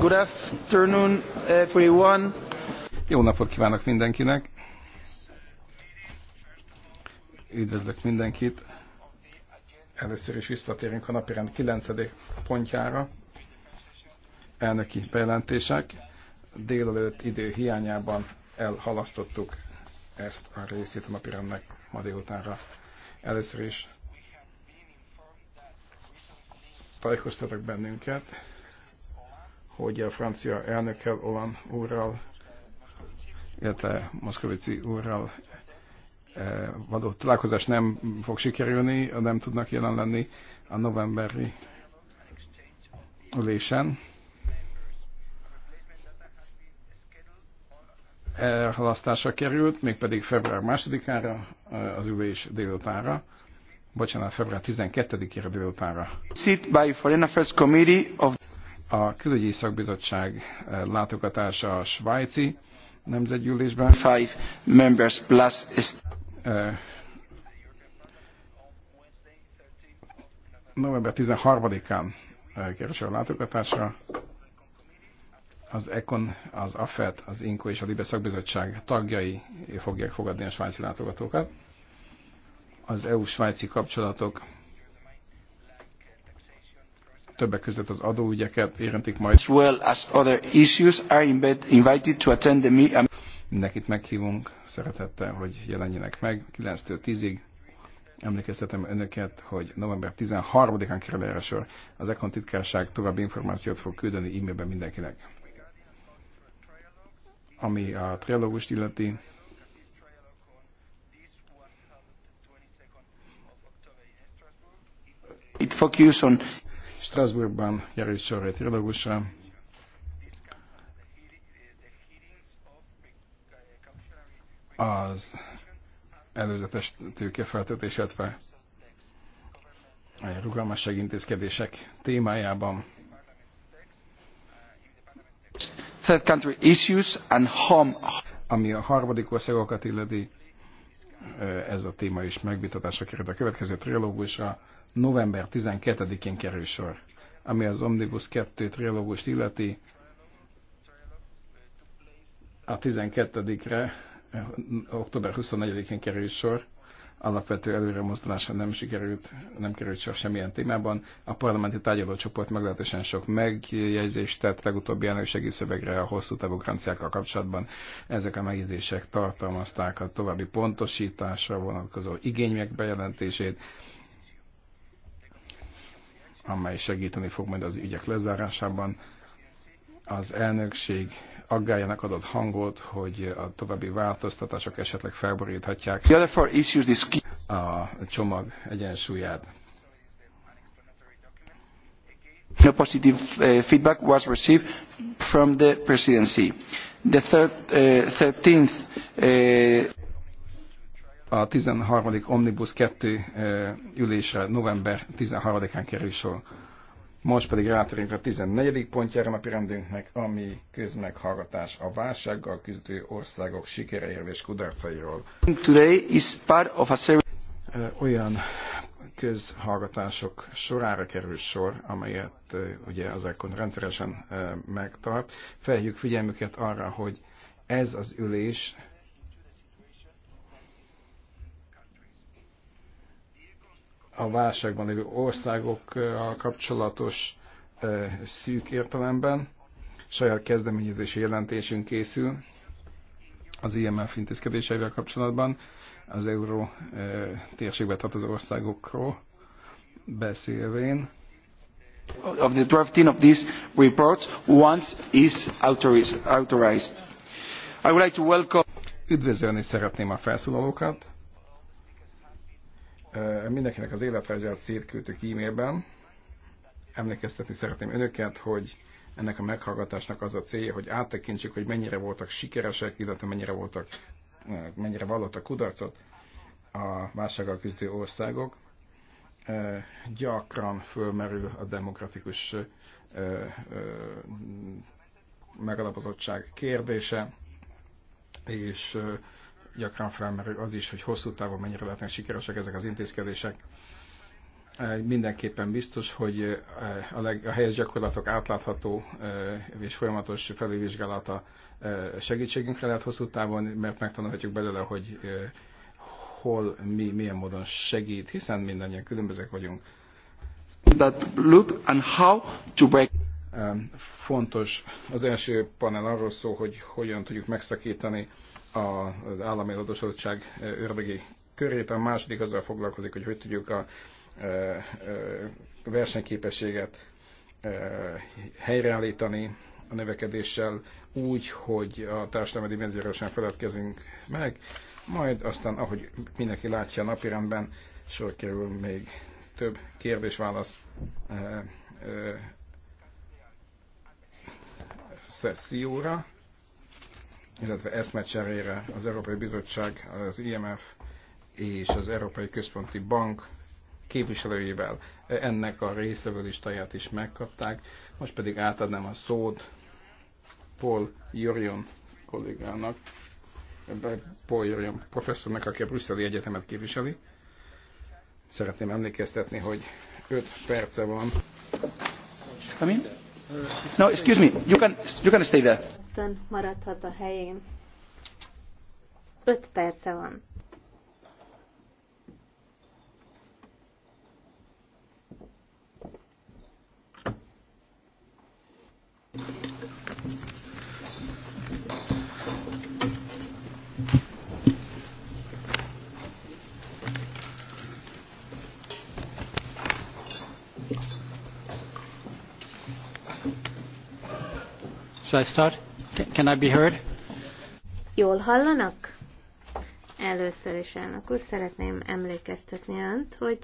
Good afternoon, everyone. Jó napot kívánok mindenkinek. Üdvözlök mindenkit. Először is visszatérünk a napirend 9. pontjára. Elnöki bejelentések. Délelőtt idő hiányában elhalasztottuk ezt a részét a napirendnek ma délutánra. Először is tájékoztatok bennünket, hogy a francia elnökkel, Olan úrral, illetve Moszkovici úrral eh, való találkozás nem fog sikerülni, nem tudnak jelen lenni a novemberi ülésen. Elhalasztásra került, mégpedig február 2-ára eh, az ülés délutára bocsánat, február 12-ére délutára. Sit by Foreign Affairs Committee of a külügyi szakbizottság eh, látogatása a svájci nemzetgyűlésben. Five members plus eh, november 13-án eh, a látogatásra az ECON, az AFET, az INKO és a LIBE szakbizottság tagjai fogják fogadni a svájci látogatókat. Az EU-svájci kapcsolatok többek között az adóügyeket érintik majd. As well as other issues are invited to attend the meeting. Mindenkit meghívunk szeretettel, hogy jelenjenek meg 9-től 10-ig. Emlékeztetem önöket, hogy november 13-án kerül erre sor. Az Econ titkárság további információt fog küldeni e-mailben mindenkinek. Ami a trilógust illeti, it focuses on Strasbourgban került sor egy Az előzetes tőkefeltöltés, illetve rugalmasság intézkedések témájában. Third country issues and home. Ami a harmadik országokat illeti, ez a téma is megvitatásra került a következő trilógusra november 12-én kerül sor, ami az Omnibus 2 trilógust illeti. A 12-re, október 24-én kerül sor, alapvető előre mozdulása nem sikerült, nem került sor semmilyen témában. A parlamenti tárgyalócsoport meglehetősen sok megjegyzést tett legutóbbi elnökségi szövegre a hosszú távú garanciákkal kapcsolatban. Ezek a megjegyzések tartalmazták a további pontosításra vonatkozó igények bejelentését, amely segíteni fog majd az ügyek lezárásában. Az elnökség aggájának adott hangot, hogy a további változtatások esetleg felboríthatják a csomag egyensúlyát. No positive eh, feedback was received from the presidency. The third, uh, 13th uh, a 13. Omnibus 2 ülésre november 13-án kerül sor. Most pedig rátérünk a 14. pontjára napi rendünknek, ami közmeghallgatás a válsággal küzdő országok sikereiről és kudarcairól. Today is part of a series... Olyan közhallgatások sorára kerül sor, amelyet ugye az ECON rendszeresen megtart. Felhívjuk figyelmüket arra, hogy ez az ülés a válságban lévő országokkal kapcsolatos szűk értelemben. Saját kezdeményezési jelentésünk készül az IMF intézkedéseivel kapcsolatban az euró térségbe tartozó országokról beszélvén. Of the drafting of this report once is authorized. I would like to welcome... Üdvözölni szeretném a felszólalókat Mindenkinek az életrajzát szétküldtük e-mailben. Emlékeztetni szeretném önöket, hogy ennek a meghallgatásnak az a célja, hogy áttekintsük, hogy mennyire voltak sikeresek, illetve mennyire, voltak, mennyire vallottak kudarcot a válsággal küzdő országok. Gyakran fölmerül a demokratikus megalapozottság kérdése, és gyakran felmerül az is, hogy hosszú távon mennyire lehetnek sikeresek ezek az intézkedések. Mindenképpen biztos, hogy a, leg, a helyes gyakorlatok átlátható és folyamatos felülvizsgálata segítségünkre lehet hosszú távon, mert megtanulhatjuk belőle, hogy hol, mi, milyen módon segít, hiszen mindannyian különbözők vagyunk. That loop and how to break fontos. Az első panel arról szól, hogy hogyan tudjuk megszakítani az állami adósodottság ördögi körét, a második azzal foglalkozik, hogy hogy tudjuk a versenyképességet helyreállítani a növekedéssel úgy, hogy a társadalmi dimenzióra sem feledkezünk meg, majd aztán, ahogy mindenki látja a napirendben, sor kerül még több kérdés-válasz szesszióra illetve eszmecserére az Európai Bizottság, az IMF és az Európai Központi Bank képviselőivel. Ennek a részevő listáját is megkapták. Most pedig átadnám a szót Paul Jurion kollégának, Paul Jurion professzornak, aki a Brüsszeli Egyetemet képviseli. Szeretném emlékeztetni, hogy 5 perce van. Amin? No, excuse me, you can, you can stay there. maradhat a helyén. Öt perce van. Should I start? Can I be heard? Jól hallanak? Először is elnök úr, szeretném emlékeztetni önt, hogy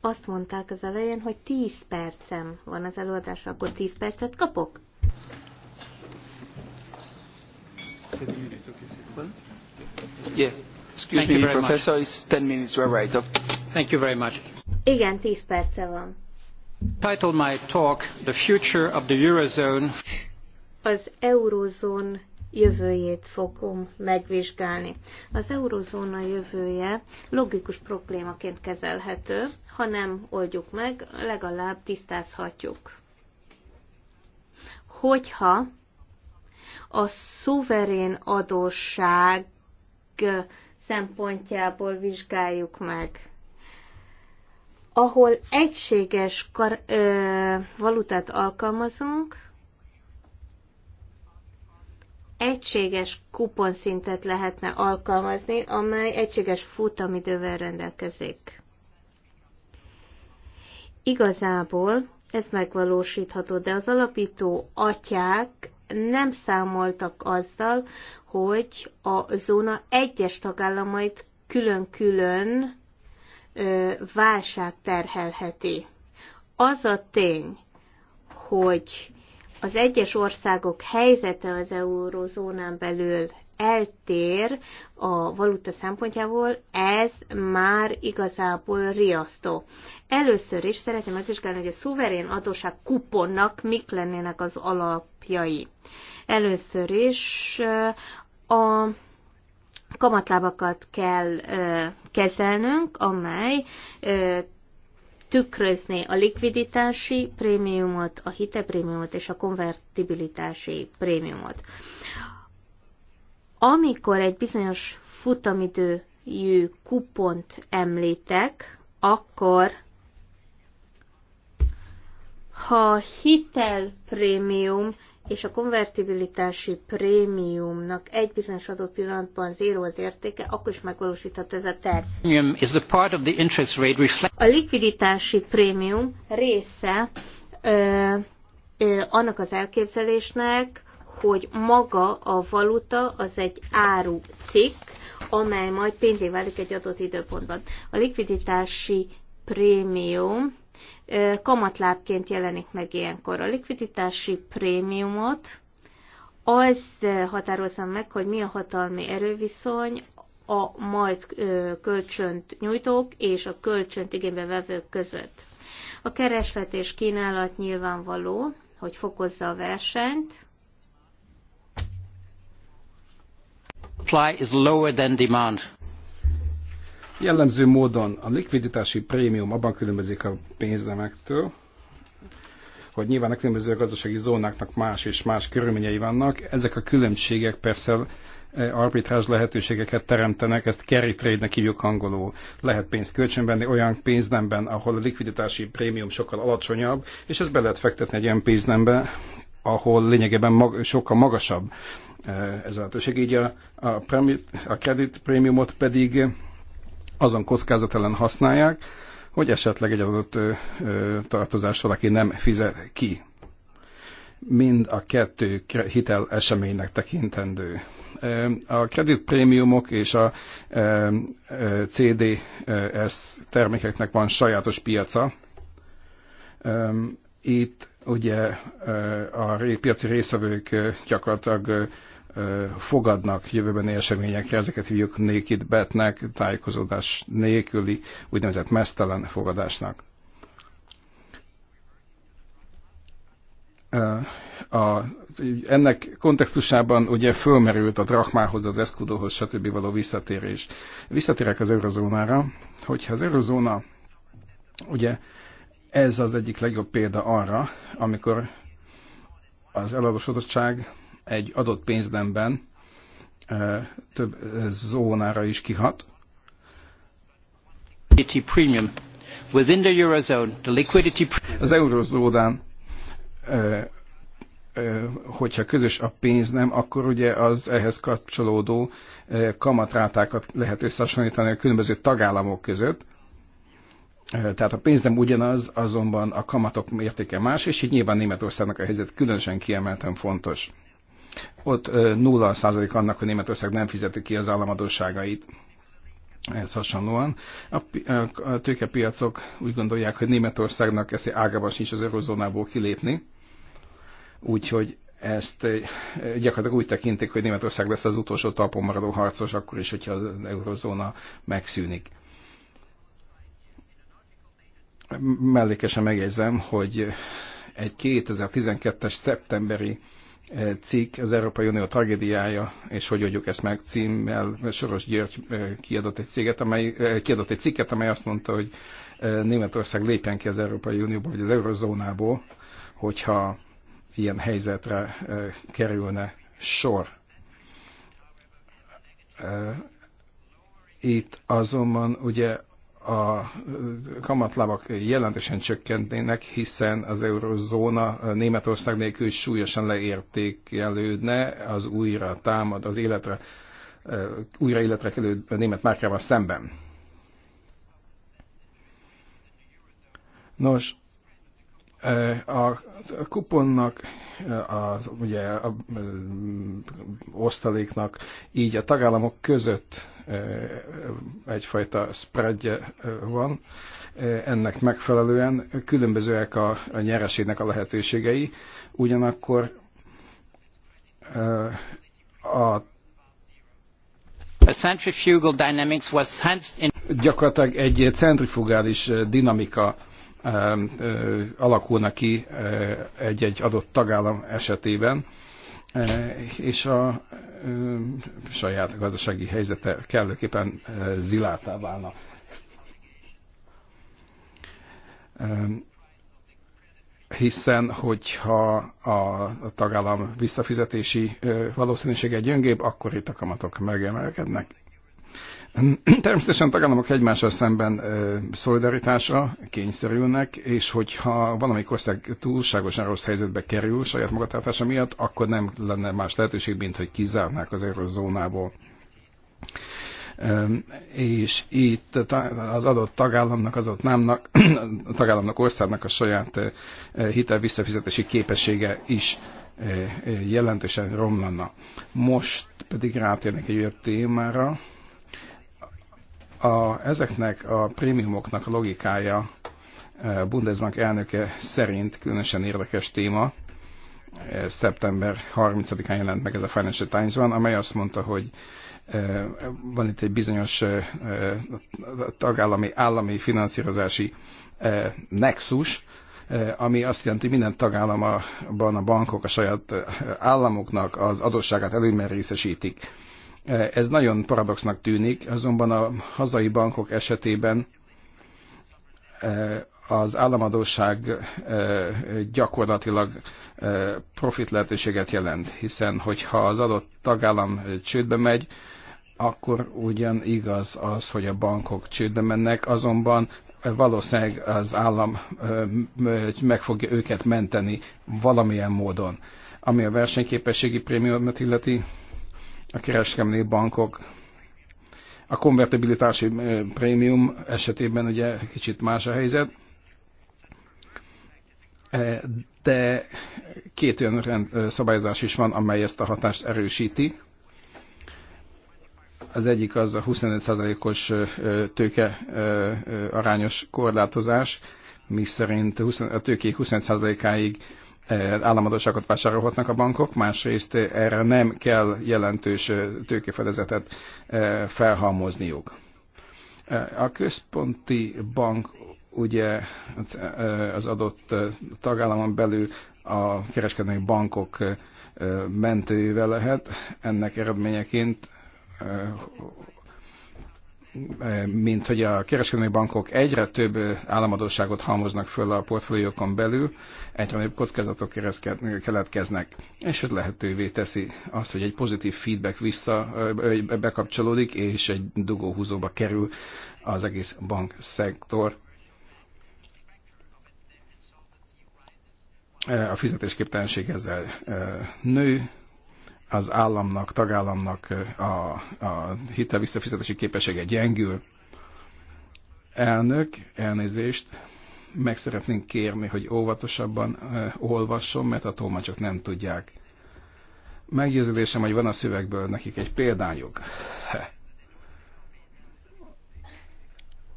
azt mondták az elején, hogy 10 percem van az előadásra, akkor 10 percet kapok? Yeah. Excuse Thank me, professor, much. it's 10 minutes, you're right. Thank you very much. Igen, 10 perce van. Title my talk, The Future of the Eurozone az eurozón jövőjét fogom megvizsgálni. Az eurozóna jövője logikus problémaként kezelhető, ha nem oldjuk meg, legalább tisztázhatjuk. Hogyha a szuverén adósság szempontjából vizsgáljuk meg, ahol egységes kar, ö, valutát alkalmazunk, egységes kuponszintet lehetne alkalmazni, amely egységes futamidővel rendelkezik. Igazából ez megvalósítható, de az alapító atyák nem számoltak azzal, hogy a zóna egyes tagállamait külön-külön válság terhelheti. Az a tény, hogy az egyes országok helyzete az eurozónán belül eltér a valuta szempontjából, ez már igazából riasztó. Először is szeretném megvizsgálni, hogy a szuverén adóság kuponnak mik lennének az alapjai. Először is a kamatlábakat kell kezelnünk, amely tükrözni a likviditási prémiumot, a hiteprémiumot és a konvertibilitási prémiumot. Amikor egy bizonyos futamidőjű kupont említek, akkor ha hitelprémium és a konvertibilitási prémiumnak egy bizonyos adott pillanatban zéró az értéke, akkor is megvalósítható ez a terv. A likviditási prémium része ö, ö, annak az elképzelésnek, hogy maga a valuta az egy áru cikk, amely majd pénzé válik egy adott időpontban. A likviditási prémium kamatlábként jelenik meg ilyenkor. A likviditási prémiumot az határozza meg, hogy mi a hatalmi erőviszony a majd kölcsönt nyújtók és a kölcsönt igénybe vevők között. A kereslet és kínálat nyilvánvaló, hogy fokozza a versenyt. Supply is lower than demand. Jellemző módon a likviditási prémium abban különbözik a pénznemektől, hogy nyilván a különböző gazdasági zónáknak más és más körülményei vannak. Ezek a különbségek persze e, arbitrás lehetőségeket teremtenek, ezt carry trade-nek hívjuk angolul. Lehet pénzt kölcsönvenni olyan pénznemben, ahol a likviditási prémium sokkal alacsonyabb, és ezt be lehet fektetni egy olyan pénznembe, ahol lényegében mag, sokkal magasabb e, ez a lehetőség. Így a, a, premi, a credit prémiumot pedig azon kockázat ellen használják, hogy esetleg egy adott tartozás valaki nem fizet ki. Mind a kettő hitel eseménynek tekintendő. A kreditprémiumok és a CDS termékeknek van sajátos piaca. Itt ugye a piaci részvevők gyakorlatilag fogadnak jövőbeni eseményekre, ezeket hívjuk naked betnek, tájékozódás nélküli, úgynevezett mesztelen fogadásnak. a, ennek kontextusában ugye fölmerült a drachmához, az eszkudóhoz, stb. való visszatérés. Visszatérek az eurozónára, hogyha az eurozóna, ugye ez az egyik legjobb példa arra, amikor az eladósodottság egy adott pénzdemben több zónára is kihat. Premium. Within the eurozone, the liquidity... Az eurozónán hogyha közös a pénz nem, akkor ugye az ehhez kapcsolódó kamatrátákat lehet összehasonlítani a különböző tagállamok között. Tehát a pénz nem ugyanaz, azonban a kamatok mértéke más, és így nyilván Németországnak a helyzet különösen kiemelten fontos. Ott 0 százalék annak, hogy Németország nem fizeti ki az államadóságait. Ehhez hasonlóan a, a tőkepiacok úgy gondolják, hogy Németországnak ezt ágában sincs az eurozónából kilépni, úgyhogy ezt gyakorlatilag úgy tekintik, hogy Németország lesz az utolsó talpon maradó harcos, akkor is, hogyha az eurozóna megszűnik. Mellékesen megjegyzem, hogy egy 2012-es szeptemberi E, cikk, az Európai Unió tragédiája, és hogy adjuk ezt meg címmel, Soros György e, kiadott egy, céget, amely, e, kiadott egy cikket, amely azt mondta, hogy Németország lépjen ki az Európai Unióból, vagy az Eurozónából, hogyha ilyen helyzetre kerülne sor. Itt azonban ugye a kamatlábak jelentősen csökkentnének, hiszen az eurozóna Németország nélkül súlyosan leértékelődne az újra támad, az életre, újra életre kelő német márkával szemben. Nos, a kuponnak, az, ugye a osztaléknak így a tagállamok között egyfajta spreadje van, ennek megfelelően különbözőek a, nyereségnek a lehetőségei, ugyanakkor a A centrifugal dynamics was hence in... gyakorlatilag egy centrifugális dinamika Um, uh, alakulna ki uh, egy-egy adott tagállam esetében, uh, és a um, saját gazdasági helyzete kellőképpen zilátá válna. Um, hiszen, hogyha a tagállam visszafizetési valószínűsége gyöngébb, akkor itt a kamatok megemelkednek. Természetesen a tagállamok egymással szemben szolidaritásra kényszerülnek, és hogyha valamelyik ország túlságosan rossz helyzetbe kerül saját magatartása miatt, akkor nem lenne más lehetőség, mint hogy kizárnák az eurozónából. És itt az adott tagállamnak, az adott námnak, a tagállamnak, országnak a saját hitel visszafizetési képessége is jelentősen romlana. Most pedig rátérnek egy olyan témára, a, ezeknek a prémiumoknak a logikája e, Bundesbank elnöke szerint különösen érdekes téma. E, szeptember 30-án jelent meg ez a Financial Times-ban, amely azt mondta, hogy e, van itt egy bizonyos tagállami állami finanszírozási nexus, ami azt jelenti, hogy minden tagállamban a bankok a saját államoknak az adósságát előmerészesítik. részesítik ez nagyon paradoxnak tűnik, azonban a hazai bankok esetében e, az államadóság e, gyakorlatilag e, profit lehetőséget jelent, hiszen hogyha az adott tagállam csődbe megy, akkor ugyan igaz az, hogy a bankok csődbe mennek, azonban valószínűleg az állam meg fogja őket menteni valamilyen módon. Ami a versenyképességi prémiumot illeti, a kereskedelmi bankok. A konvertibilitási eh, prémium esetében ugye kicsit más a helyzet, eh, de két olyan eh, szabályozás is van, amely ezt a hatást erősíti. Az egyik az a 25%-os tőke arányos korlátozás, mi szerint a tőkék 25%-áig Eh, államadóságot vásárolhatnak a bankok, másrészt eh, erre nem kell jelentős eh, tőkefedezetet felhalmozniuk. A központi bank ugye az adott tagállamon belül a kereskedelmi bankok mentőjével lehet, ennek eredményeként mint hogy a kereskedelmi bankok egyre több államadóságot halmoznak föl a portfóliókon belül, egyre nagyobb kockázatok keletkeznek, és ez lehetővé teszi azt, hogy egy pozitív feedback vissza bekapcsolódik, és egy dugóhúzóba kerül az egész bankszektor. E, a fizetésképtelenség ezzel e, nő, az államnak, tagállamnak a, a hitel visszafizetési képessége gyengül. Elnök, elnézést, meg szeretnénk kérni, hogy óvatosabban olvasson, mert a tolmácsok nem tudják. Meggyőződésem, hogy van a szövegből nekik egy példányuk.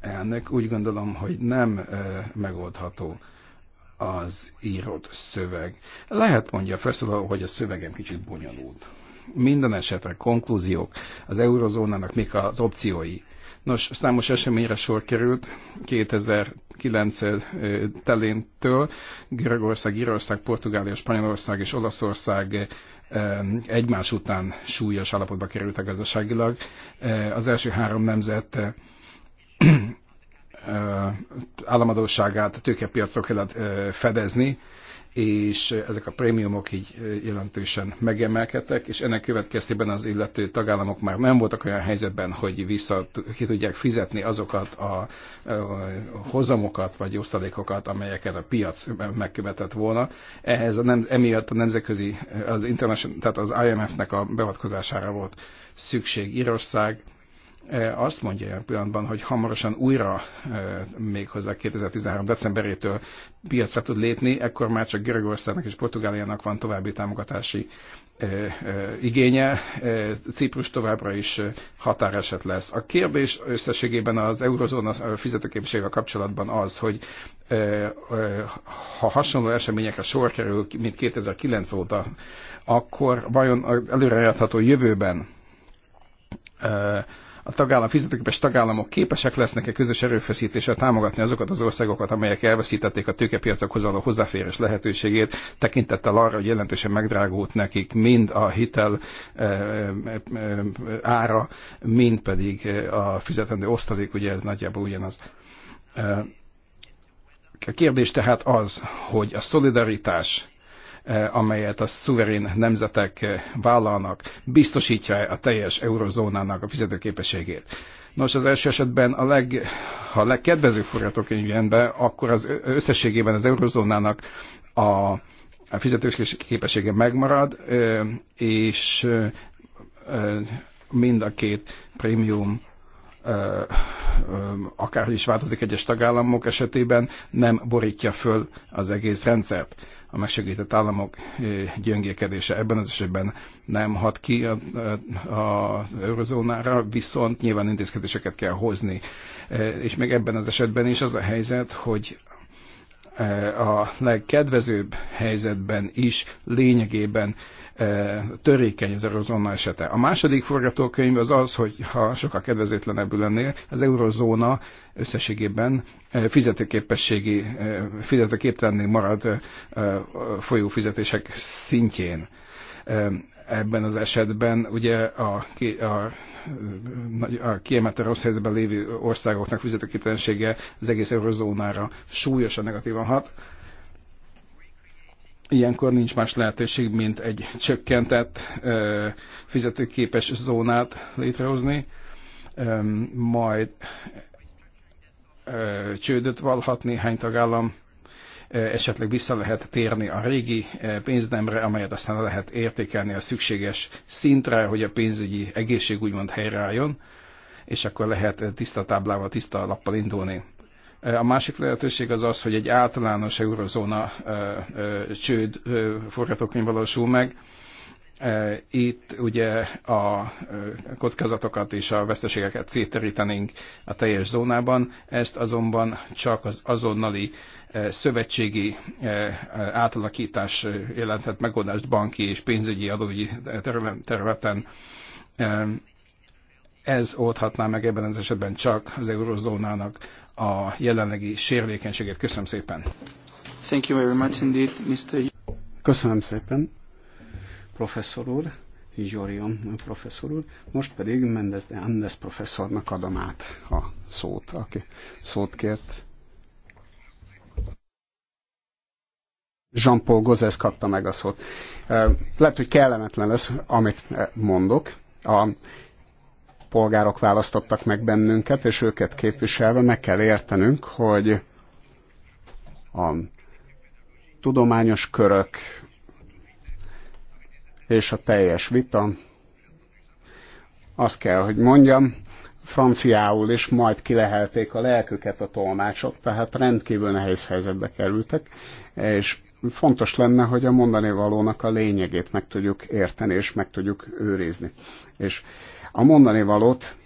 Elnök, úgy gondolom, hogy nem megoldható az írott szöveg. Lehet mondja felszólaló, hogy a szövegem kicsit bonyolult. Minden esetre konklúziók az eurozónának mik az opciói. Nos, számos eseményre sor került 2009 teléntől. Görögország, Írország, Portugália, Spanyolország és Olaszország egymás után súlyos állapotba kerültek gazdaságilag. Az első három nemzet államadóságát tőkepiacok kellett fedezni, és ezek a prémiumok így jelentősen megemelkedtek, és ennek következtében az illető tagállamok már nem voltak olyan helyzetben, hogy vissza ki tudják fizetni azokat a hozamokat vagy osztalékokat, amelyeket a piac megkövetett volna. Ehhez a nem, emiatt a nemzetközi, az international, tehát az IMF-nek a beavatkozására volt szükség Írország, E, azt mondja ilyen pillanatban, hogy hamarosan újra, e, méghozzá 2013. decemberétől piacra tud lépni, ekkor már csak Görögországnak és Portugáliának van további támogatási e, igénye, Ciprus továbbra is határeset lesz. A kérdés összességében az eurozóna fizetőképességével kapcsolatban az, hogy ha hasonló eseményekre sor kerül, mint 2009 óta, akkor vajon előrejátható jövőben a tagállam, fizetőképes tagállamok képesek lesznek-e közös erőfeszítéssel támogatni azokat az országokat, amelyek elveszítették a tőkepiacokhoz való hozzáférés lehetőségét, tekintettel arra, hogy jelentősen megdrágult nekik mind a hitel eh, eh, eh, ára, mind pedig a fizetendő osztalék, ugye ez nagyjából ugyanaz. A kérdés tehát az, hogy a szolidaritás Eh, amelyet a szuverén nemzetek eh, vállalnak, biztosítja a teljes eurozónának a fizetőképességét. Nos, az első esetben a leg, ha a legkedvezőbb forgatókönyv jön be, akkor az összességében az eurozónának a a megmarad, és mind a két prémium akár is változik egyes tagállamok esetében, nem borítja föl az egész rendszert a megsegített államok gyöngékedése ebben az esetben nem hat ki az eurozónára, viszont nyilván intézkedéseket kell hozni. És még ebben az esetben is az a helyzet, hogy a legkedvezőbb helyzetben is lényegében törékeny az eurozóna esete. A második forgatókönyv az az, hogy ha sokkal kedvezőtlenebbül lennél, az eurozóna összességében fizetőképességi, fizetőképtelenné marad folyófizetések szintjén ebben az esetben ugye a, a, a, a kiemelte rossz helyzetben lévő országoknak fizetőképtelensége az egész eurozónára súlyosan negatívan hat. Ilyenkor nincs más lehetőség, mint egy csökkentett fizetőképes zónát létrehozni, majd csődöt valhat néhány tagállam, esetleg vissza lehet térni a régi pénznemre, amelyet aztán lehet értékelni a szükséges szintre, hogy a pénzügyi egészség úgymond helyreálljon, és akkor lehet tiszta táblával, tiszta lappal indulni. A másik lehetőség az az, hogy egy általános eurozóna csőd forgatókönyv valósul meg. Itt ugye a kockázatokat és a veszteségeket széterítenénk a teljes zónában, ezt azonban csak az azonnali szövetségi átalakítás jelentett megoldást banki és pénzügyi adógyi területen ez oldhatná meg ebben az esetben csak az eurozónának a jelenlegi sérülékenységét. Köszönöm szépen. Thank you very much indeed, Mr. Köszönöm szépen, professzor úr, Jorion professzor úr. Most pedig Mendes de Andes professzornak adom át a szót, aki szót kért. Jean-Paul Gozes kapta meg a szót. Lehet, hogy kellemetlen lesz, amit mondok. A polgárok választottak meg bennünket, és őket képviselve meg kell értenünk, hogy a tudományos körök és a teljes vita, azt kell, hogy mondjam, franciául is majd kilehelték a lelküket a tolmácsok, tehát rendkívül nehéz helyzetbe kerültek, és fontos lenne, hogy a mondani valónak a lényegét meg tudjuk érteni, és meg tudjuk őrizni. És a mondani valót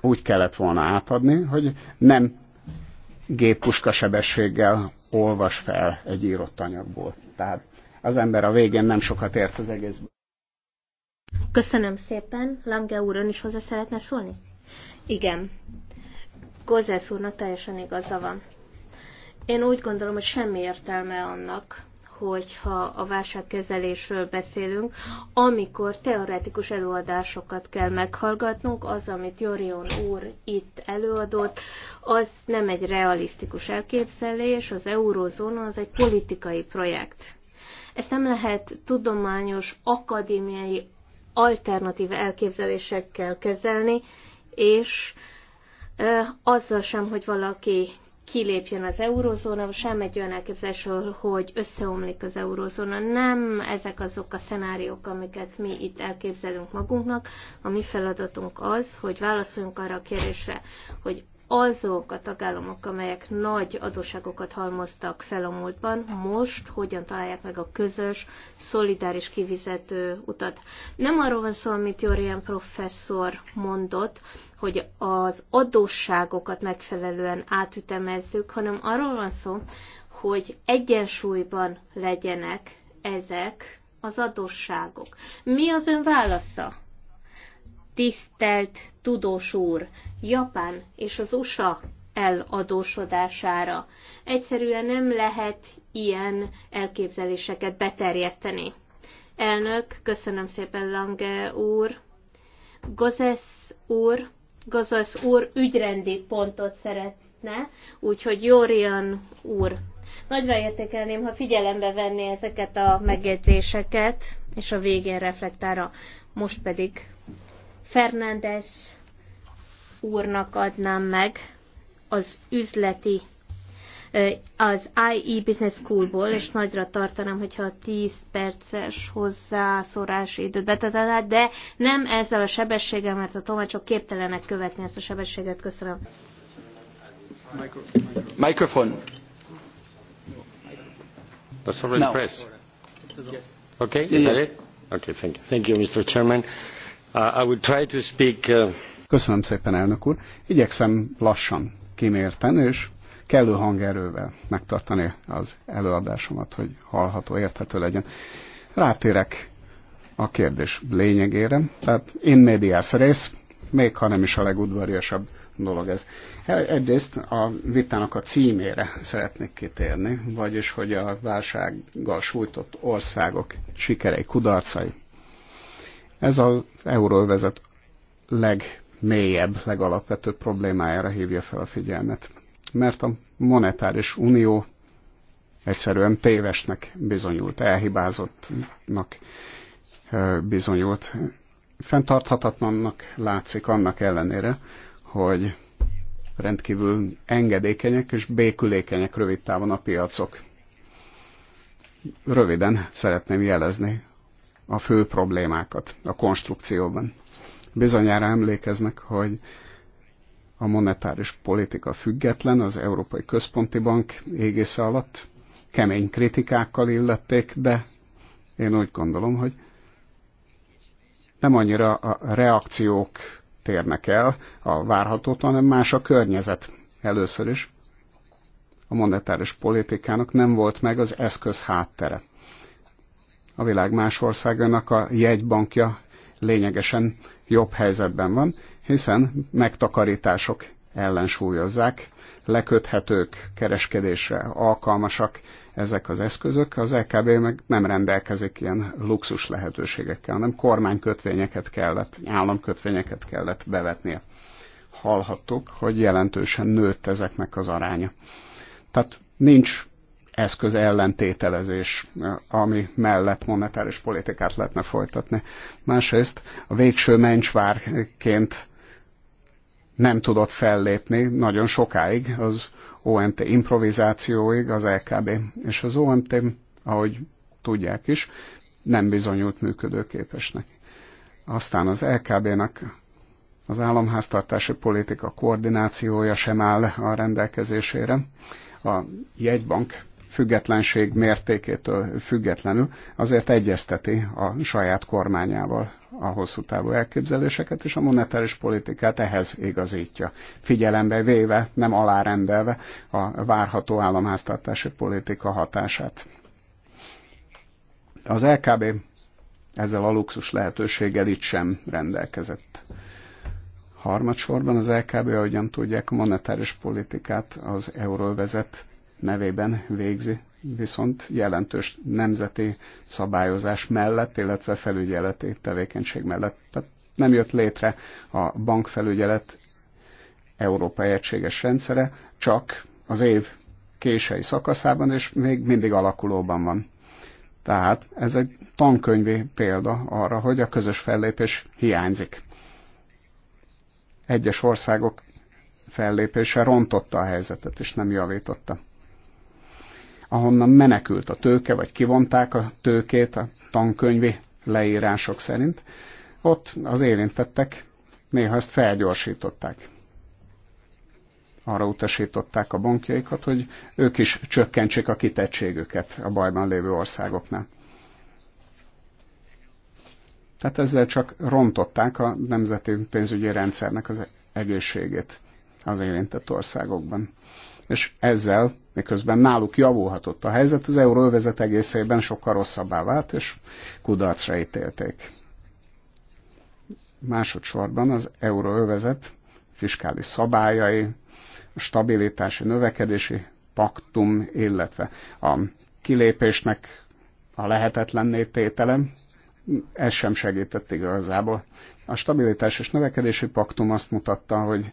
úgy kellett volna átadni, hogy nem géppuska sebességgel olvas fel egy írott anyagból. Tehát az ember a végén nem sokat ért az egészből. Köszönöm szépen. Lange úr, ön is hozzá szeretne szólni? Igen. Gozász úrnak teljesen igaza van. Én úgy gondolom, hogy semmi értelme annak, hogyha a válságkezelésről beszélünk, amikor teoretikus előadásokat kell meghallgatnunk, az, amit Jorion úr itt előadott, az nem egy realisztikus elképzelés, az eurozóna az egy politikai projekt. Ezt nem lehet tudományos, akadémiai, alternatív elképzelésekkel kezelni, és azzal sem, hogy valaki kilépjen az eurozóna, sem egy olyan elképzelés, hogy összeomlik az eurozóna. Nem ezek azok a szenáriók, amiket mi itt elképzelünk magunknak. A mi feladatunk az, hogy válaszoljunk arra a kérdésre, hogy azok a tagállamok, amelyek nagy adóságokat halmoztak fel a múltban, most hogyan találják meg a közös, szolidáris kivizető utat. Nem arról van szó, amit Jorian professzor mondott, hogy az adósságokat megfelelően átütemezzük, hanem arról van szó, hogy egyensúlyban legyenek ezek az adósságok. Mi az ön válasza? Tisztelt tudós úr, Japán és az USA eladósodására. Egyszerűen nem lehet ilyen elképzeléseket beterjeszteni. Elnök, köszönöm szépen, Lange úr. Gozesz úr, Gozesz úr ügyrendi pontot szeretne, úgyhogy Jórian úr. Nagyra értékelném, ha figyelembe venné ezeket a megjegyzéseket, és a végén reflektára. Most pedig Fernández úrnak adnám meg az üzleti, az IE Business Schoolból, és nagyra tartanám, hogyha a 10 perces hozzászórási időt betartaná, de nem ezzel a sebességgel, mert a tomácsok képtelenek követni ezt a sebességet. Köszönöm. Microphone. The already no. pressed. Yes. Okay, is that it? Okay, thank you. Thank you, Mr. Chairman. Uh, uh, Köszönöm szépen, elnök úr. Igyekszem lassan, kimérten és kellő hangerővel megtartani az előadásomat, hogy hallható, érthető legyen. Rátérek a kérdés lényegére. Tehát in medias rész, még ha nem is a legudvariasabb dolog ez. Egyrészt a vitának a címére szeretnék kitérni, vagyis hogy a válsággal sújtott országok sikerei, kudarcai ez az euróvezet legmélyebb, legalapvetőbb problémájára hívja fel a figyelmet. Mert a monetáris unió egyszerűen tévesnek bizonyult, elhibázottnak bizonyult. Fentarthatatlannak látszik annak ellenére, hogy rendkívül engedékenyek és békülékenyek rövid távon a piacok. Röviden szeretném jelezni, a fő problémákat a konstrukcióban. Bizonyára emlékeznek, hogy a monetáris politika független, az Európai Központi Bank égésze alatt kemény kritikákkal illették, de én úgy gondolom, hogy nem annyira a reakciók térnek el a várhatót, hanem más a környezet először is. A monetáris politikának nem volt meg az eszköz háttere a világ más országának a jegybankja lényegesen jobb helyzetben van, hiszen megtakarítások ellensúlyozzák, leköthetők, kereskedésre alkalmasak ezek az eszközök, az LKB meg nem rendelkezik ilyen luxus lehetőségekkel, hanem kormánykötvényeket kellett, államkötvényeket kellett bevetnie. Hallhattuk, hogy jelentősen nőtt ezeknek az aránya. Tehát nincs eszköz ellentételezés, ami mellett monetáris politikát lehetne folytatni. Másrészt a végső mencsvárként nem tudott fellépni nagyon sokáig az OMT improvizációig az LKB. E És az OMT, ahogy tudják is, nem bizonyult működőképesnek. Aztán az LKB-nak e az államháztartási politika koordinációja sem áll a rendelkezésére. A jegybank függetlenség mértékétől függetlenül azért egyezteti a saját kormányával a hosszú távú elképzeléseket, és a monetáris politikát ehhez igazítja. Figyelembe véve, nem alárendelve a várható államháztartási politika hatását. Az LKB ezzel a luxus lehetőséggel itt sem rendelkezett. Harmadsorban az LKB, ahogyan tudják, a monetáris politikát az euróvezet nevében végzi, viszont jelentős nemzeti szabályozás mellett, illetve felügyeleti tevékenység mellett. Tehát nem jött létre a bankfelügyelet európai egységes rendszere, csak az év kései szakaszában, és még mindig alakulóban van. Tehát ez egy tankönyvi példa arra, hogy a közös fellépés hiányzik. Egyes országok fellépése rontotta a helyzetet, és nem javította ahonnan menekült a tőke, vagy kivonták a tőkét a tankönyvi leírások szerint, ott az érintettek néha ezt felgyorsították. Arra utasították a bankjaikat, hogy ők is csökkentsék a kitettségüket a bajban lévő országoknál. Tehát ezzel csak rontották a nemzeti pénzügyi rendszernek az egészségét az érintett országokban. És ezzel miközben náluk javulhatott a helyzet, az euróövezet egészében sokkal rosszabbá vált, és kudarcra ítélték. Másodszorban az euróövezet fiskális szabályai, a stabilitási növekedési paktum, illetve a kilépésnek a lehetetlenné tételem ez sem segített igazából. A stabilitás és növekedési paktum azt mutatta, hogy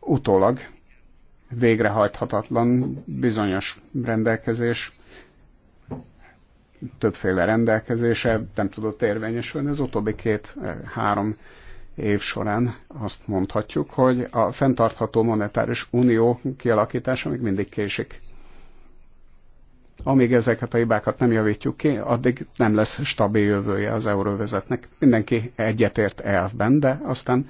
utólag végrehajthatatlan bizonyos rendelkezés, többféle rendelkezése nem tudott érvényesülni. Az utóbbi két-három eh, év során azt mondhatjuk, hogy a fenntartható monetáris unió kialakítása még mindig késik. Amíg ezeket a hibákat nem javítjuk ki, addig nem lesz stabil jövője az euróvezetnek. Mindenki egyetért elvben, de aztán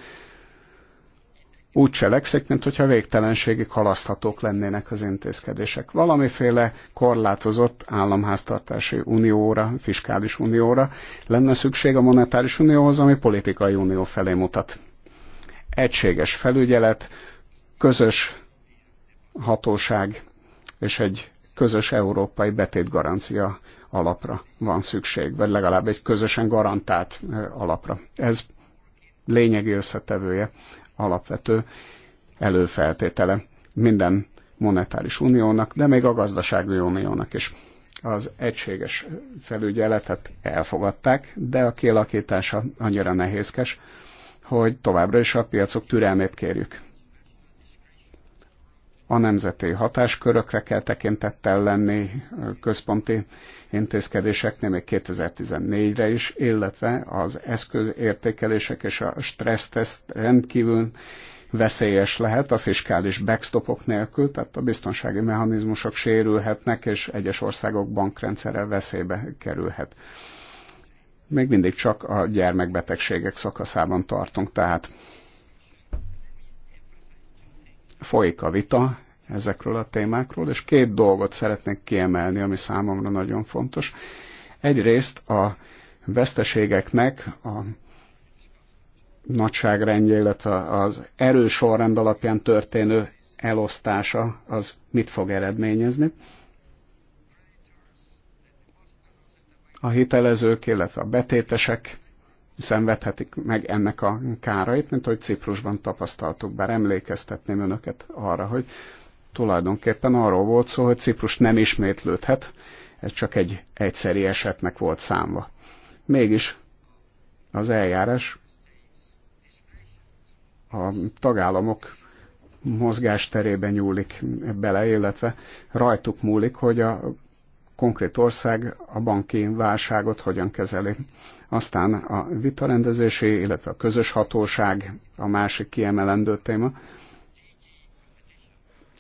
úgy cselekszik, mint hogyha végtelenségig halaszthatók lennének az intézkedések. Valamiféle korlátozott államháztartási unióra, fiskális unióra lenne szükség a monetáris unióhoz, ami politikai unió felé mutat. Egységes felügyelet, közös hatóság és egy közös európai betétgarancia alapra van szükség, vagy legalább egy közösen garantált alapra. Ez lényegi összetevője alapvető előfeltétele minden monetáris uniónak, de még a gazdasági uniónak is. Az egységes felügyeletet elfogadták, de a kialakítása annyira nehézkes, hogy továbbra is a piacok türelmét kérjük a nemzeti hatáskörökre kell tekintettel lenni központi intézkedéseknél még 2014-re is, illetve az eszközértékelések és a stresszteszt rendkívül veszélyes lehet a fiskális backstopok nélkül, tehát a biztonsági mechanizmusok sérülhetnek, és egyes országok bankrendszere veszélybe kerülhet. Még mindig csak a gyermekbetegségek szakaszában tartunk, tehát folyik a vita ezekről a témákról, és két dolgot szeretnék kiemelni, ami számomra nagyon fontos. Egyrészt a veszteségeknek a nagyságrendje, illetve az erős sorrend alapján történő elosztása az mit fog eredményezni. A hitelezők, illetve a betétesek szenvedhetik meg ennek a kárait, mint hogy Ciprusban tapasztaltuk, bár emlékeztetném önöket arra, hogy tulajdonképpen arról volt szó, hogy Ciprus nem ismétlődhet, ez csak egy egyszeri esetnek volt számva. Mégis az eljárás a tagállamok mozgásterébe nyúlik bele, illetve rajtuk múlik, hogy a konkrét ország a banki válságot hogyan kezeli. Aztán a vitarendezési, illetve a közös hatóság a másik kiemelendő téma.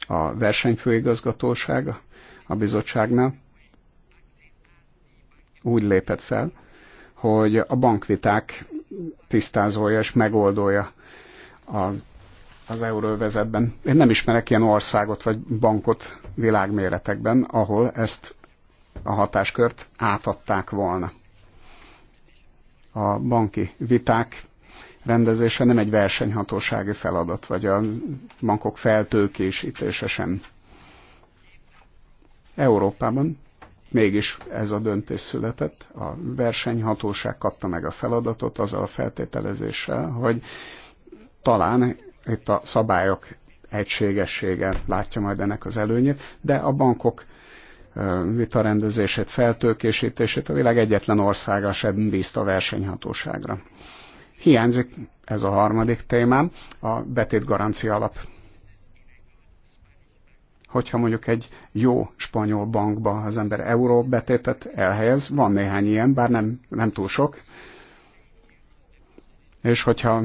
A versenyfőigazgatóság a bizottságnál úgy lépett fel, hogy a bankviták tisztázója és megoldója a, az euróvezetben. Én nem ismerek ilyen országot vagy bankot világméretekben, ahol ezt a hatáskört átadták volna a banki viták rendezése nem egy versenyhatósági feladat, vagy a bankok feltőkésítése sem. Európában mégis ez a döntés született. A versenyhatóság kapta meg a feladatot azzal a feltételezéssel, hogy talán itt a szabályok egységessége látja majd ennek az előnyét, de a bankok vitarendezését, feltőkésítését a világ egyetlen országa sem bízta a versenyhatóságra. Hiányzik ez a harmadik témám, a betét garancia alap. Hogyha mondjuk egy jó spanyol bankba az ember euró betétet elhelyez, van néhány ilyen, bár nem, nem túl sok, és hogyha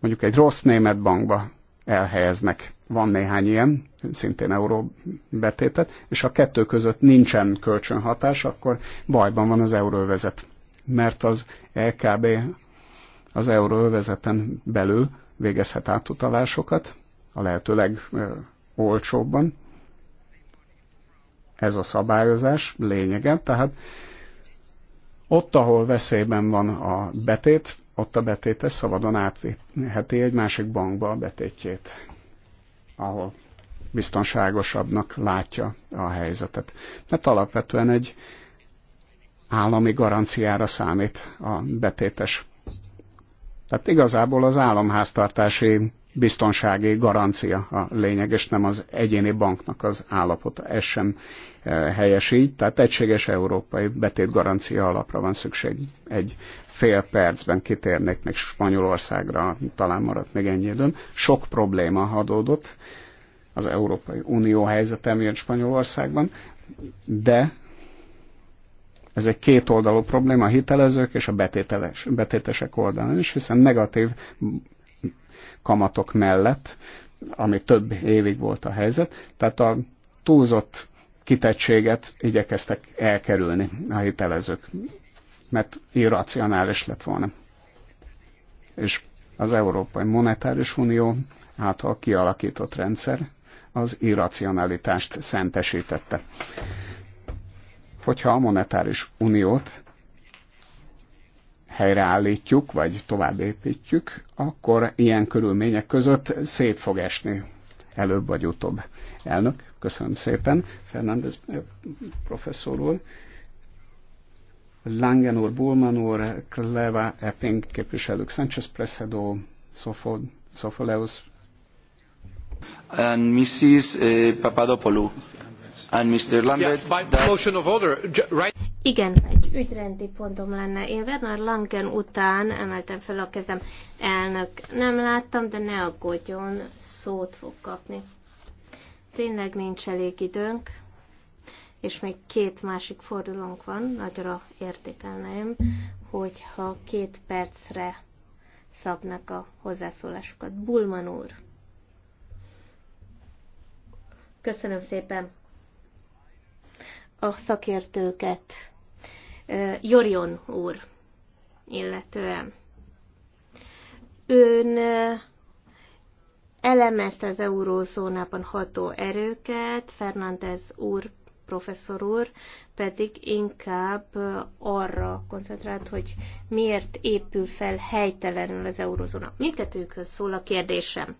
mondjuk egy rossz német bankba elhelyeznek van néhány ilyen, szintén euró betétet, és ha kettő között nincsen kölcsönhatás, akkor bajban van az euróvezet. Mert az LKB e az euróvezeten belül végezhet átutalásokat, a lehetőleg legolcsóbban. Ez a szabályozás lényege, tehát ott, ahol veszélyben van a betét, ott a betétes szabadon átvéheti egy másik bankba a betétjét ahol biztonságosabbnak látja a helyzetet. Mert hát alapvetően egy állami garanciára számít a betétes. Tehát igazából az államháztartási biztonsági garancia a lényeg, és nem az egyéni banknak az állapota. Ez sem eh, helyes így, tehát egységes európai betétgarancia alapra van szükség egy fél percben kitérnék még Spanyolországra, talán maradt még ennyi időm. Sok probléma adódott az Európai Unió helyzete miatt Spanyolországban, de ez egy kétoldalú probléma a hitelezők és a betételes, betétesek oldalán is, hiszen negatív kamatok mellett, ami több évig volt a helyzet, tehát a túlzott kitettséget igyekeztek elkerülni a hitelezők mert irracionális lett volna. És az Európai Monetáris Unió által kialakított rendszer az irracionalitást szentesítette. Hogyha a monetáris uniót helyreállítjuk, vagy továbbépítjük, akkor ilyen körülmények között szét fog esni előbb vagy utóbb. Elnök, köszönöm szépen, Fernández eh, professzor úr. Langenor, Bulmanor, Bulman Kleva, Epping képviselők, Sanchez Presedo, Sofod, Sofoleus. And Mrs. Eh, Papadopoulou. And Mr. Lambert. Yeah, by motion of order, right? Igen, egy ügyrendi pontom lenne. Én Werner Langen után emeltem fel a kezem. Elnök, nem láttam, de ne aggódjon, szót fog kapni. Tényleg nincs elég időnk és még két másik fordulónk van, nagyra értékelném, hogyha két percre szabnak a hozzászólásokat. Bulman úr. Köszönöm szépen a szakértőket. Jorion úr illetően. Ön elemezte az eurózónában ható erőket, Fernández úr professzor úr pedig inkább arra koncentrált, hogy miért épül fel helytelenül az eurozóna. Mindkettőkhöz szól a kérdésem.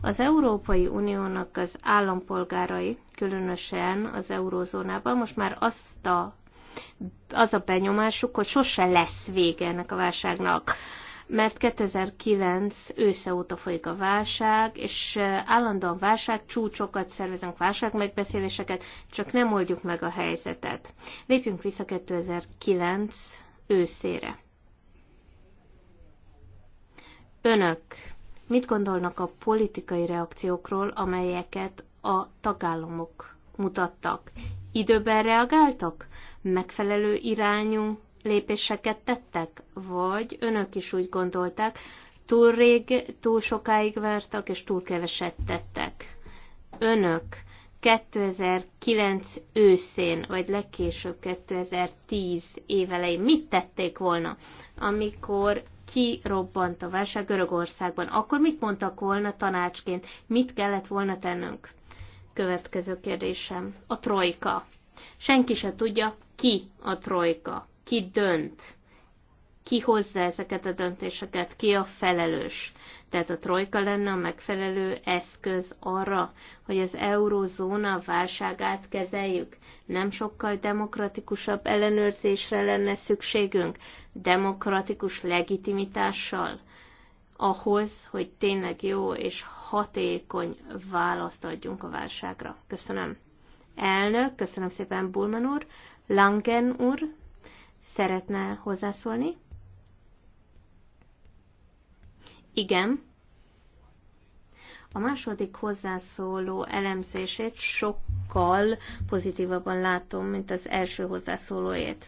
Az Európai Uniónak az állampolgárai, különösen az eurozónában most már azt a, az a benyomásuk, hogy sose lesz vége ennek a válságnak mert 2009 ősze óta folyik a válság, és állandóan válság csúcsokat szervezünk, válságmegbeszéléseket, csak nem oldjuk meg a helyzetet. Lépjünk vissza 2009 őszére. Önök mit gondolnak a politikai reakciókról, amelyeket a tagállamok mutattak? Időben reagáltak? Megfelelő irányú lépéseket tettek, vagy önök is úgy gondolták, túl rég, túl sokáig vártak, és túl keveset tettek. Önök 2009 őszén, vagy legkésőbb 2010 évelején mit tették volna, amikor kirobbant a válság Görögországban, akkor mit mondtak volna tanácsként, mit kellett volna tennünk? Következő kérdésem. A trojka. Senki se tudja, ki a trojka ki dönt, ki hozza ezeket a döntéseket, ki a felelős. Tehát a trojka lenne a megfelelő eszköz arra, hogy az eurozóna válságát kezeljük. Nem sokkal demokratikusabb ellenőrzésre lenne szükségünk, demokratikus legitimitással, ahhoz, hogy tényleg jó és hatékony választ adjunk a válságra. Köszönöm. Elnök, köszönöm szépen Bulman úr, Langen úr, Szeretne hozzászólni? Igen. A második hozzászóló elemzését sokkal pozitívabban látom, mint az első hozzászólójét.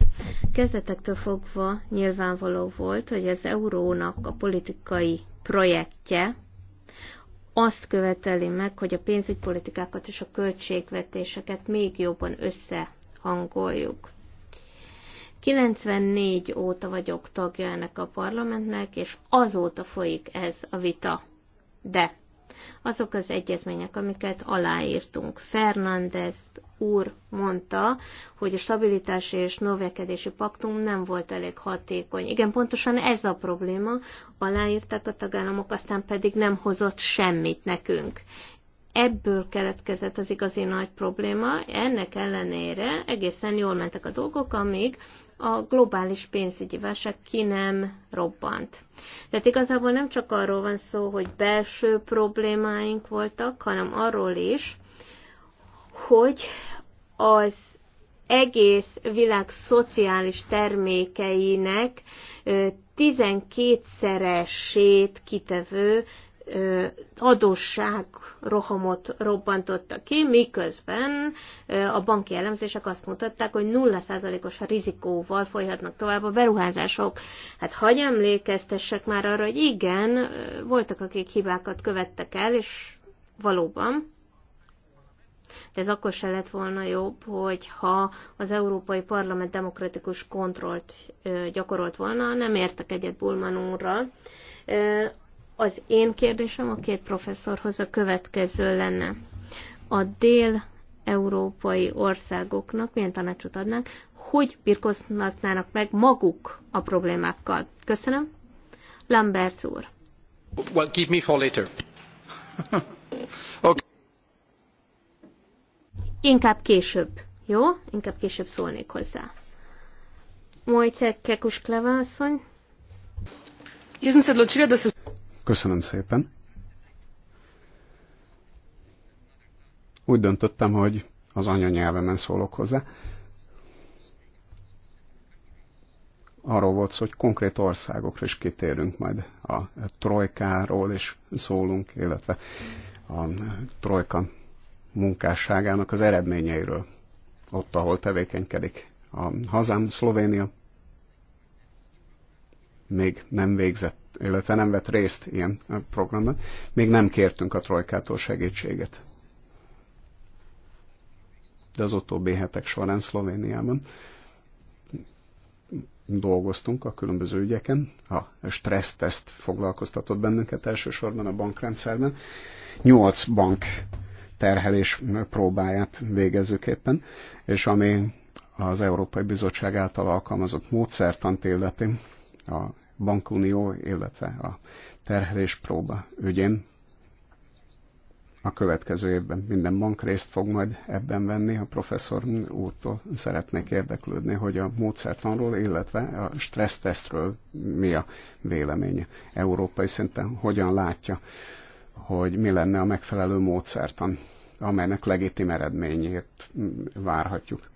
Kezdetektől fogva nyilvánvaló volt, hogy az eurónak a politikai projektje azt követeli meg, hogy a pénzügypolitikákat és a költségvetéseket még jobban összehangoljuk. 94 óta vagyok tagja ennek a parlamentnek, és azóta folyik ez a vita. De azok az egyezmények, amiket aláírtunk. Fernández úr mondta, hogy a stabilitási és növekedési paktum nem volt elég hatékony. Igen, pontosan ez a probléma. Aláírták a tagállamok, aztán pedig nem hozott semmit nekünk. Ebből keletkezett az igazi nagy probléma, ennek ellenére egészen jól mentek a dolgok, amíg a globális pénzügyi válság ki nem robbant. Tehát igazából nem csak arról van szó, hogy belső problémáink voltak, hanem arról is, hogy az egész világ szociális termékeinek 12-szeresét kitevő adósság rohamot robbantotta ki, miközben a banki elemzések azt mutatták, hogy 0%-os rizikóval folyhatnak tovább a beruházások. Hát hagy emlékeztessek már arra, hogy igen, voltak, akik hibákat követtek el, és valóban, de ez akkor se lett volna jobb, hogyha az Európai Parlament demokratikus kontrollt gyakorolt volna, nem értek egyet Bulman úrral az én kérdésem a két professzorhoz a következő lenne. A dél-európai országoknak milyen tanácsot adnánk, hogy birkozhatnának meg maguk a problémákkal? Köszönöm. Lambert úr. Well, keep me for later. okay. Inkább később, jó? Inkább később szólnék hozzá. Mojcek Kekuskleva asszony. Köszönöm szépen. Úgy döntöttem, hogy az anyanyelvemen szólok hozzá. Arról volt szó, hogy konkrét országokra is kitérünk majd a trojkáról is szólunk, illetve a trojka munkásságának az eredményeiről, ott, ahol tevékenykedik. A hazám Szlovénia még nem végzett illetve nem vett részt ilyen programban, még nem kértünk a trojkától segítséget. De az utóbbi hetek során Szlovéniában dolgoztunk a különböző ügyeken, a stresszteszt foglalkoztatott bennünket elsősorban a bankrendszerben. Nyolc bank terhelés próbáját végezzük éppen, és ami az Európai Bizottság által alkalmazott módszertant illeti, a bankunió, illetve a terhelés próba ügyén. A következő évben minden bank részt fog majd ebben venni. A professzor úrtól szeretnék érdeklődni, hogy a módszertanról, illetve a stressztesztről mi a véleménye. Európai szinten hogyan látja, hogy mi lenne a megfelelő módszertan, amelynek legitim eredményét várhatjuk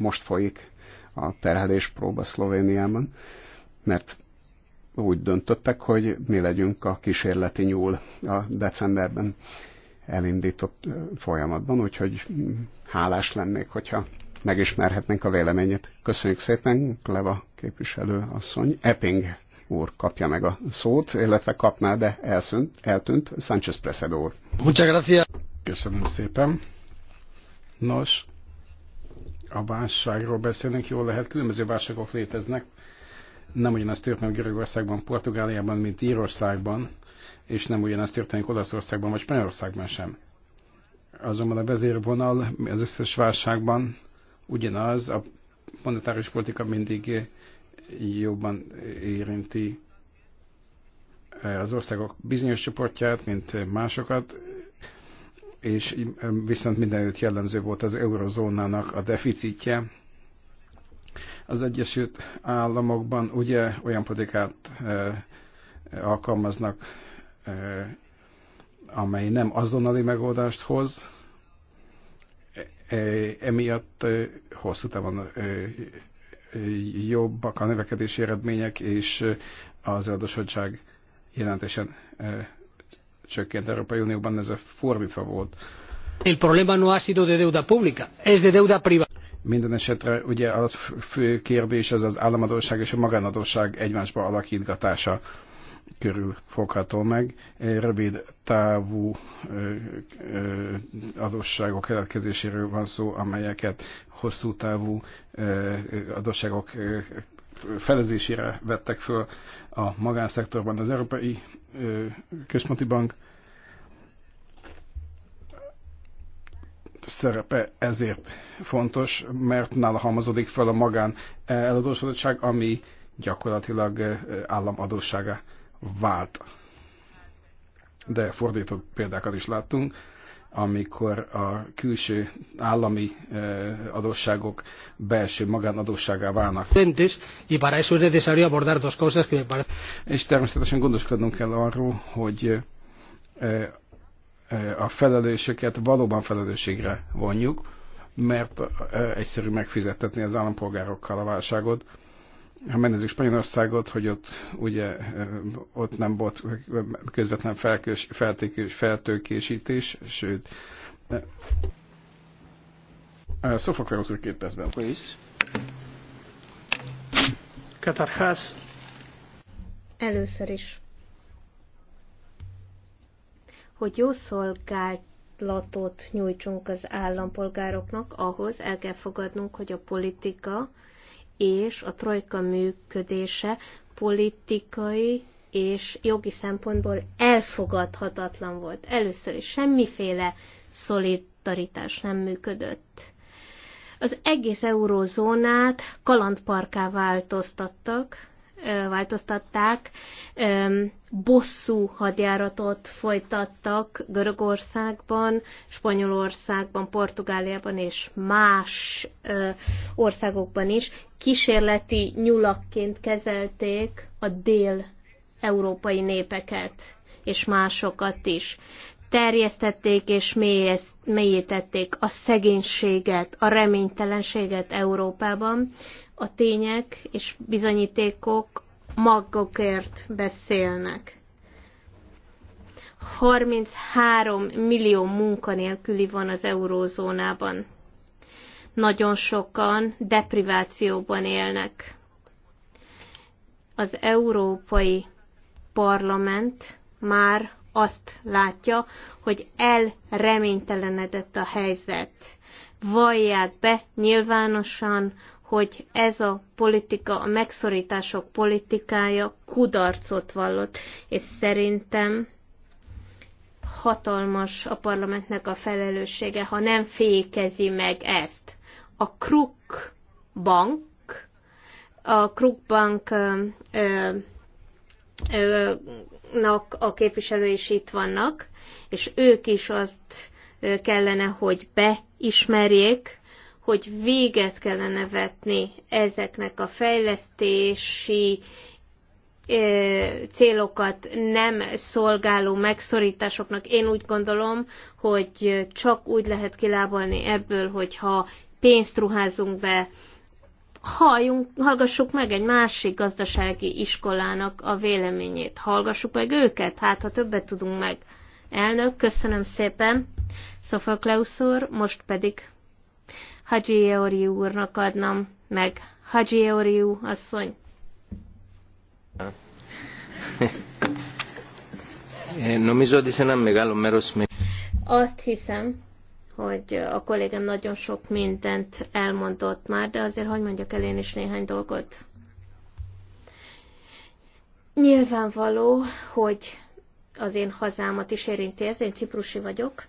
most folyik a terhelés próba Szlovéniában, mert úgy döntöttek, hogy mi legyünk a kísérleti nyúl a decemberben elindított folyamatban, úgyhogy hálás lennék, hogyha megismerhetnénk a véleményét. Köszönjük szépen, Kleva képviselő asszony. Epping úr kapja meg a szót, illetve kapná, de elszűnt, eltűnt Sánchez Presedo úr. Köszönöm szépen. Nos, a válságról beszélünk, jól lehet, különböző válságok léteznek. Nem ugyanaz történik Görögországban, Portugáliában, mint Írországban, és nem ugyanaz történik Olaszországban vagy Spanyolországban sem. Azonban a vezérvonal az összes válságban ugyanaz, a monetáris politika mindig jobban érinti az országok bizonyos csoportját, mint másokat, és viszont mindenütt jellemző volt az eurozónának a deficitje. Az Egyesült Államokban ugye olyan politikát e, alkalmaznak, e, amely nem azonnali megoldást hoz, e, emiatt hosszú távon jobbak a növekedési eredmények, és az eladósodtság jelentősen csökkent Európai Unióban, ez a fordítva volt. El problema no ha sido de deuda pública, es de deuda privada. Minden esetre ugye a fő kérdés az az államadóság és a magánadóság egymásba alakítgatása körül fogható meg. Rövid távú adósságok keletkezéséről van szó, amelyeket hosszú távú adósságok felezésére vettek föl a magánszektorban. Az Európai központi bank szerepe ezért fontos, mert nála halmazódik fel a magán eladósodottság, ami gyakorlatilag államadósága vált. De fordított példákat is láttunk amikor a külső állami adósságok belső magánadósságá válnak. És természetesen gondoskodnunk kell arról, hogy a felelősöket valóban felelősségre vonjuk, mert egyszerű megfizetetni az állampolgárokkal a válságot, ha megnézzük Spanyolországot, hogy ott ugye eh, ott nem volt közvetlen felkös, feltékés, feltőkésítés, sőt. Eh, eh, Szofokleosz úr két percben. Katarház. Először is. Hogy jó szolgált latot nyújtsunk az állampolgároknak, ahhoz el kell fogadnunk, hogy a politika és a trojka működése politikai és jogi szempontból elfogadhatatlan volt. Először is semmiféle szolidaritás nem működött. Az egész eurózónát kalandparká változtattak, változtatták, bosszú hadjáratot folytattak Görögországban, Spanyolországban, Portugáliában és más országokban is. Kísérleti nyulakként kezelték a dél-európai népeket és másokat is terjesztették és mélyítették a szegénységet, a reménytelenséget Európában. A tények és bizonyítékok magokért beszélnek. 33 millió munkanélküli van az eurózónában. Nagyon sokan deprivációban élnek. Az Európai Parlament már azt látja, hogy elreménytelenedett a helyzet. Vallják be nyilvánosan, hogy ez a politika, a megszorítások politikája kudarcot vallott, és szerintem hatalmas a parlamentnek a felelőssége, ha nem fékezi meg ezt. A Kruk Bank, a Kruk Bank ö, ö, nak a képviselői is itt vannak, és ők is azt kellene, hogy beismerjék, hogy véget kellene vetni ezeknek a fejlesztési célokat nem szolgáló megszorításoknak. Én úgy gondolom, hogy csak úgy lehet kilábalni ebből, hogyha pénzt ruházunk be halljunk, hallgassuk meg egy másik gazdasági iskolának a véleményét. Hallgassuk meg őket, hát ha többet tudunk meg. Elnök, köszönöm szépen. Szofokleusz úr, most pedig Hagyi Eoriu úrnak adnám meg. Hagyi Eoriu asszony. Νομίζω ότι σε ένα μεγάλο μέρος... Azt hiszem, hogy a kollégám nagyon sok mindent elmondott már, de azért hogy mondjak el én is néhány dolgot. Nyilvánvaló, hogy az én hazámat is érinti ez, én ciprusi vagyok.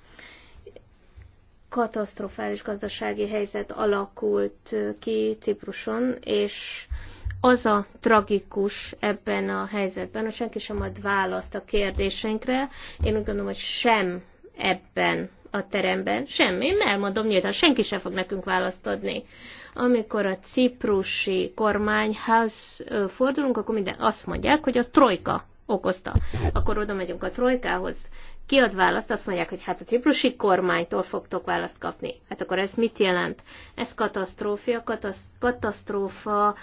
Katasztrofális gazdasági helyzet alakult ki Cipruson, és az a tragikus ebben a helyzetben, hogy senki sem ad választ a kérdéseinkre. Én úgy gondolom, hogy sem ebben a teremben, semmi, én elmondom nyíltan, senki sem fog nekünk választ adni. Amikor a ciprusi kormányház fordulunk, akkor minden azt mondják, hogy a trojka okozta. Akkor oda megyünk a trojkához, kiad választ, azt mondják, hogy hát a ciprusi kormánytól fogtok választ kapni. Hát akkor ez mit jelent? Ez katasztrófia, katasztrófa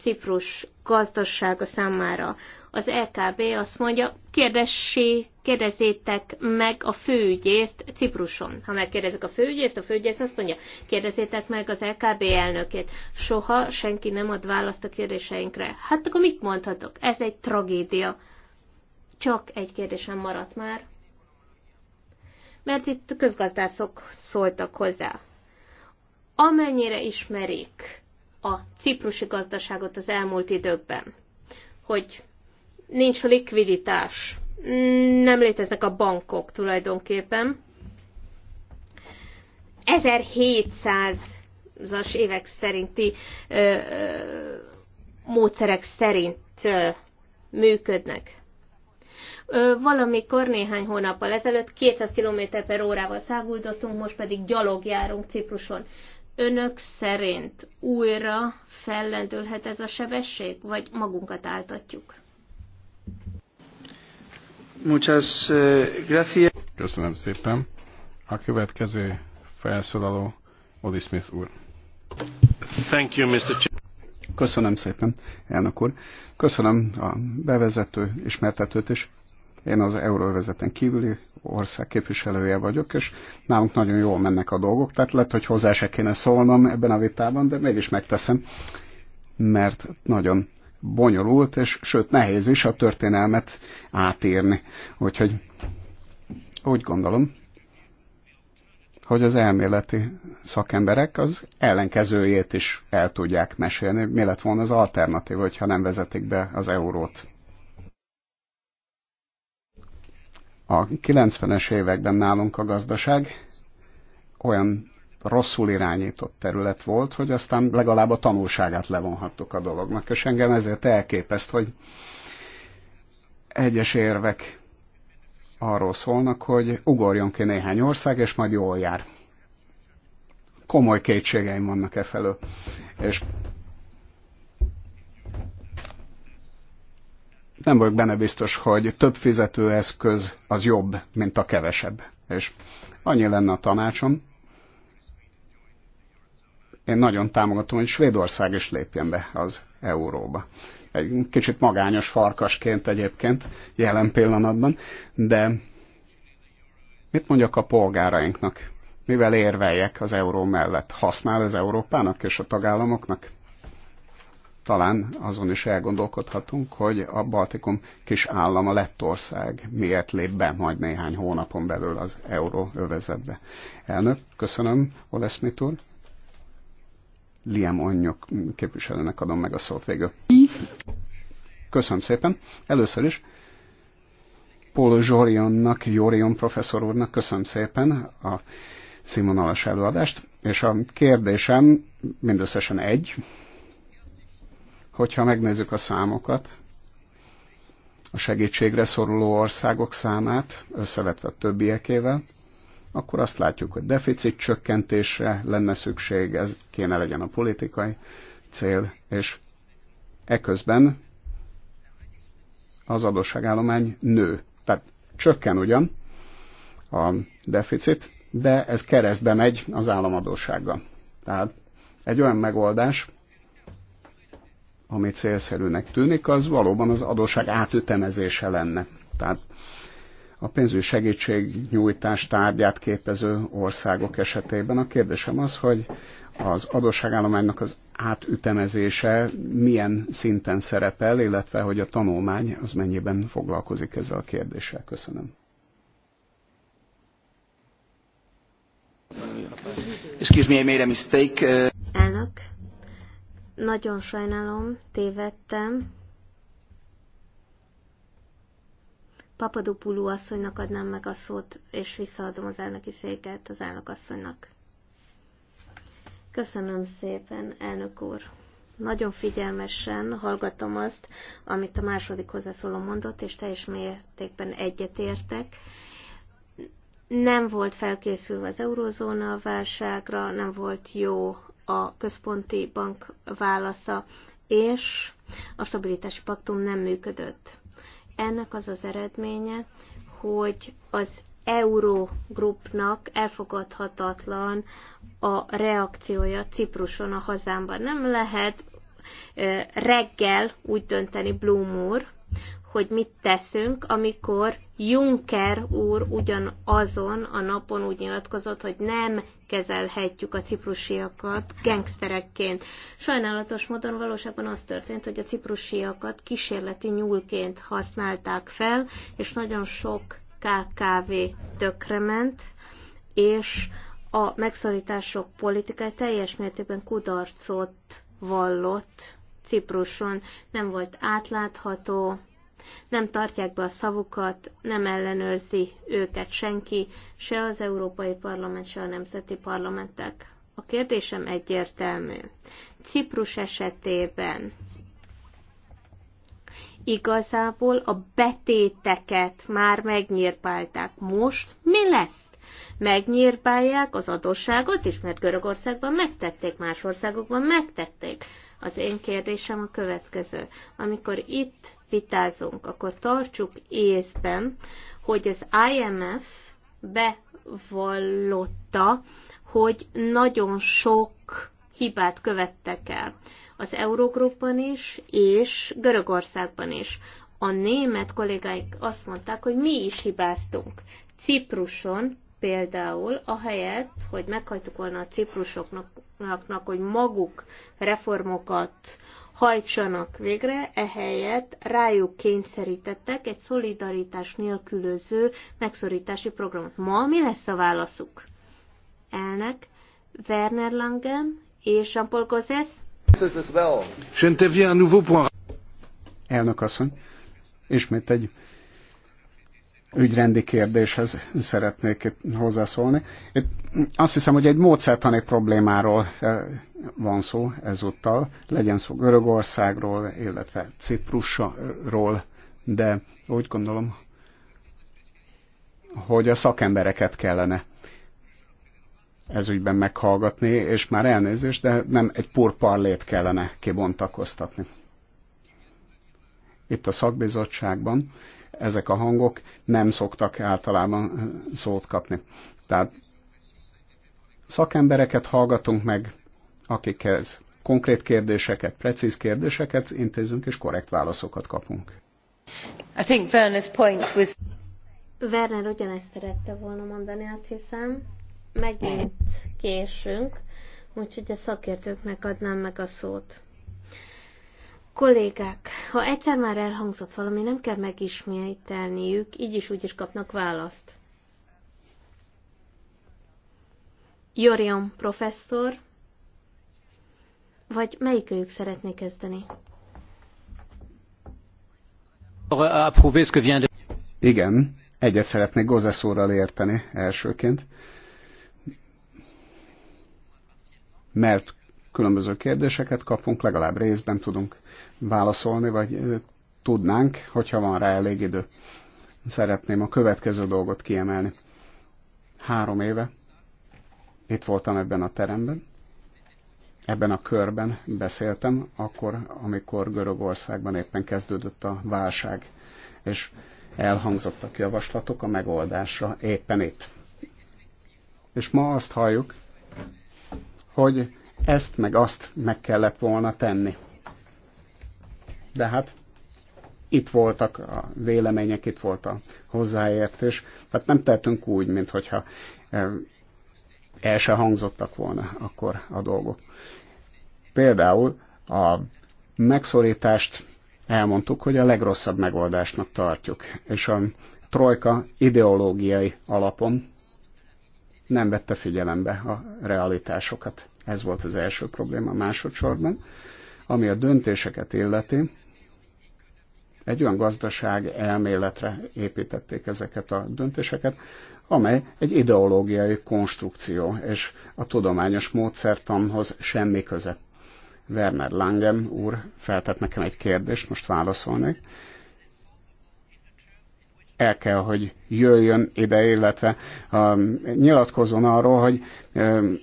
Ciprus gazdasága számára. Az LKB e azt mondja, kérdessé, kérdezzétek meg a főügyészt Cipruson. Ha megkérdezik a főügyészt, a főügyész azt mondja, kérdezzétek meg az LKB e elnökét. Soha senki nem ad választ a kérdéseinkre. Hát akkor mit mondhatok? Ez egy tragédia. Csak egy kérdésem maradt már. Mert itt közgazdászok szóltak hozzá. Amennyire ismerik a ciprusi gazdaságot az elmúlt időkben, hogy nincs likviditás, nem léteznek a bankok tulajdonképpen. 1700-as évek szerinti ö, ö, módszerek szerint ö, működnek. Ö, valamikor néhány hónappal ezelőtt 200 km per órával száguldoztunk, most pedig gyalogjárunk Cipruson önök szerint újra fellendülhet ez a sebesség, vagy magunkat áltatjuk? Eh, Köszönöm szépen. A következő felszólaló Oli Smith úr. Thank you, Mr. Ch Köszönöm szépen, elnök úr. Köszönöm a bevezető ismertetőt is. Én az euróvezeten kívüli ország képviselője vagyok, és nálunk nagyon jól mennek a dolgok, tehát lehet, hogy hozzá se kéne szólnom ebben a vitában, de mégis megteszem, mert nagyon bonyolult, és sőt nehéz is a történelmet átírni. Úgyhogy úgy gondolom, hogy az elméleti szakemberek az ellenkezőjét is el tudják mesélni. Mi lett volna az alternatív, hogyha nem vezetik be az eurót? A 90-es években nálunk a gazdaság olyan rosszul irányított terület volt, hogy aztán legalább a tanulságát levonhattuk a dolognak, és engem ezért elképeszt, hogy egyes érvek arról szólnak, hogy ugorjon ki néhány ország, és majd jól jár. Komoly kétségeim vannak e felől. És nem vagyok benne biztos, hogy több fizetőeszköz az jobb, mint a kevesebb. És annyi lenne a tanácsom. Én nagyon támogatom, hogy Svédország is lépjen be az euróba. Egy kicsit magányos farkasként egyébként jelen pillanatban, de mit mondjak a polgárainknak? Mivel érveljek az euró mellett? Használ az Európának és a tagállamoknak? talán azon is elgondolkodhatunk, hogy a Baltikum kis állama Lettország miért lép be majd néhány hónapon belül az euróövezetbe. Elnök, köszönöm, Oleszmit úr. Liam Onyok képviselőnek adom meg a szót végül. Köszönöm szépen. Először is Paul Zsorionnak, Jorion professzor úrnak köszönöm szépen a színvonalas előadást, és a kérdésem mindösszesen egy, Hogyha megnézzük a számokat, a segítségre szoruló országok számát összevetve a többiekével, akkor azt látjuk, hogy deficit csökkentésre lenne szükség, ez kéne legyen a politikai cél, és eközben az adósságállomány nő. Tehát csökken ugyan a deficit, de ez keresztbe megy az államadósággal. Tehát egy olyan megoldás, ami célszerűnek tűnik, az valóban az adóság átütemezése lenne. Tehát a pénzügyi segítségnyújtás tárgyát képező országok esetében. A kérdésem az, hogy az adósságállománynak az átütemezése milyen szinten szerepel, illetve hogy a tanulmány az mennyiben foglalkozik ezzel a kérdéssel. Köszönöm. Excuse me, I made a mistake. Elnök, nagyon sajnálom, tévedtem. Papadopulú asszonynak adnám meg a szót, és visszaadom az elnöki széket az elnökasszonynak. Köszönöm szépen, elnök úr. Nagyon figyelmesen hallgatom azt, amit a második hozzászóló mondott, és teljes mértékben egyetértek nem volt felkészülve az eurozóna válságra, nem volt jó a központi bank válasza, és a stabilitási paktum nem működött. Ennek az az eredménye, hogy az Eurogrupnak elfogadhatatlan a reakciója Cipruson, a hazámban. Nem lehet reggel úgy dönteni Blum úr, hogy mit teszünk, amikor Juncker úr ugyanazon a napon úgy nyilatkozott, hogy nem kezelhetjük a ciprusiakat gengszterekként. Sajnálatos módon valóságban az történt, hogy a ciprusiakat kísérleti nyúlként használták fel, és nagyon sok KKV tökrement, és a megszorítások politikai teljes mértékben kudarcot vallott Cipruson, nem volt átlátható, nem tartják be a szavukat, nem ellenőrzi őket senki, se az Európai Parlament, se a nemzeti parlamentek. A kérdésem egyértelmű. Ciprus esetében igazából a betéteket már megnyírpálták. Most mi lesz? Megnyírpálják az adósságot is, mert Görögországban megtették, más országokban megtették. Az én kérdésem a következő. Amikor itt vitázunk, akkor tartsuk észben, hogy az IMF bevallotta, hogy nagyon sok hibát követtek el. Az Eurogrupban is, és Görögországban is. A német kollégáik azt mondták, hogy mi is hibáztunk. Cipruson például, ahelyett, hogy meghajtuk volna a ciprusoknak, hogy maguk reformokat hajtsanak végre, ehelyett rájuk kényszerítettek egy szolidaritás nélkülöző megszorítási programot. Ma mi lesz a válaszuk? Elnek Werner Langen és Jean-Paul Gauzès? Je nouveau point. Elnök asszony, ismét egy ügyrendi kérdéshez szeretnék itt hozzászólni. Itt azt hiszem, hogy egy módszertani problémáról eh, van szó ezúttal, legyen szó Görögországról, illetve Ciprusról, de úgy gondolom, hogy a szakembereket kellene ezügyben meghallgatni, és már elnézést, de nem egy purparlét kellene kibontakoztatni. Itt a szakbizottságban ezek a hangok nem szoktak általában szót kapni. Tehát szakembereket hallgatunk meg, akikhez konkrét kérdéseket, precíz kérdéseket intézünk, és korrekt válaszokat kapunk. I think Werner's point was... Werner ugyanezt szerette volna mondani, azt hiszem. Megint késünk, úgyhogy a szakértőknek adnám meg a szót. Kollégák, ha egyszer már elhangzott valami, nem kell megismételniük, így is úgy is kapnak választ. Jorion professzor, vagy ők szeretné kezdeni? Igen, egyet szeretnék gozeszóral érteni elsőként. Mert különböző kérdéseket kapunk, legalább részben tudunk válaszolni, vagy tudnánk, hogyha van rá elég idő. Szeretném a következő dolgot kiemelni. Három éve itt voltam ebben a teremben, ebben a körben beszéltem, akkor, amikor Görögországban éppen kezdődött a válság, és elhangzottak javaslatok a megoldásra éppen itt. És ma azt halljuk, hogy ezt meg azt meg kellett volna tenni. De hát itt voltak a vélemények, itt volt a hozzáértés. Tehát nem tettünk úgy, mintha e, el se hangzottak volna akkor a dolgok. Például a megszorítást elmondtuk, hogy a legrosszabb megoldásnak tartjuk, és a trojka ideológiai alapon nem vette figyelembe a realitásokat. Ez volt az első probléma másodszorban. Ami a döntéseket illeti, egy olyan gazdaság elméletre építették ezeket a döntéseket, amely egy ideológiai konstrukció, és a tudományos módszertanhoz semmi köze. Werner Langem úr feltett nekem egy kérdést, most válaszolnék el kell, hogy jöjjön ide, illetve a, um, nyilatkozon arról, hogy um,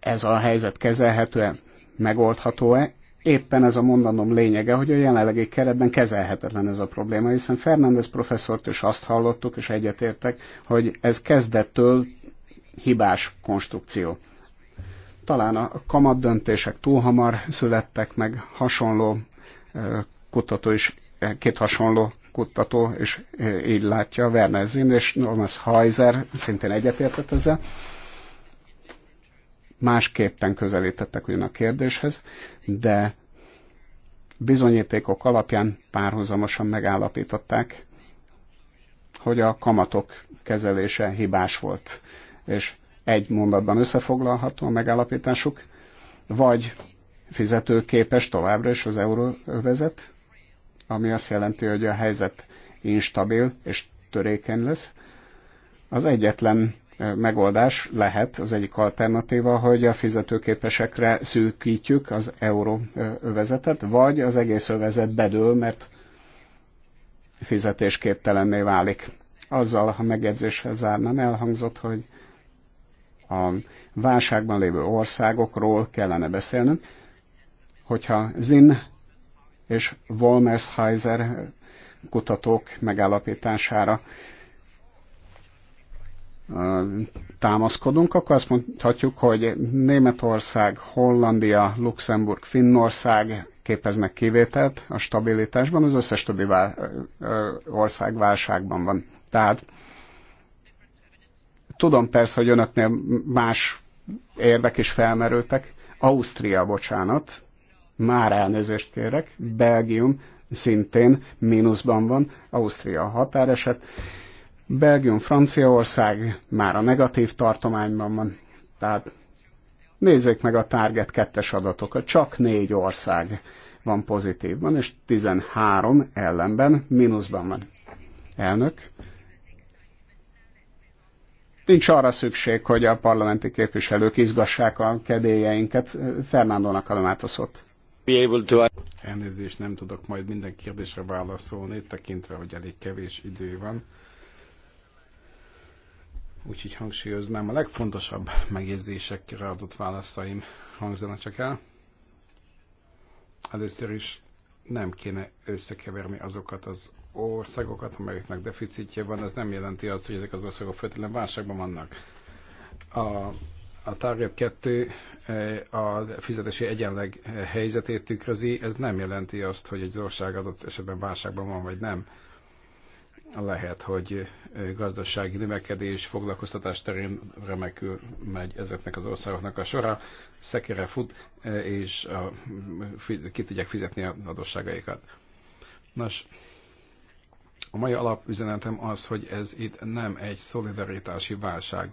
ez a helyzet kezelhető-e, megoldható-e. Éppen ez a mondanom lényege, hogy a jelenlegi keretben kezelhetetlen ez a probléma, hiszen Fernández professzort is azt hallottuk, és egyetértek, hogy ez kezdettől hibás konstrukció. Talán a kamat döntések túl hamar születtek, meg hasonló uh, kutató is, eh, két hasonló kutató és e, így látja, Werner Zinn és Thomas Heiser szintén egyetértett ezzel. Másképpen közelítettek ugyan a kérdéshez, de bizonyítékok alapján párhuzamosan megállapították, hogy a kamatok kezelése hibás volt, és egy mondatban összefoglalható a megállapításuk, vagy fizetőképes továbbra is az euróvezet, ami azt jelenti, hogy a helyzet instabil és törékeny lesz. Az egyetlen megoldás lehet, az egyik alternatíva, hogy a fizetőképesekre szűkítjük az euró övezetet, vagy az egész övezet bedől, mert fizetésképtelenné válik. Azzal a megjegyzéssel zárnám, elhangzott, hogy a válságban lévő országokról kellene beszélnünk. Hogyha Zinn és Wolmersheiser kutatók megállapítására támaszkodunk, akkor azt mondhatjuk, hogy Németország, Hollandia, Luxemburg, Finnország képeznek kivételt a stabilitásban, az összes többi vál, ország válságban van. Tehát tudom persze, hogy önöknél más érdek is felmerültek. Ausztria, bocsánat, már elnézést kérek, Belgium szintén mínuszban van, Ausztria a határeset, Belgium, Franciaország már a negatív tartományban van, tehát nézzék meg a Target kettes adatokat, csak négy ország van pozitívban, és 13 ellenben mínuszban van. Elnök, nincs arra szükség, hogy a parlamenti képviselők izgassák a kedélyeinket. Fernándónak adom át a szót. Elnézést, nem tudok majd minden kérdésre válaszolni, tekintve, hogy elég kevés idő van. Úgyhogy hangsúlyoznám, a legfontosabb megjegyzésekre adott válaszaim hangzanak csak el. Először is nem kéne összekeverni azokat az országokat, amelyeknek deficitje van, ez nem jelenti azt, hogy ezek az országok főtelen válságban vannak. A a Target 2 eh, a fizetési egyenleg eh, helyzetét tükrözi, ez nem jelenti azt, hogy egy ország adott esetben válságban van, vagy nem. Lehet, hogy eh, gazdasági növekedés, foglalkoztatás terén remekül megy ezeknek az országoknak a sora, szekere fut, és a, ki tudják fizetni a adósságaikat. Nos, a mai alapüzenetem az, hogy ez itt nem egy szolidaritási válság.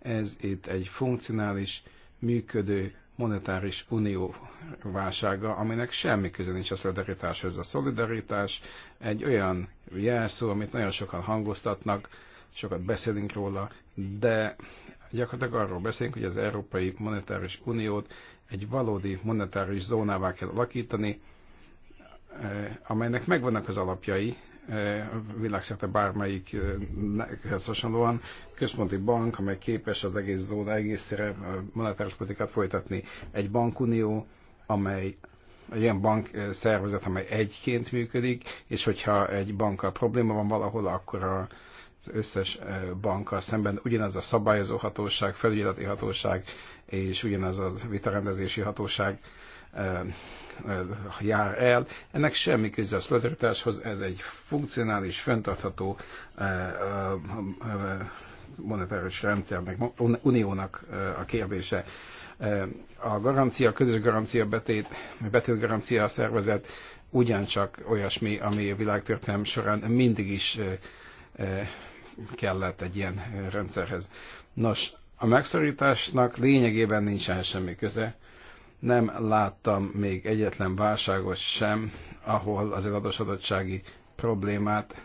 Ez itt egy funkcionális, működő monetáris unió válsága, aminek semmi köze nincs a szolidaritáshoz. A szolidaritás egy olyan jelszó, amit nagyon sokan hangoztatnak, sokat beszélünk róla, de gyakorlatilag arról beszélünk, hogy az Európai Monetáris Uniót egy valódi monetáris zónává kell alakítani, eh, amelynek megvannak az alapjai, világszerte bármelyikhez hasonlóan központi bank, amely képes az egész zóna egészére monetáris politikát folytatni. Egy bankunió, amely egy ilyen bank szervezet, amely egyként működik, és hogyha egy bankkal probléma van valahol, akkor a, az összes bankkal szemben ugyanaz a szabályozó hatóság, felügyeleti hatóság és ugyanaz a vitarendezési hatóság jár el. Ennek semmi köze a szolidaritáshoz, ez egy funkcionális, fenntartható monetáris rendszernek, uniónak a kérdése. A garancia, a közös garancia betét, betétgarancia szervezet ugyancsak olyasmi, ami a világtörténelem során mindig is kellett egy ilyen rendszerhez. Nos, a megszorításnak lényegében nincsen semmi köze nem láttam még egyetlen válságot sem, ahol az eladósodottsági problémát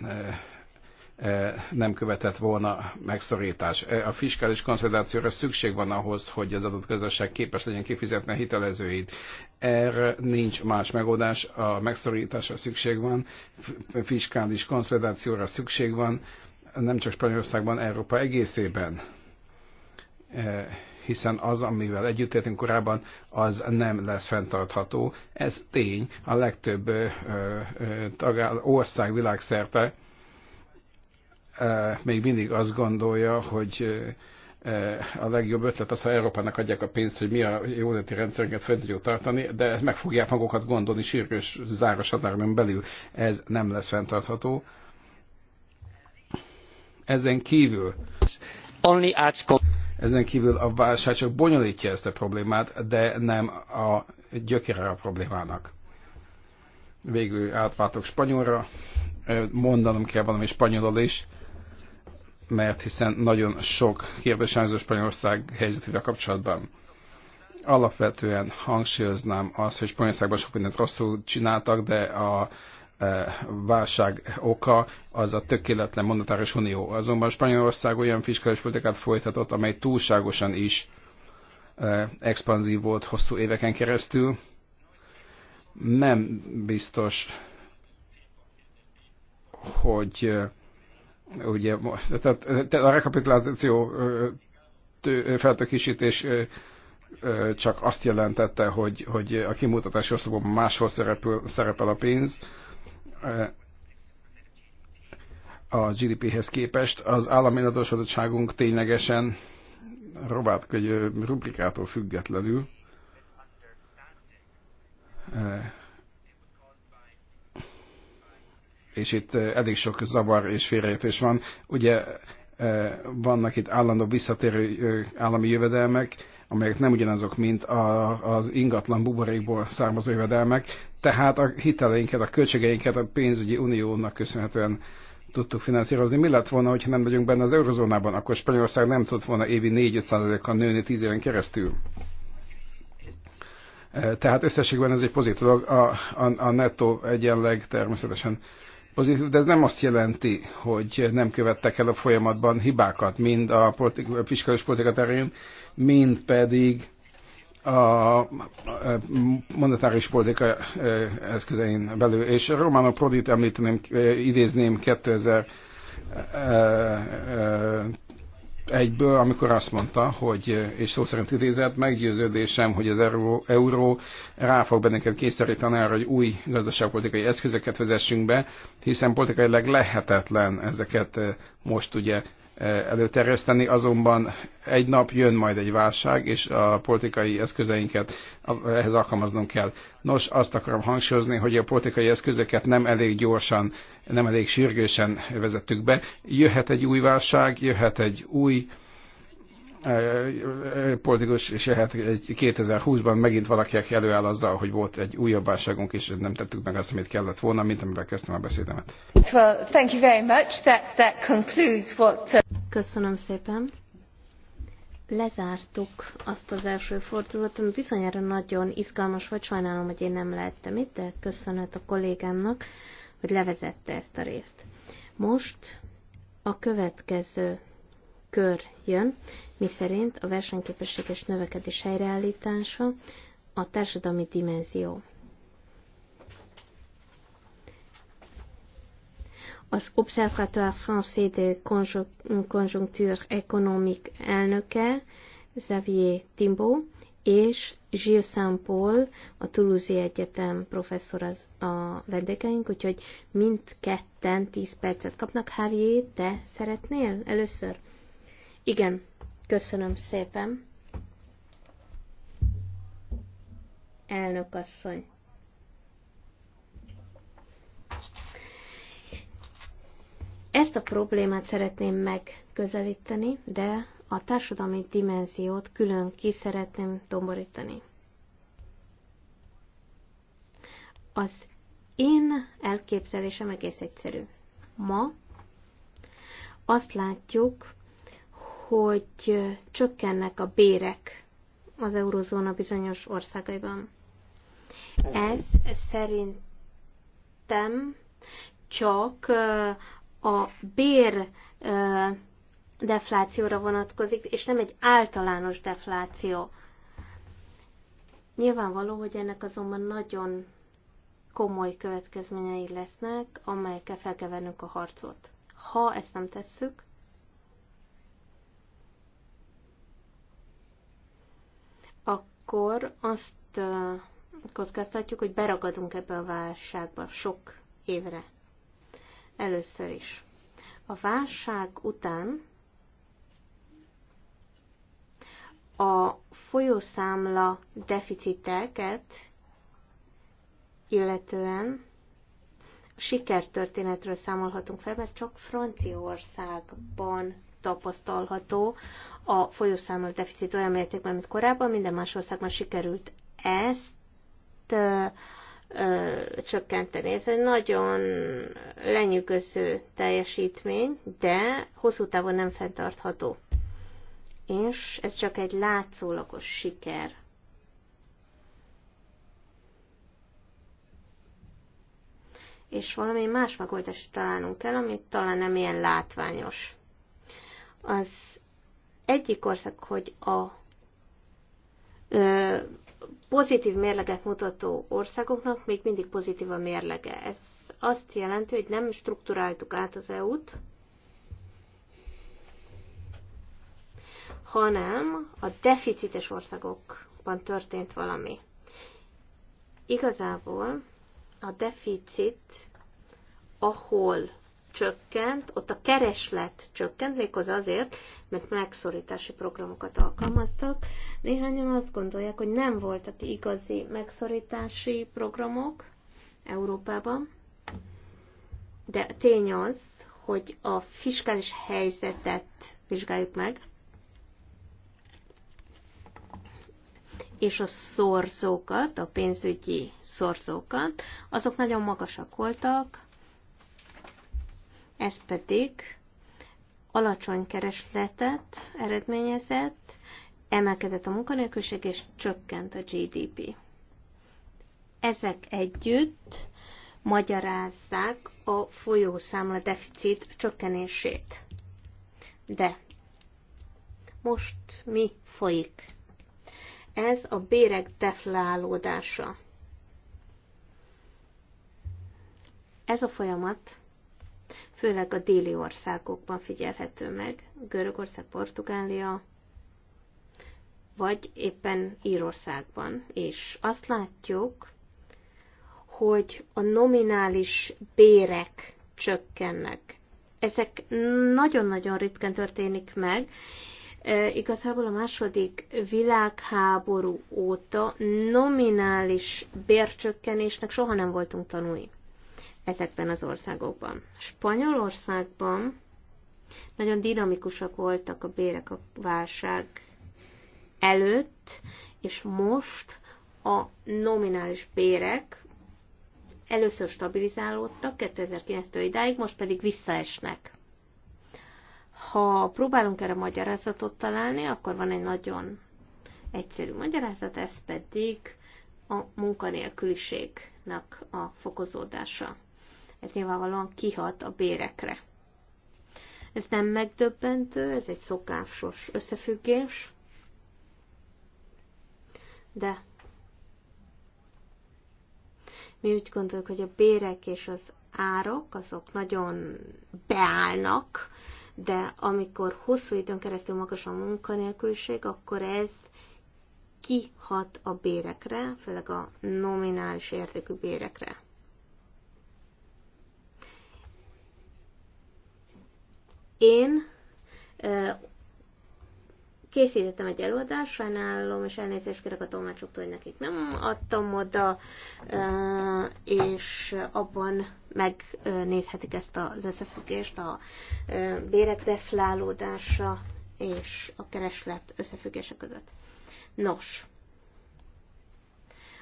eh, eh, nem követett volna megszorítás. Eh, a fiskális konszolidációra szükség van ahhoz, hogy az adott közösség képes legyen kifizetni a hitelezőit. Erre nincs más megoldás, a megszorításra szükség van, fiskális konszolidációra szükség van, nem csak Spanyolországban, Európa egészében hiszen az, amivel értünk korábban, az nem lesz fenntartható. Ez tény, a legtöbb ö, ö, tagál, ország világszerte ö, még mindig azt gondolja, hogy ö, a legjobb ötlet az, ha Európának adják a pénzt, hogy mi a jóléti rendszerünket fent tudjuk tartani, de meg fogják magukat gondolni sírkös záros határon belül. Ez nem lesz fenntartható. Ezen kívül only adds ezen kívül a válság csak bonyolítja ezt a problémát, de nem a gyökere a problémának. Végül átváltok spanyolra, mondanom kell valami spanyolul is, mert hiszen nagyon sok kérdés az Spanyolország helyzetével kapcsolatban. Alapvetően hangsúlyoznám azt, hogy Spanyolországban sok mindent rosszul csináltak, de a válság oka az a tökéletlen monetáris unió. Azonban Spanyolország olyan fiskális politikát folytatott, amely túlságosan is expanzív volt hosszú éveken keresztül. Nem biztos, hogy ugye, tehát a rekapituláció feltökisítés csak azt jelentette, hogy, hogy a kimutatási oszlopban máshol szerepel, szerepel a pénz, a GDP-hez képest az állami adósodottságunk ténylegesen vagy rubrikától függetlenül és itt elég sok zavar és félreértés van. Ugye vannak itt állandó visszatérő állami jövedelmek, amelyek nem ugyanazok, mint a, az ingatlan buborékból származó jövedelmek. Tehát a hiteleinket, a költségeinket a pénzügyi uniónak köszönhetően tudtuk finanszírozni. Mi lett volna, hogyha nem vagyunk benne az eurozónában, akkor Spanyolország nem tudott volna évi 4-5%-kal nőni 10 éven keresztül. E, tehát összességben ez egy pozitív dolog, a, a, a netto egyenleg természetesen pozitív, de ez nem azt jelenti, hogy nem követtek el a folyamatban hibákat, mind a politi- fiskális politika terén, mint pedig a monetáris politika eszközein belül. És Romano Prodit említeném, idézném 2000 egyből, amikor azt mondta, hogy, és szó szerint idézett, meggyőződésem, hogy az euró, euró rá fog bennünket kényszeríteni arra, hogy új gazdaságpolitikai eszközöket vezessünk be, hiszen politikailag lehetetlen ezeket most ugye Eh, előterjeszteni, azonban egy nap jön majd egy válság, és a politikai eszközeinket ehhez alkalmaznunk kell. Nos, azt akarom hangsúlyozni, hogy a politikai eszközöket nem elég gyorsan, nem elég sürgősen vezettük be. Jöhet egy új válság, jöhet egy új politikus, és hát 2020-ban megint valaki előáll azzal, hogy volt egy újabb válságunk, és nem tettük meg azt, amit kellett volna, mint amivel kezdtem a beszédemet. Well, thank you very much. That, that concludes what... Uh, Köszönöm szépen. Lezártuk azt az első fordulót, ami bizonyára nagyon izgalmas volt, sajnálom, hogy én nem lehettem itt, de köszönhet a kollégámnak, hogy levezette ezt a részt. Most a következő kör jön, miszerint a versenyképesség és növekedés helyreállítása a társadalmi dimenzió. Az Observatoire Français de Conjoncture Économique elnöke Xavier Timbo, és Gilles Saint-Paul, a Toulouse Egyetem professzor az a vendégeink, úgyhogy mindketten 10 percet kapnak. Javier, te szeretnél először? Igen, köszönöm szépen. Elnök asszony. Ezt a problémát szeretném megközelíteni, de a társadalmi dimenziót külön ki szeretném domborítani. Az én elképzelésem egész egyszerű. Ma azt látjuk, hogy csökkennek a bérek az eurozóna bizonyos országaiban. Ez szerintem csak a bér deflációra vonatkozik, és nem egy általános defláció. Nyilvánvaló, hogy ennek azonban nagyon komoly következményei lesznek, amelyekkel fel kell vennünk a harcot. Ha ezt nem tesszük, akkor azt kockáztatjuk, hogy beragadunk ebbe a válságba sok évre. Először is. A válság után a folyószámla deficiteket illetően sikertörténetről számolhatunk fel, mert csak Franciaországban tapasztalható a folyószámla deficit olyan mértékben, mint korábban, minden más országban sikerült ezt ö, ö, csökkenteni. Ez egy nagyon lenyűgöző teljesítmény, de hosszú távon nem fenntartható. És ez csak egy látszólagos siker. És valami más megoldást találnunk kell, amit talán nem ilyen látványos. Az egyik ország, hogy a ö, pozitív mérleget mutató országoknak még mindig pozitív a mérlege. Ez azt jelenti, hogy nem strukturáltuk át az EU-t, hanem a deficites országokban történt valami. Igazából a deficit, ahol csökkent, ott a kereslet csökkent, méghozzá azért, mert megszorítási programokat alkalmaztak. Néhányan azt gondolják, hogy nem voltak igazi megszorítási programok Európában, de tény az, hogy a fiskális helyzetet vizsgáljuk meg, és a szorzókat, a pénzügyi szorzókat, azok nagyon magasak voltak, ez pedig alacsony keresletet eredményezett, emelkedett a munkanélküliség és csökkent a GDP. Ezek együtt magyarázzák a folyószámla deficit csökkenését. De most mi folyik? Ez a bérek deflálódása. Ez a folyamat főleg a déli országokban figyelhető meg, Görögország, Portugália, vagy éppen Írországban. És azt látjuk, hogy a nominális bérek csökkennek. Ezek nagyon-nagyon ritkán történik meg. E, igazából a második világháború óta nominális bércsökkenésnek soha nem voltunk tanulni ezekben az országokban. Spanyolországban nagyon dinamikusak voltak a bérek a válság előtt, és most a nominális bérek először stabilizálódtak 2009-től idáig, most pedig visszaesnek. Ha próbálunk erre magyarázatot találni, akkor van egy nagyon egyszerű magyarázat, ez pedig a munkanélküliségnek a fokozódása ez nyilvánvalóan kihat a bérekre. Ez nem megdöbbentő, ez egy szokásos összefüggés, de mi úgy gondoljuk, hogy a bérek és az árok azok nagyon beállnak, de amikor hosszú időn keresztül magas a munkanélküliség, akkor ez kihat a bérekre, főleg a nominális értékű bérekre. Én készítettem egy előadást, sajnálom, és elnézést kérek a tolmácsoktól, hogy nekik nem adtam oda, és abban megnézhetik ezt az összefüggést, a bérek deflálódása és a kereslet összefüggése között. Nos,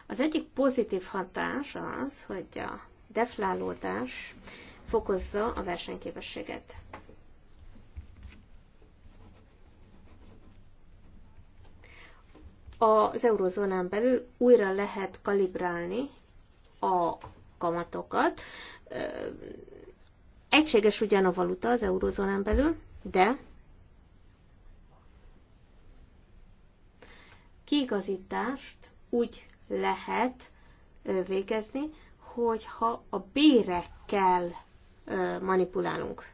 az egyik pozitív hatás az, hogy a deflálódás fokozza a versenyképességet. az eurozónán belül újra lehet kalibrálni a kamatokat. Egységes ugyan a valuta az eurozónán belül, de kiigazítást úgy lehet végezni, hogyha a bérekkel manipulálunk.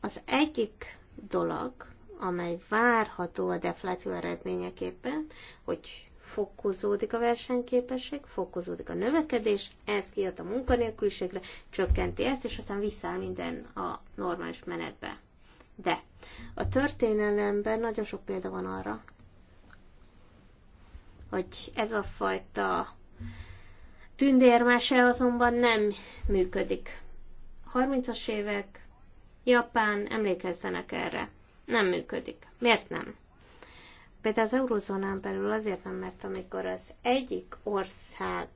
Az egyik dolog, amely várható a defláció eredményeképpen, hogy fokozódik a versenyképesség, fokozódik a növekedés, ez kiad a munkanélküliségre, csökkenti ezt, és aztán visszáll minden a normális menetbe. De a történelemben nagyon sok példa van arra, hogy ez a fajta tündérmese azonban nem működik. 30-as évek, Japán, emlékezzenek erre nem működik. Miért nem? Például az eurozónán belül azért nem, mert amikor az egyik ország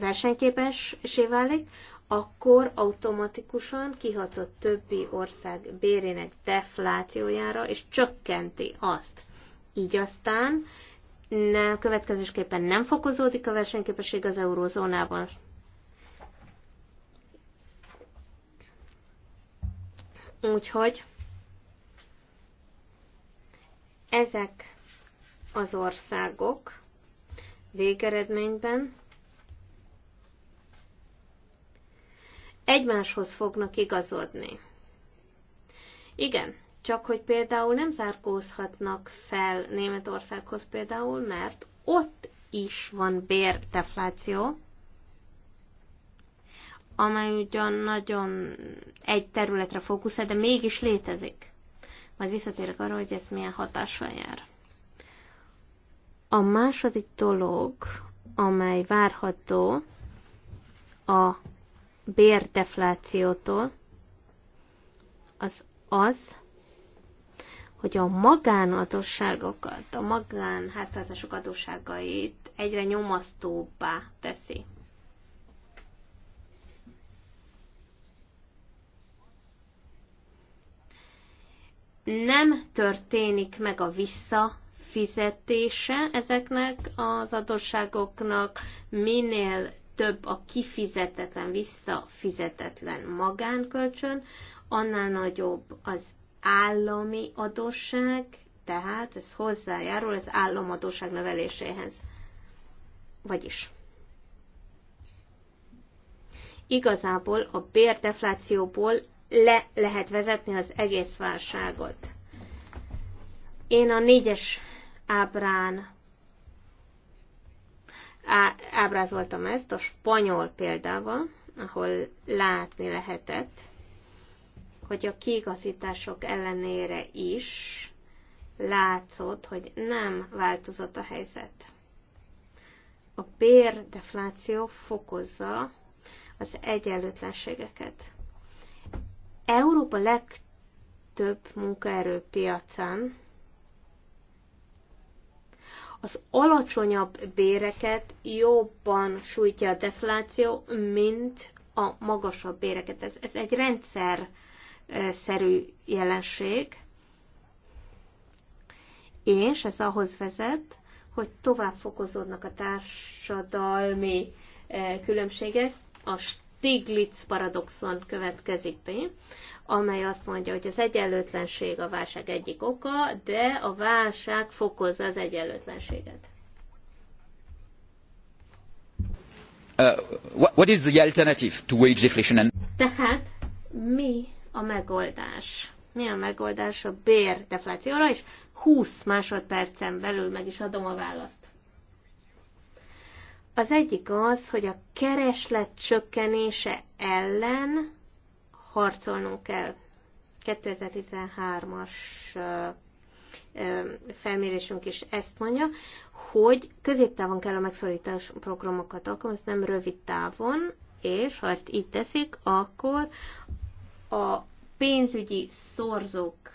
versenyképessé válik, akkor automatikusan kihat a többi ország bérének deflációjára, és csökkenti azt. Így aztán ne, következésképpen nem fokozódik a versenyképesség az eurózónában, Úgyhogy ezek az országok végeredményben egymáshoz fognak igazodni. Igen, csak hogy például nem zárkózhatnak fel Németországhoz például, mert ott is van bérdefláció, amely ugyan nagyon egy területre fókuszál, de mégis létezik. Majd visszatérek arra, hogy ez milyen hatással jár. A második dolog, amely várható a bérdeflációtól, az az, hogy a magánadósságokat, a magánháztartások adósságait egyre nyomasztóbbá teszi. nem történik meg a visszafizetése ezeknek az adósságoknak, minél több a kifizetetlen, visszafizetetlen magánkölcsön, annál nagyobb az állami adósság, tehát ez hozzájárul az államadóság növeléséhez. Vagyis igazából a bérdeflációból le lehet vezetni az egész válságot. Én a négyes ábrán ábrázoltam ezt a spanyol példával, ahol látni lehetett, hogy a kiigazítások ellenére is látszott, hogy nem változott a helyzet. A bérdefláció fokozza az egyenlőtlenségeket. Európa legtöbb munkaerőpiacán az alacsonyabb béreket jobban sújtja a defláció, mint a magasabb béreket. Ez, ez egy rendszer szerű jelenség, és ez ahhoz vezet, hogy tovább fokozódnak a társadalmi különbségek, a Stiglitz paradoxon következik be, amely azt mondja, hogy az egyenlőtlenség a válság egyik oka, de a válság fokozza az egyenlőtlenséget. Uh, what is the alternative to wage deflation? And... Tehát mi a megoldás? Mi a megoldás a bérdeflációra? És 20 másodpercen belül meg is adom a választ. Az egyik az, hogy a kereslet csökkenése ellen harcolnunk kell. 2013-as felmérésünk is ezt mondja, hogy középtávon kell a megszorítás programokat alkalmazni, nem rövid távon, és ha ezt így teszik, akkor a pénzügyi szorzók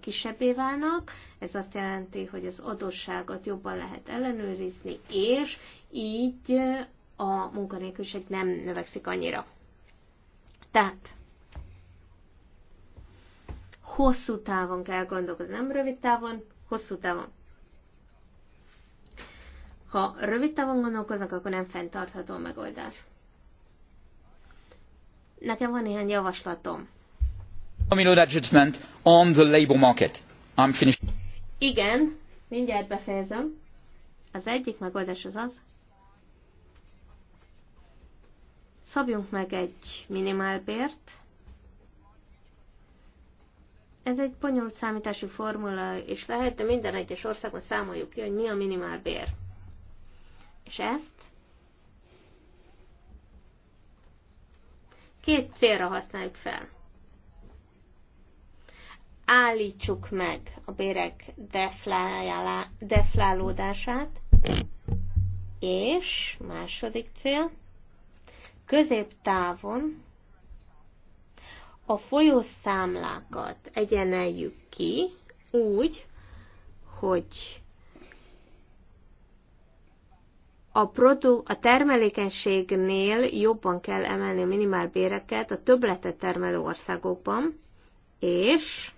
kisebbé válnak, ez azt jelenti, hogy az adósságot jobban lehet ellenőrizni, és így a munkanélküliség nem növekszik annyira. Tehát hosszú távon kell gondolkozni, nem rövid távon, hosszú távon. Ha rövid távon gondolkoznak, akkor nem fenntartható a megoldás. Nekem van ilyen javaslatom. Communal judgment on the labor market. I'm finished. Igen, mindjárt befejezem. Az egyik megoldás az az, szabjunk meg egy minimálbért. Ez egy bonyolult számítási formula, és lehet, de minden egyes országban számoljuk ki, hogy mi a minimálbér. És ezt két célra használjuk fel állítsuk meg a bérek deflálódását, és második cél, középtávon a folyószámlákat egyeneljük ki úgy, hogy a, produ- a termelékenységnél jobban kell emelni a minimálbéreket a többletet termelő országokban, és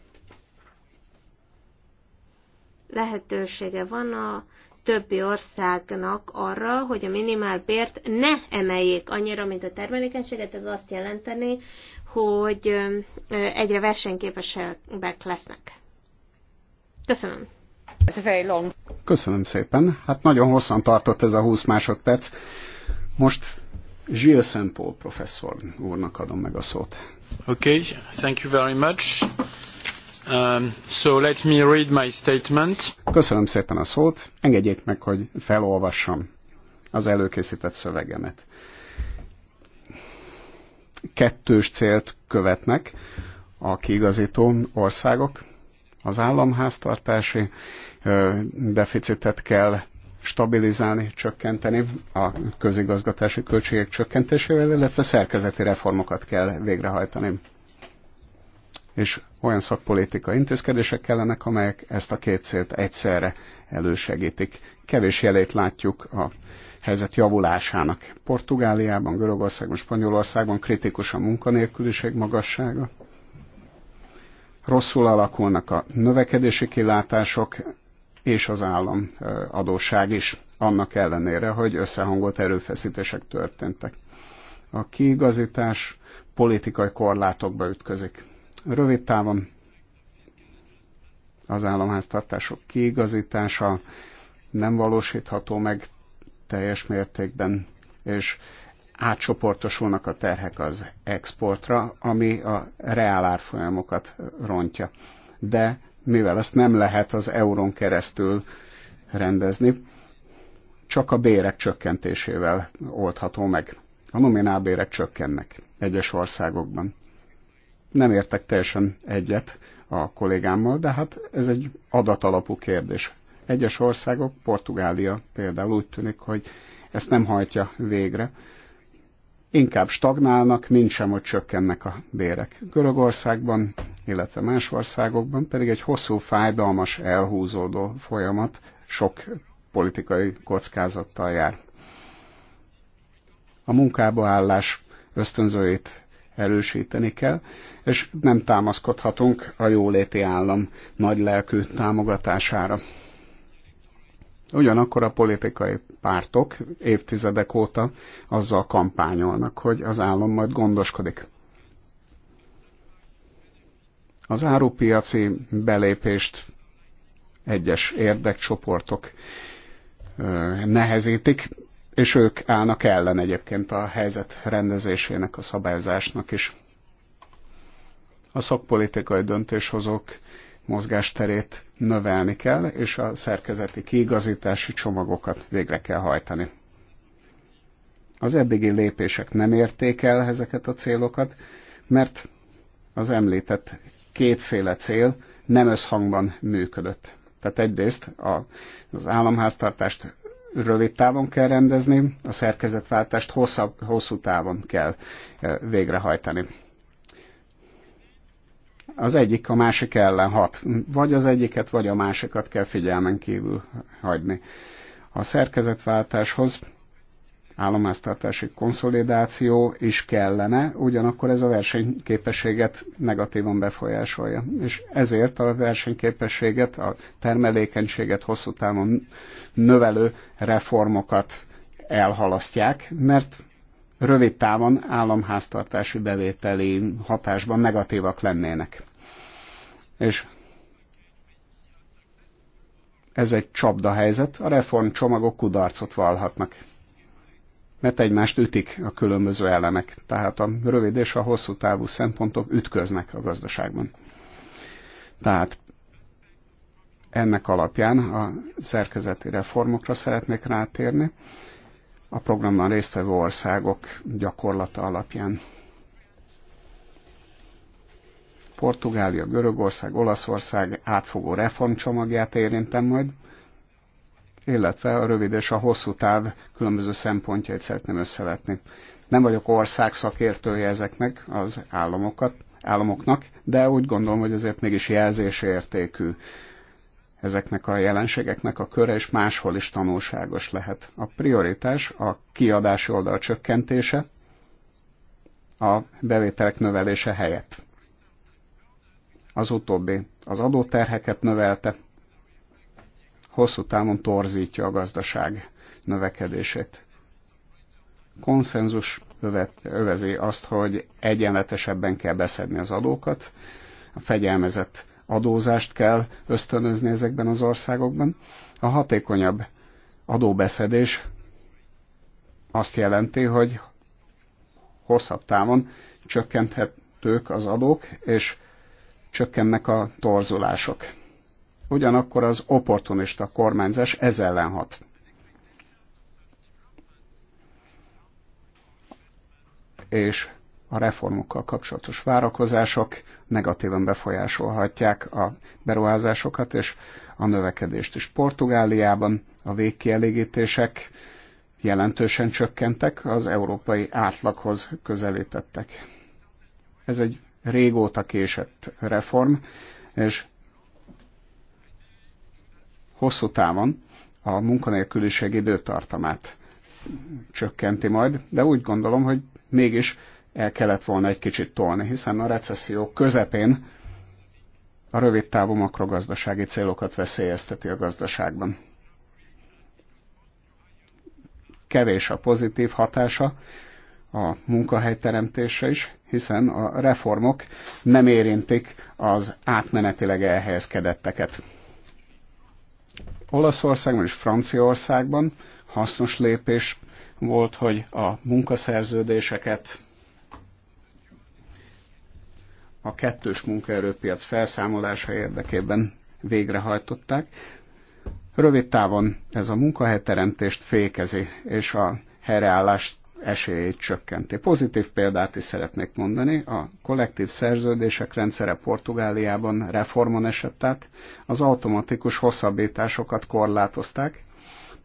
lehetősége van a többi országnak arra, hogy a minimálbért ne emeljék annyira, mint a termelékenységet, ez azt jelenteni, hogy egyre versenyképesebbek lesznek. Köszönöm. Ez Köszönöm szépen. Hát nagyon hosszan tartott ez a 20 másodperc. Most Gilles Szempol professzor úrnak adom meg a szót. Okay, thank you very much. Um, Köszönöm szépen a szót. Engedjék meg, hogy felolvassam az előkészített szövegemet. Kettős célt követnek a kiigazító országok. Az államháztartási deficitet kell stabilizálni, csökkenteni a közigazgatási költségek csökkentésével, illetve szerkezeti reformokat kell végrehajtani és olyan szakpolitikai intézkedések kellenek, amelyek ezt a két célt egyszerre elősegítik. Kevés jelét látjuk a helyzet javulásának. Portugáliában, Görögországban, Spanyolországban kritikus a munkanélküliség magassága. Rosszul alakulnak a növekedési kilátások és az állam adósság is, annak ellenére, hogy összehangolt erőfeszítések történtek. A kiigazítás politikai korlátokba ütközik Rövid távon az államháztartások kiigazítása nem valósítható meg teljes mértékben, és átcsoportosulnak a terhek az exportra, ami a reál árfolyamokat rontja. De mivel ezt nem lehet az eurón keresztül rendezni, csak a bérek csökkentésével oldható meg. A nominálbérek csökkennek egyes országokban. Nem értek teljesen egyet a kollégámmal, de hát ez egy adatalapú kérdés. Egyes országok, Portugália például úgy tűnik, hogy ezt nem hajtja végre. Inkább stagnálnak, mint sem, hogy csökkennek a bérek. Görögországban, illetve más országokban pedig egy hosszú, fájdalmas, elhúzódó folyamat sok politikai kockázattal jár. A munkába állás ösztönzőit erősíteni kell, és nem támaszkodhatunk a jóléti állam nagy lelkű támogatására. Ugyanakkor a politikai pártok évtizedek óta azzal kampányolnak, hogy az állam majd gondoskodik. Az árupiaci belépést egyes érdekcsoportok nehezítik, és ők állnak ellen egyébként a helyzet rendezésének, a szabályozásnak is. A szakpolitikai döntéshozók mozgásterét növelni kell, és a szerkezeti kiigazítási csomagokat végre kell hajtani. Az eddigi lépések nem érték el ezeket a célokat, mert az említett kétféle cél nem összhangban működött. Tehát egyrészt az államháztartást rövid távon kell rendezni, a szerkezetváltást hosszabb, hosszú távon kell e, végrehajtani. Az egyik a másik ellen hat. Vagy az egyiket, vagy a másikat kell figyelmen kívül hagyni. A szerkezetváltáshoz államháztartási konszolidáció is kellene, ugyanakkor ez a versenyképességet negatívan befolyásolja. És ezért a versenyképességet, a termelékenységet hosszú távon növelő reformokat elhalasztják, mert rövid távon államháztartási bevételi hatásban negatívak lennének. És ez egy csapdahelyzet, a reformcsomagok kudarcot vallhatnak mert egymást ütik a különböző elemek. Tehát a rövid és a hosszú távú szempontok ütköznek a gazdaságban. Tehát ennek alapján a szerkezeti reformokra szeretnék rátérni, a programban résztvevő országok gyakorlata alapján. Portugália, Görögország, Olaszország átfogó reformcsomagját érintem majd, illetve a rövid és a hosszú táv különböző szempontjait szeretném összevetni. Nem vagyok ország szakértője ezeknek az államokat, államoknak, de úgy gondolom, hogy azért mégis jelzés értékű ezeknek a jelenségeknek a köre, és máshol is tanulságos lehet. A prioritás a kiadási oldal csökkentése, a bevételek növelése helyett. Az utóbbi az adóterheket növelte, hosszú távon torzítja a gazdaság növekedését. Konszenzus övet, övezi azt, hogy egyenletesebben kell beszedni az adókat, a fegyelmezett adózást kell ösztönözni ezekben az országokban. A hatékonyabb adóbeszedés azt jelenti, hogy hosszabb távon csökkenthetők az adók, és csökkennek a torzulások ugyanakkor az opportunista kormányzás ez ellen hat. És a reformokkal kapcsolatos várakozások negatívan befolyásolhatják a beruházásokat és a növekedést is. Portugáliában a végkielégítések jelentősen csökkentek, az európai átlaghoz közelítettek. Ez egy régóta késett reform, és hosszú távon a munkanélküliség időtartamát csökkenti majd, de úgy gondolom, hogy mégis el kellett volna egy kicsit tolni, hiszen a recesszió közepén a rövid távú makrogazdasági célokat veszélyezteti a gazdaságban. Kevés a pozitív hatása a munkahelyteremtése is, hiszen a reformok nem érintik az átmenetileg elhelyezkedetteket Olaszországban és Franciaországban hasznos lépés volt, hogy a munkaszerződéseket a kettős munkaerőpiac felszámolása érdekében végrehajtották. Rövid távon ez a munkahelyteremtést fékezi, és a helyreállást esélyét csökkenti. Pozitív példát is szeretnék mondani, a kollektív szerződések rendszere Portugáliában reformon esett át, az automatikus hosszabbításokat korlátozták,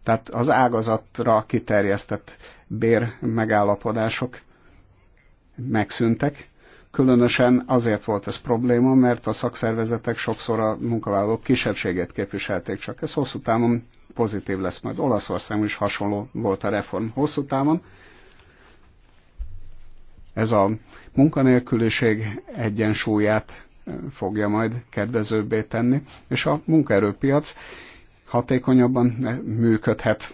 tehát az ágazatra kiterjesztett bér megállapodások megszűntek. Különösen azért volt ez probléma, mert a szakszervezetek sokszor a munkavállalók kisebbségét képviselték, csak ez hosszú távon pozitív lesz majd. Olaszország is hasonló volt a reform hosszú távon ez a munkanélküliség egyensúlyát fogja majd kedvezőbbé tenni, és a munkaerőpiac hatékonyabban működhet.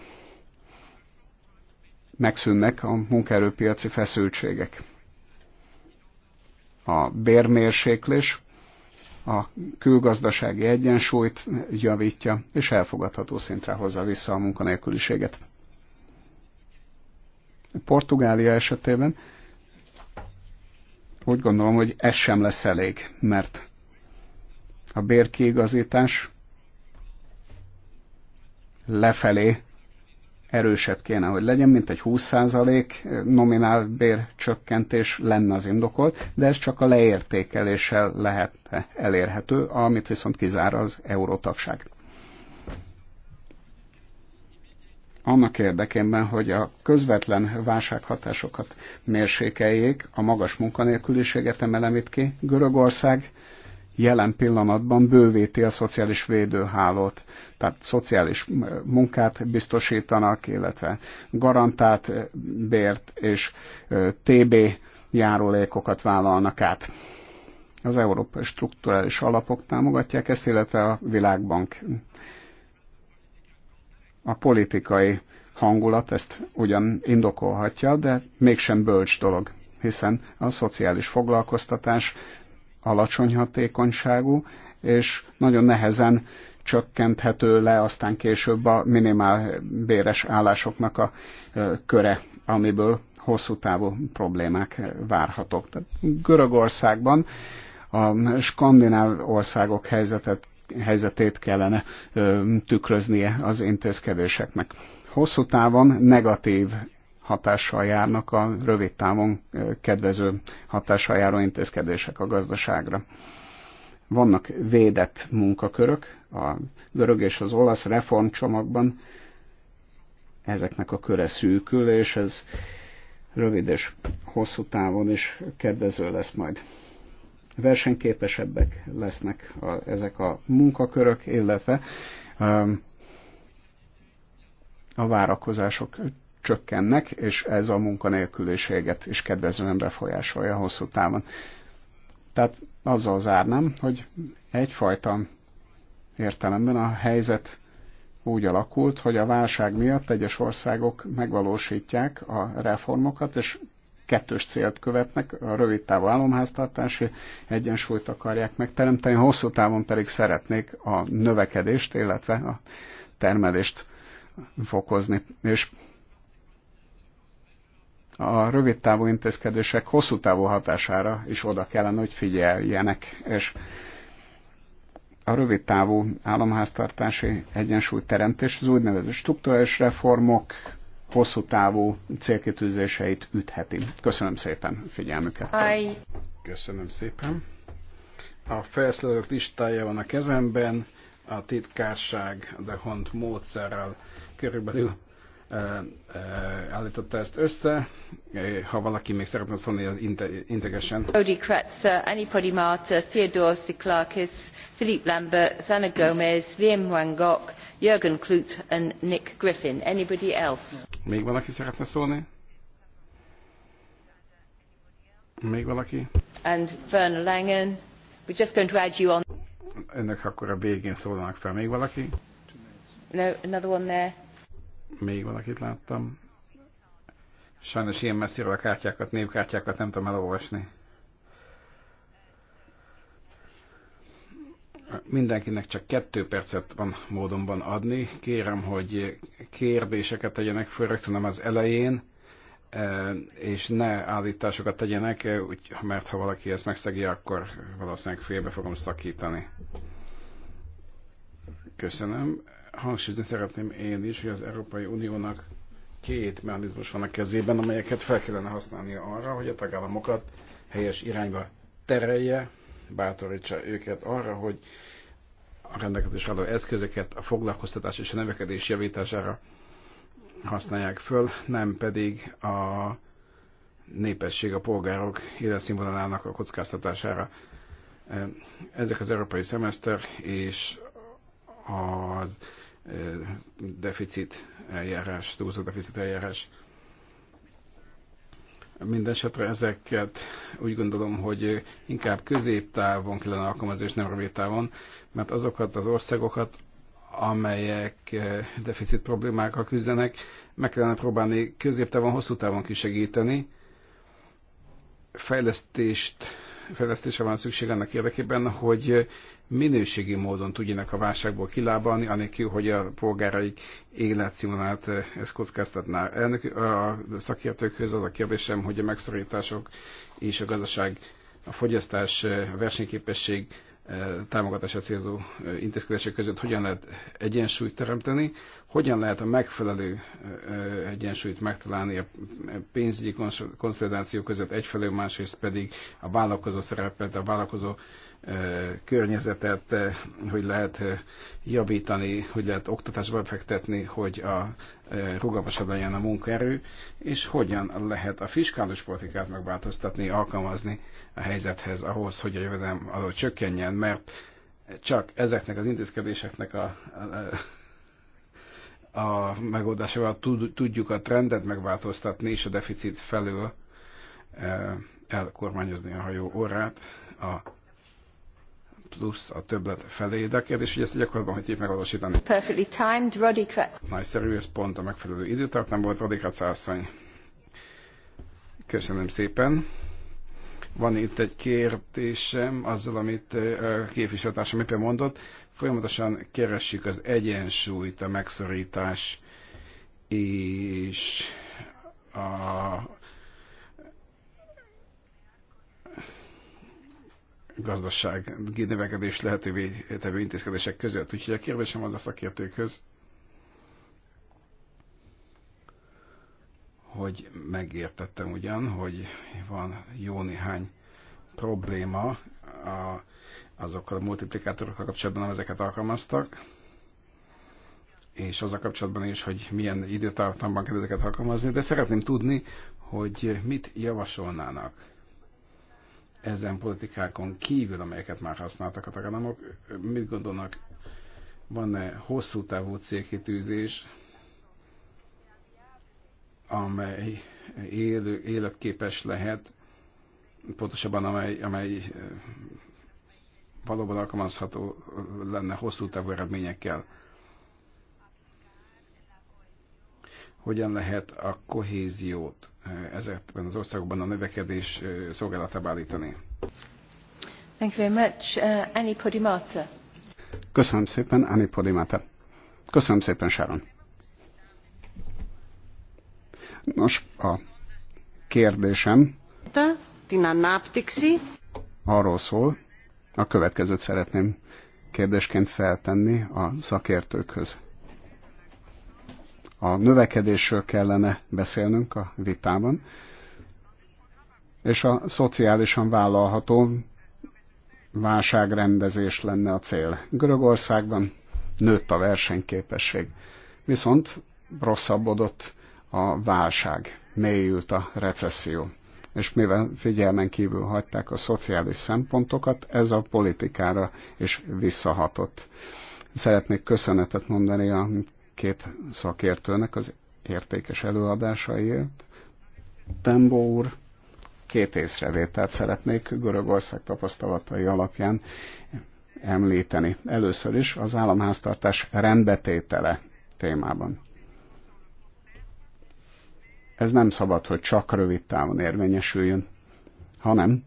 Megszűnnek a munkaerőpiaci feszültségek. A bérmérséklés a külgazdasági egyensúlyt javítja, és elfogadható szintre hozza vissza a munkanélküliséget. Portugália esetében úgy gondolom, hogy ez sem lesz elég, mert a bérkiigazítás lefelé erősebb kéne, hogy legyen, mint egy 20% nominál bércsökkentés lenne az indokolt, de ez csak a leértékeléssel lehet elérhető, amit viszont kizár az eurótagság. annak érdekében, hogy a közvetlen válsághatásokat mérsékeljék, a magas munkanélküliséget emelemít ki. Görögország jelen pillanatban bővíti a szociális védőhálót, tehát szociális munkát biztosítanak, illetve garantált e, bért és e, TB járulékokat vállalnak át. Az Európai Strukturális Alapok támogatják ezt, illetve a Világbank a politikai hangulat ezt ugyan indokolhatja, de mégsem bölcs dolog, hiszen a szociális foglalkoztatás alacsony hatékonyságú, és nagyon nehezen csökkenthető le aztán később a minimál béres állásoknak a köre, amiből hosszú távú problémák várhatók. Tehát Görögországban a skandináv országok helyzetet helyzetét kellene tükröznie az intézkedéseknek. Hosszú távon negatív hatással járnak a rövid távon kedvező hatással járó intézkedések a gazdaságra. Vannak védett munkakörök, a görög és az olasz reformcsomagban ezeknek a köre szűkül, és ez rövid és hosszú távon is kedvező lesz majd versenyképesebbek lesznek a, ezek a munkakörök, illetve um, a várakozások csökkennek, és ez a munkanélküliséget is kedvezően befolyásolja hosszú távon. Tehát azzal zárnám, hogy egyfajta értelemben a helyzet úgy alakult, hogy a válság miatt egyes országok megvalósítják a reformokat, és kettős célt követnek, a rövid távú államháztartási egyensúlyt akarják megteremteni, hosszú távon pedig szeretnék a növekedést, illetve a termelést fokozni. És a rövid távú intézkedések hosszú távú hatására is oda kellene, hogy figyeljenek, és a rövid távú államháztartási egyensúly teremtés, az úgynevezett struktúrális reformok, hosszú távú célkitűzéseit ütheti. Köszönöm szépen figyelmüket. Aj. Köszönöm szépen. A felszólalók listája van a kezemben, a titkárság de hont módszerrel körülbelül eh, eh, állította ezt össze. Eh, ha valaki még szeretne szólni, az integesen. Odi Kretzer, Anipodi Marta, Theodor Siklakis, philippe lambert sana gomes liam wangok jürgen klute and nick griffin. anybody else? még valaki szeretne szólni? Még valaki? And Werner Langen. We're just going to add you on. ennek akkor a végén szólnak fel. Még valaki? No, another one there. Még valakit láttam. Sajnos ilyen messziről a kártyákat, névkártyákat nem tudom elolvasni. Mindenkinek csak kettő percet van módonban adni. Kérem, hogy kérdéseket tegyenek föl rögtön az elején, e, és ne állításokat tegyenek, e, úgy, mert ha valaki ezt megszegi, akkor valószínűleg félbe fogom szakítani. Köszönöm. Hangsúlyozni szeretném én is, hogy az Európai Uniónak két mechanizmus van a kezében, amelyeket fel kellene használnia arra, hogy a tagállamokat helyes irányba terelje, bátorítsa őket arra, hogy a rendelkezés álló eszközöket a foglalkoztatás és a növekedés javítására használják föl, nem pedig a népesség, a polgárok életszínvonalának a kockáztatására. Ezek az európai szemeszter és a deficit eljárás, túlzott deficit eljárás Mindenesetre ezeket úgy gondolom, hogy inkább középtávon kellene alkalmazni, és nem rövid távon, mert azokat az országokat, amelyek eh, deficit problémákkal küzdenek, meg kellene próbálni középtávon, hosszú távon kisegíteni. Fejlesztést, fejlesztésre van szükség ennek érdekében, hogy minőségi módon tudjanak a válságból kilábalni, anélkül, hogy a polgáraik életszínvonalát eh, ezt kockáztatná. Elnök, a szakértőkhöz az a kérdésem, hogy a megszorítások és a gazdaság, a fogyasztás, eh, a versenyképesség eh, támogatása célzó intézkedések között hogyan lehet egyensúlyt teremteni, hogyan lehet a megfelelő egyensúlyt megtalálni a pénzügyi konszolidáció között egyfelől, másrészt pedig a vállalkozó szerepet, a vállalkozó környezetet, hogy lehet javítani, hogy lehet oktatásba befektetni, hogy a rugalmasabb legyen a munkaerő, és hogyan lehet a fiskális politikát megváltoztatni, alkalmazni a helyzethez ahhoz, hogy a jövedelem adó csökkenjen, mert csak ezeknek az intézkedéseknek a, a, a megoldásával tud, tudjuk a trendet megváltoztatni, és a deficit felől elkormányozni a hajó orrát, a plusz a többlet felé, de a kérdés, hogy ezt gyakorlatban hogy tudjuk megvalósítani. Perfectly timed, Roddy Nagyszerű, ez pont a megfelelő időtartam volt, Roddy asszony. Köszönöm szépen. Van itt egy kérdésem azzal, amit a képviselőtársam éppen mondott. Folyamatosan keressük az egyensúlyt, a megszorítás és a gazdaság növekedés lehetővé tevő intézkedések között. Úgyhogy a kérdésem az a szakértőkhöz, hogy megértettem ugyan, hogy van jó néhány probléma a, azokkal a multiplikátorokkal kapcsolatban, ezeket alkalmaztak, és az a kapcsolatban is, hogy milyen időtartamban kell ezeket alkalmazni, de szeretném tudni, hogy mit javasolnának ezen politikákon kívül, amelyeket már használtak a tagállamok, mit gondolnak, van-e hosszú távú célkitűzés, amely élő, életképes lehet, pontosabban amely, amely eh, valóban alkalmazható lenne hosszú távú eredményekkel. hogyan lehet a kohéziót eh, ezekben az országokban a növekedés eh, szolgálatába állítani. Thank you very much. Uh, Annie Podimata. Köszönöm szépen, Annie Podimata. Köszönöm szépen, Sharon. Nos, a kérdésem arról szól, a következőt szeretném kérdésként feltenni a szakértőkhöz a növekedésről kellene beszélnünk a vitában, és a szociálisan vállalható válságrendezés lenne a cél. Görögországban nőtt a versenyképesség, viszont rosszabbodott a válság, mélyült a recesszió. És mivel figyelmen kívül hagyták a szociális szempontokat, ez a politikára is visszahatott. Szeretnék köszönetet mondani a két szakértőnek az értékes előadásaiért. Tembo úr, két észrevételt szeretnék Görögország tapasztalatai alapján említeni. Először is az államháztartás rendbetétele témában. Ez nem szabad, hogy csak rövid távon érvényesüljön, hanem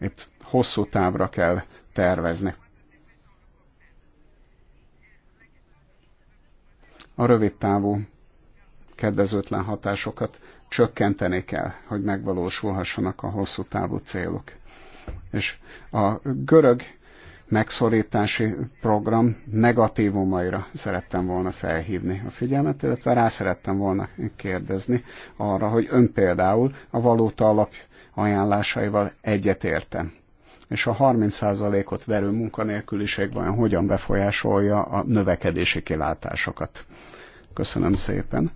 itt hosszú távra kell tervezni. a rövid távú kedvezőtlen hatásokat csökkenteni kell, hogy megvalósulhassanak a hosszú távú célok. És a görög megszorítási program negatívumaira szerettem volna felhívni a figyelmet, illetve rá szerettem volna kérdezni arra, hogy ön például a valóta alap ajánlásaival egyetértem és a 30%-ot verő munkanélküliség vajon hogyan befolyásolja a növekedési kilátásokat. Köszönöm szépen.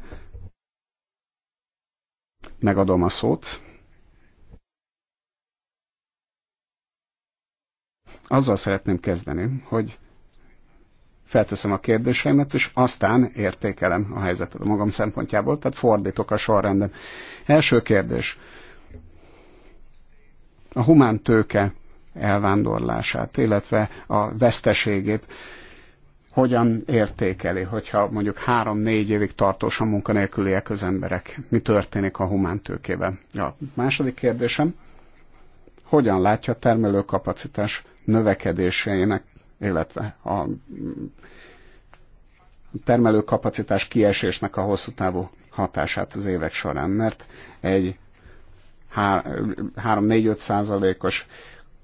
Megadom a szót. Azzal szeretném kezdeni, hogy felteszem a kérdéseimet, és aztán értékelem a helyzetet a magam szempontjából, tehát fordítok a sorrendet. Első kérdés. A humán tőke elvándorlását, illetve a veszteségét hogyan értékeli, hogyha mondjuk három-négy évig tartósan munkanélküliek az emberek, mi történik a humántőkével. A második kérdésem, hogyan látja a termelőkapacitás növekedéseinek illetve a termelőkapacitás kiesésnek a hosszú távú hatását az évek során, mert egy 3-4-5 százalékos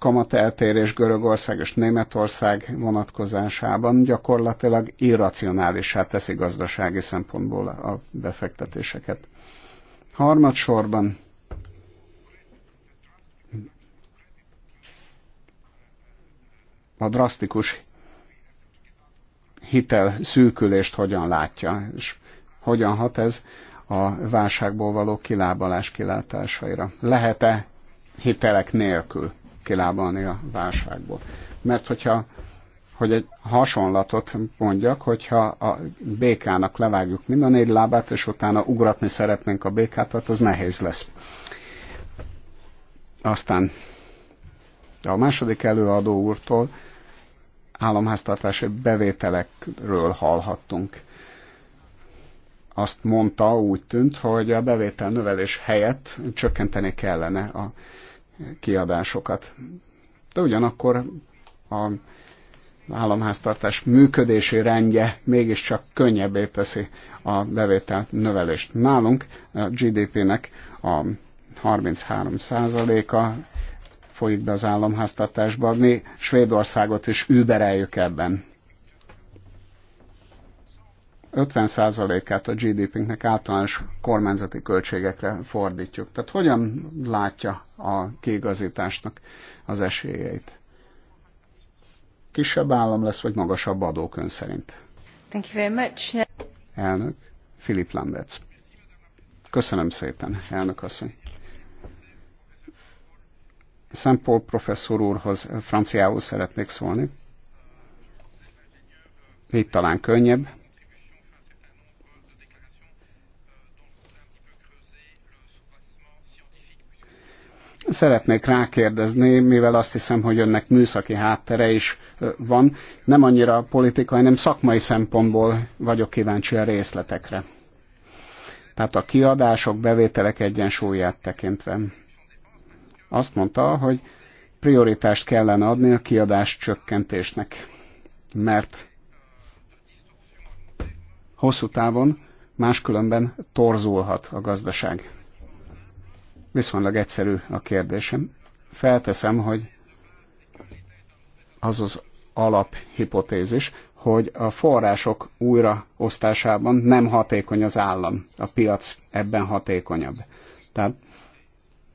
kamateltérés Görögország és Németország vonatkozásában gyakorlatilag irracionálisá teszi gazdasági szempontból a befektetéseket. Harmadsorban a drasztikus hitel szűkülést hogyan látja, és hogyan hat ez a válságból való kilábalás kilátásaira. Lehet-e hitelek nélkül? kilábalni a válságból. Mert hogyha hogy egy hasonlatot mondjak, hogyha a békának levágjuk mind a négy lábát, és utána ugratni szeretnénk a békát, tehát az nehéz lesz. Aztán a második előadó úrtól államháztartási bevételekről hallhattunk. Azt mondta, úgy tűnt, hogy a bevétel növelés helyett csökkenteni kellene a kiadásokat. De ugyanakkor a államháztartás működési rendje mégiscsak könnyebbé teszi a bevétel növelést. Nálunk a GDP-nek a 33%-a folyik be az államháztartásba. Mi Svédországot is übereljük ebben. 50%-át a GDP-nknek általános kormányzati költségekre fordítjuk. Tehát hogyan látja a kiigazításnak az esélyeit? Kisebb állam lesz, vagy magasabb adók ön szerint? Thank you very much. Elnök, Philip Lambertz. Köszönöm szépen, elnök asszony. Szent Paul professzor úrhoz eh, franciául szeretnék szólni. Itt talán könnyebb szeretnék rákérdezni, mivel azt hiszem, hogy önnek műszaki háttere is van, nem annyira politikai, hanem szakmai szempontból vagyok kíváncsi a részletekre. Tehát a kiadások, bevételek egyensúlyát tekintve. Azt mondta, hogy prioritást kellene adni a kiadás csökkentésnek, mert hosszú távon máskülönben torzulhat a gazdaság. Viszonylag egyszerű a kérdésem. Felteszem, hogy az az alaphipotézis, hogy a források újraosztásában nem hatékony az állam, a piac ebben hatékonyabb. Tehát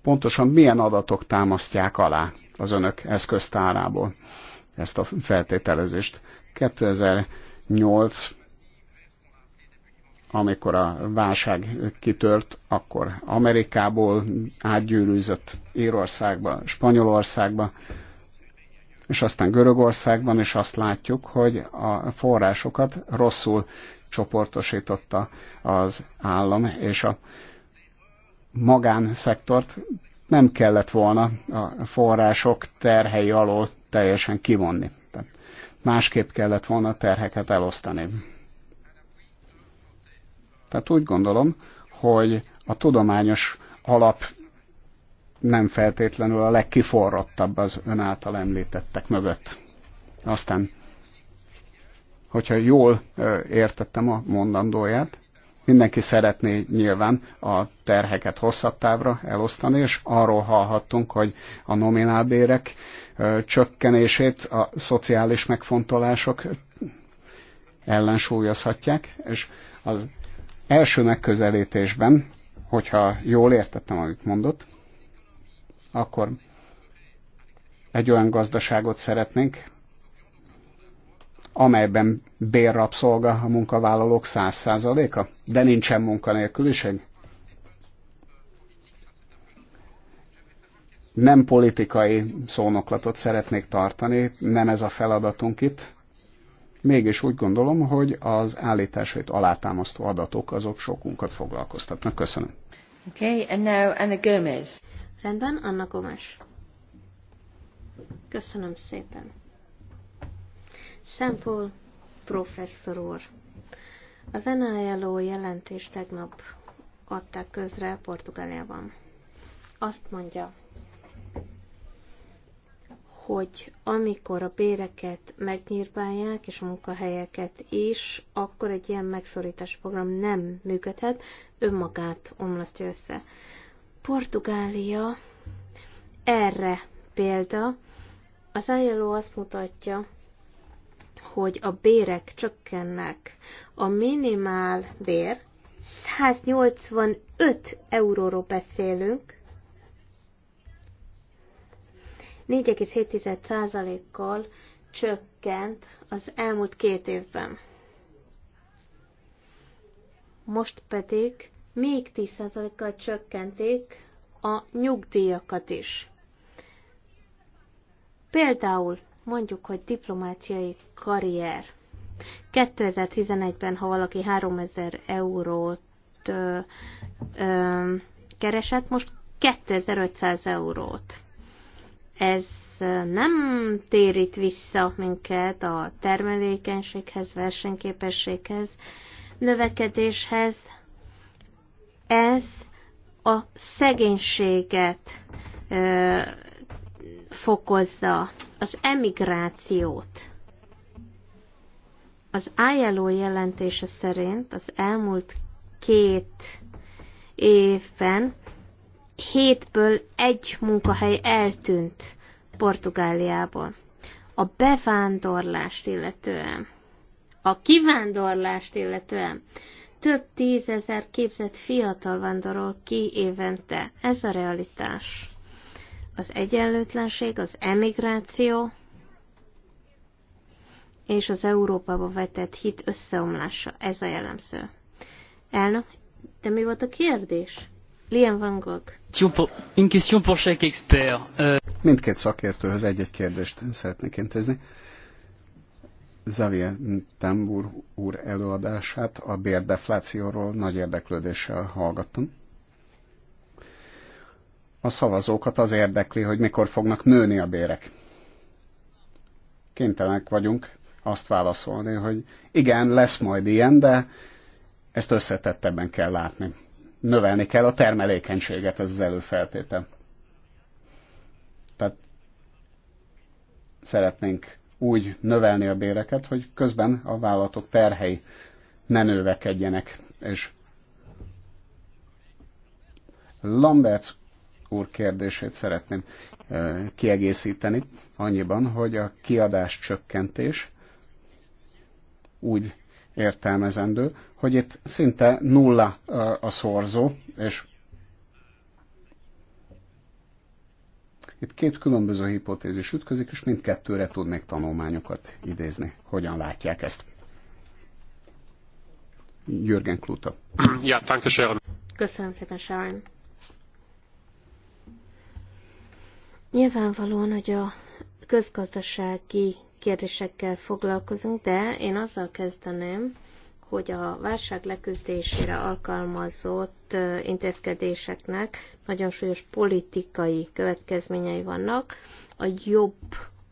pontosan milyen adatok támasztják alá az önök eszköztárából ezt a feltételezést. 2008 amikor a válság kitört, akkor Amerikából átgyűrűzött Írországba, Spanyolországba, és aztán Görögországban is azt látjuk, hogy a forrásokat rosszul csoportosította az állam, és a magánszektort nem kellett volna a források terhei alól teljesen kivonni. Tehát másképp kellett volna terheket elosztani tehát úgy gondolom, hogy a tudományos alap nem feltétlenül a legkiforrottabb az ön által említettek mögött. Aztán, hogyha jól értettem a mondandóját, mindenki szeretné nyilván a terheket hosszabb távra elosztani, és arról hallhattunk, hogy a nominálbérek csökkenését a szociális megfontolások ellensúlyozhatják, és az első megközelítésben, hogyha jól értettem, amit mondott, akkor egy olyan gazdaságot szeretnénk, amelyben bérrapszolga a munkavállalók száz százaléka, de nincsen munkanélküliség. Nem politikai szónoklatot szeretnék tartani, nem ez a feladatunk itt, mégis úgy gondolom, hogy az állításait alátámasztó adatok azok sokunkat foglalkoztatnak. Köszönöm. Okay, and now Anna Gomez. Rendben, Anna Gomes. Köszönöm szépen. Szempol professzor úr. Az NILO jelentést tegnap adták közre Portugáliában. Azt mondja, hogy amikor a béreket megnyírbálják, és a munkahelyeket is, akkor egy ilyen megszorítás program nem működhet, önmagát omlasztja össze. Portugália erre példa. Az ILO azt mutatja, hogy a bérek csökkennek. A minimál bér 185 euróról beszélünk, 4,7%-kal csökkent az elmúlt két évben. Most pedig még 10%-kal csökkenték a nyugdíjakat is. Például mondjuk, hogy diplomáciai karrier. 2011-ben, ha valaki 3000 eurót ö, ö, keresett, most 2500 eurót. Ez nem térít vissza minket a termelékenységhez, versenyképességhez, növekedéshez. Ez a szegénységet ö, fokozza, az emigrációt. Az ILO jelentése szerint az elmúlt két évben hétből egy munkahely eltűnt Portugáliából. A bevándorlást illetően, a kivándorlást illetően több tízezer képzett fiatal vándorol ki évente. Ez a realitás. Az egyenlőtlenség, az emigráció és az Európába vetett hit összeomlása. Ez a jellemző. Elnök, de mi volt a kérdés? Liam Van Gogh. Une question pour chaque expert. Euh, Mindkét szakértőhöz egy-egy kérdést szeretnék intézni. Xavier Tambur úr előadását a bérdeflációról nagy érdeklődéssel hallgattam. A szavazókat az érdekli, hogy mikor fognak nőni a bérek. Kénytelenek vagyunk azt válaszolni, hogy igen, lesz majd ilyen, de ezt összetettebben kell látni növelni kell a termelékenységet, ez az előfeltétel. Tehát szeretnénk úgy növelni a béreket, hogy közben a vállalatok terhei ne növekedjenek. És Lambert úr kérdését szeretném kiegészíteni annyiban, hogy a kiadás csökkentés úgy értelmezendő, hogy itt szinte nulla a szorzó, és itt két különböző hipotézis ütközik, és mindkettőre tudnék tanulmányokat idézni. Hogyan látják ezt? Jürgen Kluta. Ja, danke Köszönöm szépen, Sharon. Nyilvánvalóan, hogy a közgazdasági kérdésekkel foglalkozunk, de én azzal kezdeném, hogy a válság leküzdésére alkalmazott intézkedéseknek nagyon súlyos politikai következményei vannak. A jobb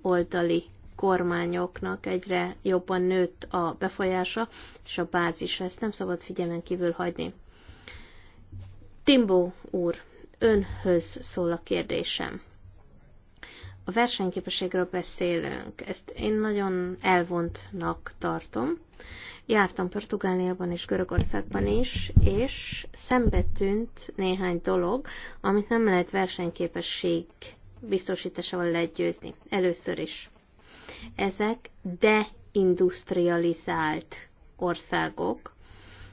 oldali kormányoknak egyre jobban nőtt a befolyása és a bázis. Ezt nem szabad figyelmen kívül hagyni. Timbo úr, önhöz szól a kérdésem a versenyképességről beszélünk, ezt én nagyon elvontnak tartom. Jártam Portugáliában és Görögországban is, és szembe tűnt néhány dolog, amit nem lehet versenyképesség biztosításával legyőzni. Először is. Ezek deindustrializált országok.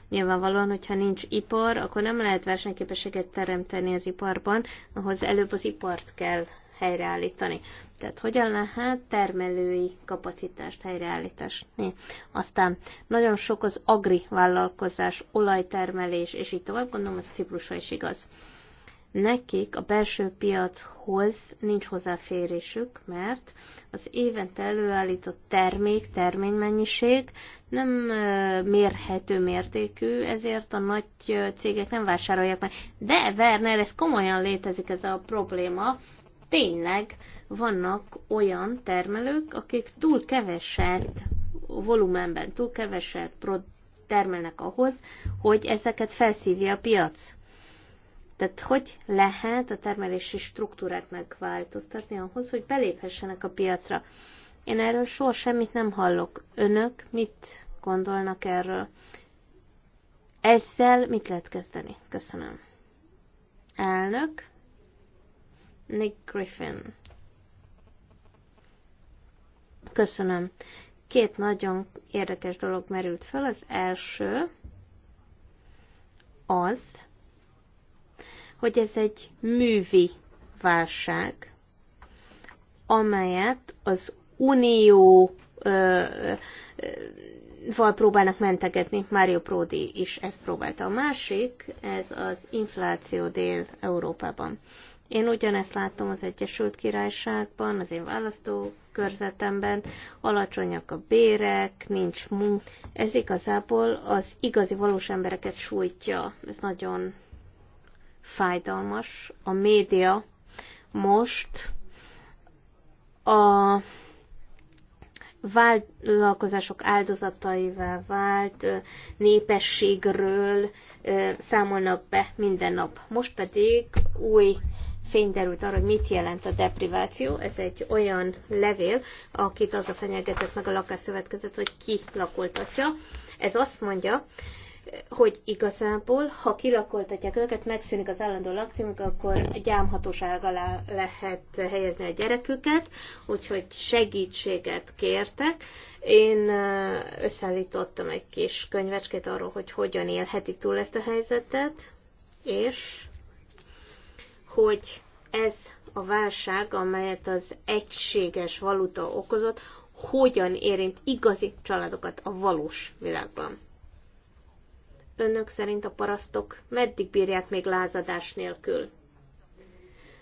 Nyilvánvalóan, hogyha nincs ipar, akkor nem lehet versenyképességet teremteni az iparban, ahhoz előbb az ipart kell helyreállítani. Tehát hogyan lehet termelői kapacitást helyreállítani. Aztán nagyon sok az agri vállalkozás, olajtermelés, és így tovább, gondolom ez Ciprusra is igaz. Nekik a belső piachoz nincs hozzáférésük, mert az évente előállított termék, terménymennyiség nem mérhető mértékű, ezért a nagy cégek nem vásárolják meg. De Werner, ez komolyan létezik ez a probléma, tényleg vannak olyan termelők, akik túl keveset volumenben, túl keveset termelnek ahhoz, hogy ezeket felszívja a piac. Tehát hogy lehet a termelési struktúrát megváltoztatni ahhoz, hogy beléphessenek a piacra? Én erről soha semmit nem hallok. Önök mit gondolnak erről? Ezzel mit lehet kezdeni? Köszönöm. Elnök. Nick Griffin. Köszönöm. Két nagyon érdekes dolog merült fel. Az első az, hogy ez egy művi válság, amelyet az unió val próbálnak mentegetni, Mario Prodi is ezt próbálta. A másik, ez az infláció Dél-Európában. Én ugyanezt látom az Egyesült Királyságban, az én választókörzetemben, alacsonyak a bérek, nincs munka. Ez igazából az igazi valós embereket sújtja. Ez nagyon fájdalmas. A média most a vállalkozások áldozataival, vált népességről számolnak be minden nap. Most pedig új fény derült arra, hogy mit jelent a depriváció. Ez egy olyan levél, akit az a fenyegetett meg a lakásszövetkezet, hogy ki lakoltatja. Ez azt mondja, hogy igazából, ha kilakoltatják őket, megszűnik az állandó lakcímük, akkor gyámhatóság alá lehet helyezni a gyereküket, úgyhogy segítséget kértek. Én összeállítottam egy kis könyvecskét arról, hogy hogyan élhetik túl ezt a helyzetet, és hogy ez a válság, amelyet az egységes valuta okozott, hogyan érint igazi családokat a valós világban. Önök szerint a parasztok meddig bírják még lázadás nélkül?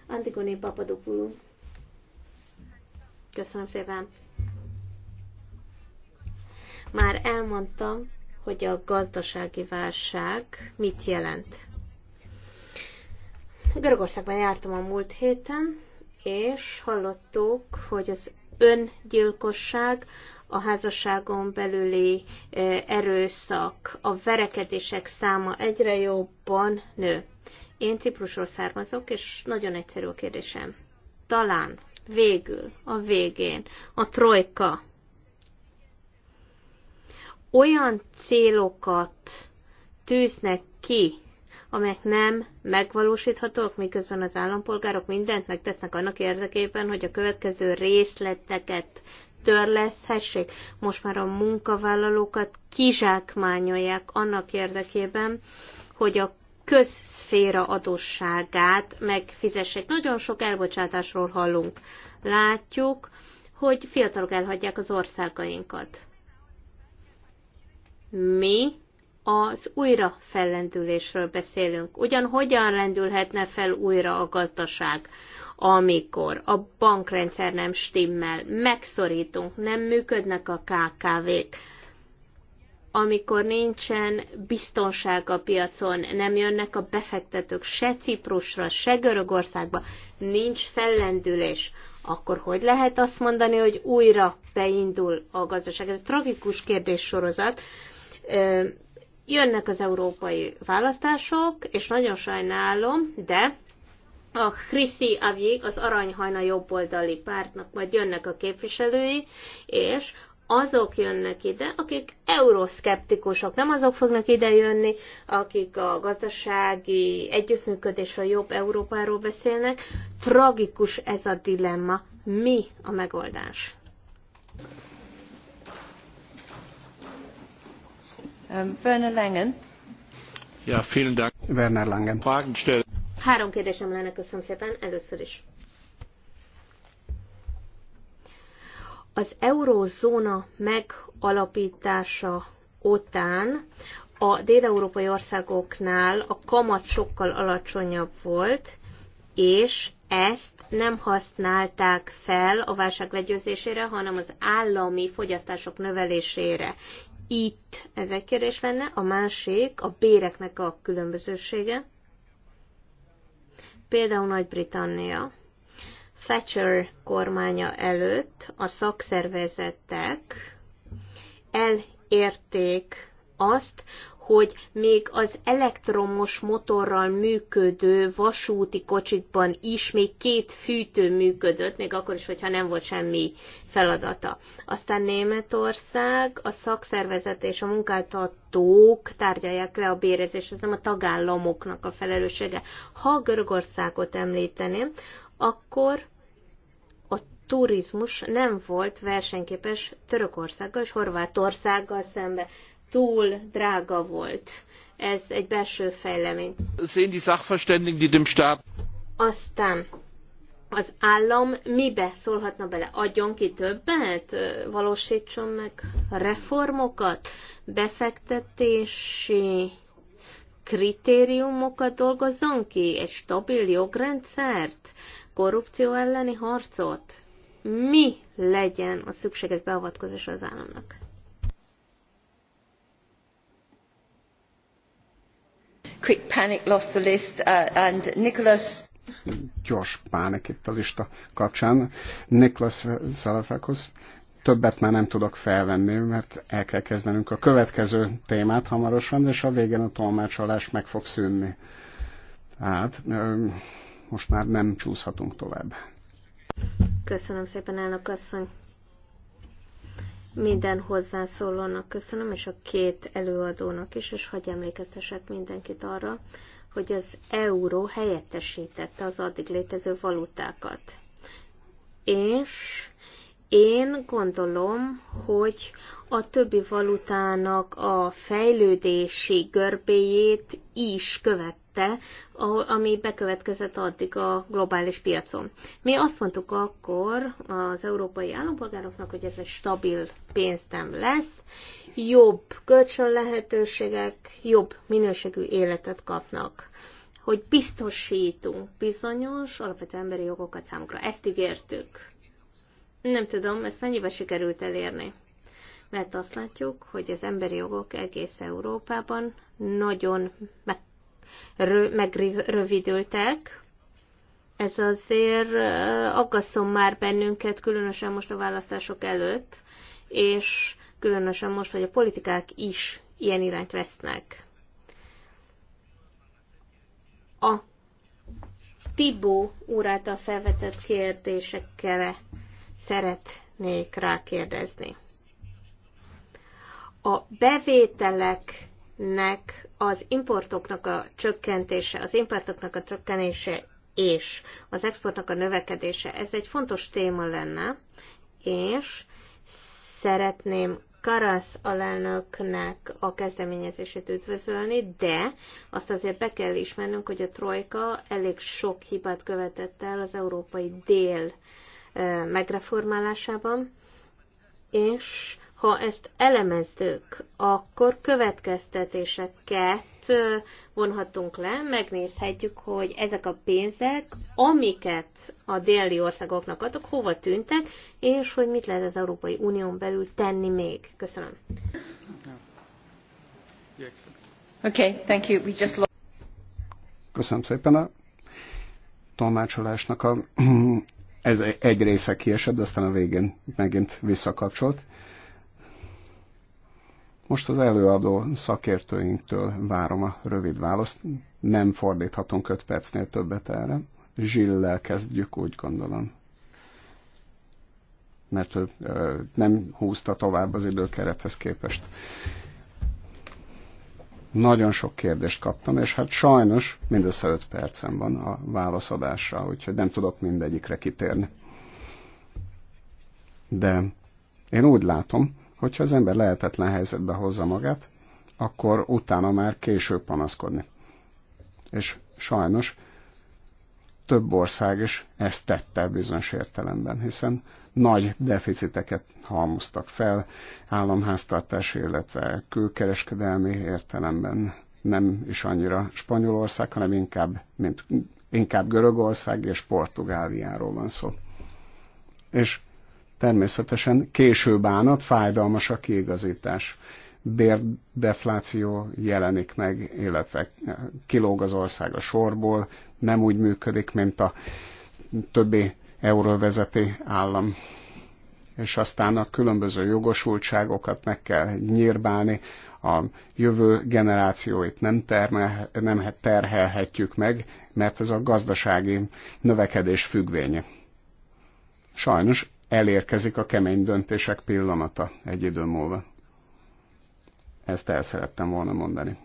Antigoni Papadopoulou. Köszönöm szépen. Már elmondtam, hogy a gazdasági válság mit jelent. Görögországban jártam a múlt héten, és hallottuk, hogy az öngyilkosság, a házasságon belüli erőszak, a verekedések száma egyre jobban nő. Én Ciprusról származok, és nagyon egyszerű a kérdésem. Talán végül, a végén, a trojka olyan célokat tűznek ki amelyek nem megvalósíthatók, miközben az állampolgárok mindent megtesznek annak érdekében, hogy a következő részleteket törleszhessék. Most már a munkavállalókat kizsákmányolják annak érdekében, hogy a közszféra adósságát megfizessék. Nagyon sok elbocsátásról hallunk. Látjuk, hogy fiatalok elhagyják az országainkat. Mi az újra fellendülésről beszélünk. Ugyan hogyan rendülhetne fel újra a gazdaság, amikor a bankrendszer nem stimmel, megszorítunk, nem működnek a KKV-k, amikor nincsen biztonság a piacon, nem jönnek a befektetők se Ciprusra, se Görögországba, nincs fellendülés, akkor hogy lehet azt mondani, hogy újra beindul a gazdaság? Ez egy tragikus kérdéssorozat jönnek az európai választások, és nagyon sajnálom, de a Chrissy Avier, az aranyhajna jobboldali pártnak majd jönnek a képviselői, és azok jönnek ide, akik euroszkeptikusok, nem azok fognak ide jönni, akik a gazdasági együttműködésről, jobb Európáról beszélnek. Tragikus ez a dilemma. Mi a megoldás? Um, Werner Langen. Ja, vielen Dank. Werner Langen. Három kérdésem lenne, köszönöm szépen. Először is. Az eurózóna megalapítása után a dél-európai országoknál a kamat sokkal alacsonyabb volt, és ezt nem használták fel a válság legyőzésére, hanem az állami fogyasztások növelésére. Itt ez egy kérdés lenne, a másik a béreknek a különbözősége. Például Nagy-Britannia Thatcher kormánya előtt a szakszervezetek elérték azt, hogy még az elektromos motorral működő vasúti kocsikban is még két fűtő működött, még akkor is, hogyha nem volt semmi feladata. Aztán Németország, a szakszervezet és a munkáltatók tárgyalják le a bérezés, ez nem a tagállamoknak a felelőssége. Ha Görögországot említeném, akkor turizmus nem volt versenyképes Törökországgal és Horvátországgal szembe túl drága volt. Ez egy belső fejlemény. Sehen die Sachverständigen, die dem Staat... Aztán az állam mibe szólhatna bele? Adjon ki többet? Valósítson meg reformokat? Befektetési kritériumokat dolgozzon ki? Egy stabil jogrendszert? Korrupció elleni harcot? Mi legyen a szükséges beavatkozás az államnak? quick panic lost the list, uh, and Nicholas gyors pánik itt a lista kapcsán. Niklas Szalafrakhoz többet már nem tudok felvenni, mert el kell kezdenünk a következő témát hamarosan, és a végén a tolmácsolás meg fog szűnni. Tehát most már nem csúszhatunk tovább. Köszönöm szépen, elnök asszony minden hozzászólónak köszönöm, és a két előadónak is, és hagyj emlékeztesek mindenkit arra, hogy az euró helyettesítette az addig létező valutákat. És én gondolom, hogy a többi valutának a fejlődési görbéjét is követ tette, ami bekövetkezett addig a globális piacon. Mi azt mondtuk akkor az európai állampolgároknak, hogy ez egy stabil pénztem lesz, jobb kölcsön lehetőségek, jobb minőségű életet kapnak hogy biztosítunk bizonyos alapvető emberi jogokat számukra. Ezt ígértük. Nem tudom, ezt mennyibe sikerült elérni. Mert azt látjuk, hogy az emberi jogok egész Európában nagyon meg megrövidültek. Ez azért aggaszom már bennünket, különösen most a választások előtt, és különösen most, hogy a politikák is ilyen irányt vesznek. A Tibó úr által felvetett kérdésekre szeretnék rákérdezni. A bevételek nek az importoknak a csökkentése, az importoknak a csökkenése és az exportnak a növekedése, ez egy fontos téma lenne, és szeretném Karasz alelnöknek a kezdeményezését üdvözölni, de azt azért be kell ismernünk, hogy a Trojka elég sok hibát követett el az európai dél megreformálásában, és ha ezt elemezzük, akkor következtetéseket vonhatunk le, megnézhetjük, hogy ezek a pénzek, amiket a déli országoknak adok, hova tűntek, és hogy mit lehet az Európai Unión belül tenni még. Köszönöm. Okay, thank you. We just Köszönöm szépen a tolmácsolásnak a, ez egy része kiesett, aztán a végén megint visszakapcsolt. Most az előadó szakértőinktől várom a rövid választ. Nem fordíthatunk 5 percnél többet erre. Zsillel kezdjük, úgy gondolom. Mert ő nem húzta tovább az időkerethez képest. Nagyon sok kérdést kaptam, és hát sajnos mindössze 5 percem van a válaszadásra, úgyhogy nem tudok mindegyikre kitérni. De én úgy látom, Hogyha az ember lehetetlen helyzetbe hozza magát, akkor utána már később panaszkodni. És sajnos több ország is ezt tette bizonyos értelemben, hiszen nagy deficiteket halmoztak fel államháztartási, illetve külkereskedelmi értelemben nem is annyira Spanyolország, hanem inkább, mint, inkább Görögország és Portugáliáról van szó. És Természetesen késő bánat, fájdalmas a kiigazítás. Bérdefláció jelenik meg, illetve kilóg az ország a sorból, nem úgy működik, mint a többi euróvezeti állam és aztán a különböző jogosultságokat meg kell nyírbálni, a jövő generációit nem, termel, nem terhelhetjük meg, mert ez a gazdasági növekedés függvénye. Sajnos elérkezik a kemény döntések pillanata egy idő múlva. Ezt el szerettem volna mondani.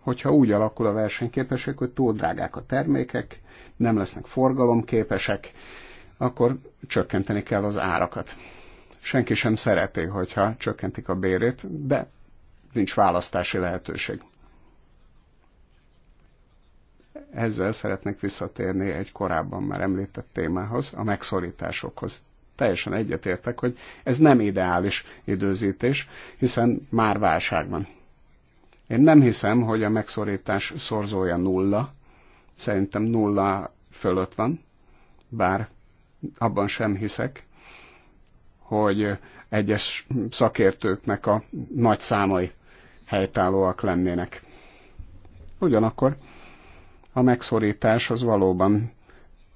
Hogyha úgy alakul a versenyképesség, hogy túl drágák a termékek, nem lesznek forgalomképesek, akkor csökkenteni kell az árakat. Senki sem szereti, hogyha csökkentik a bérét, de nincs választási lehetőség. Ezzel szeretnék visszatérni egy korábban már említett témához, a megszorításokhoz. Teljesen egyetértek, hogy ez nem ideális időzítés, hiszen már válság van. Én nem hiszem, hogy a megszorítás szorzója nulla, szerintem nulla fölött van, bár abban sem hiszek, hogy egyes szakértőknek a nagy számai helytállóak lennének. Ugyanakkor a megszorítás az valóban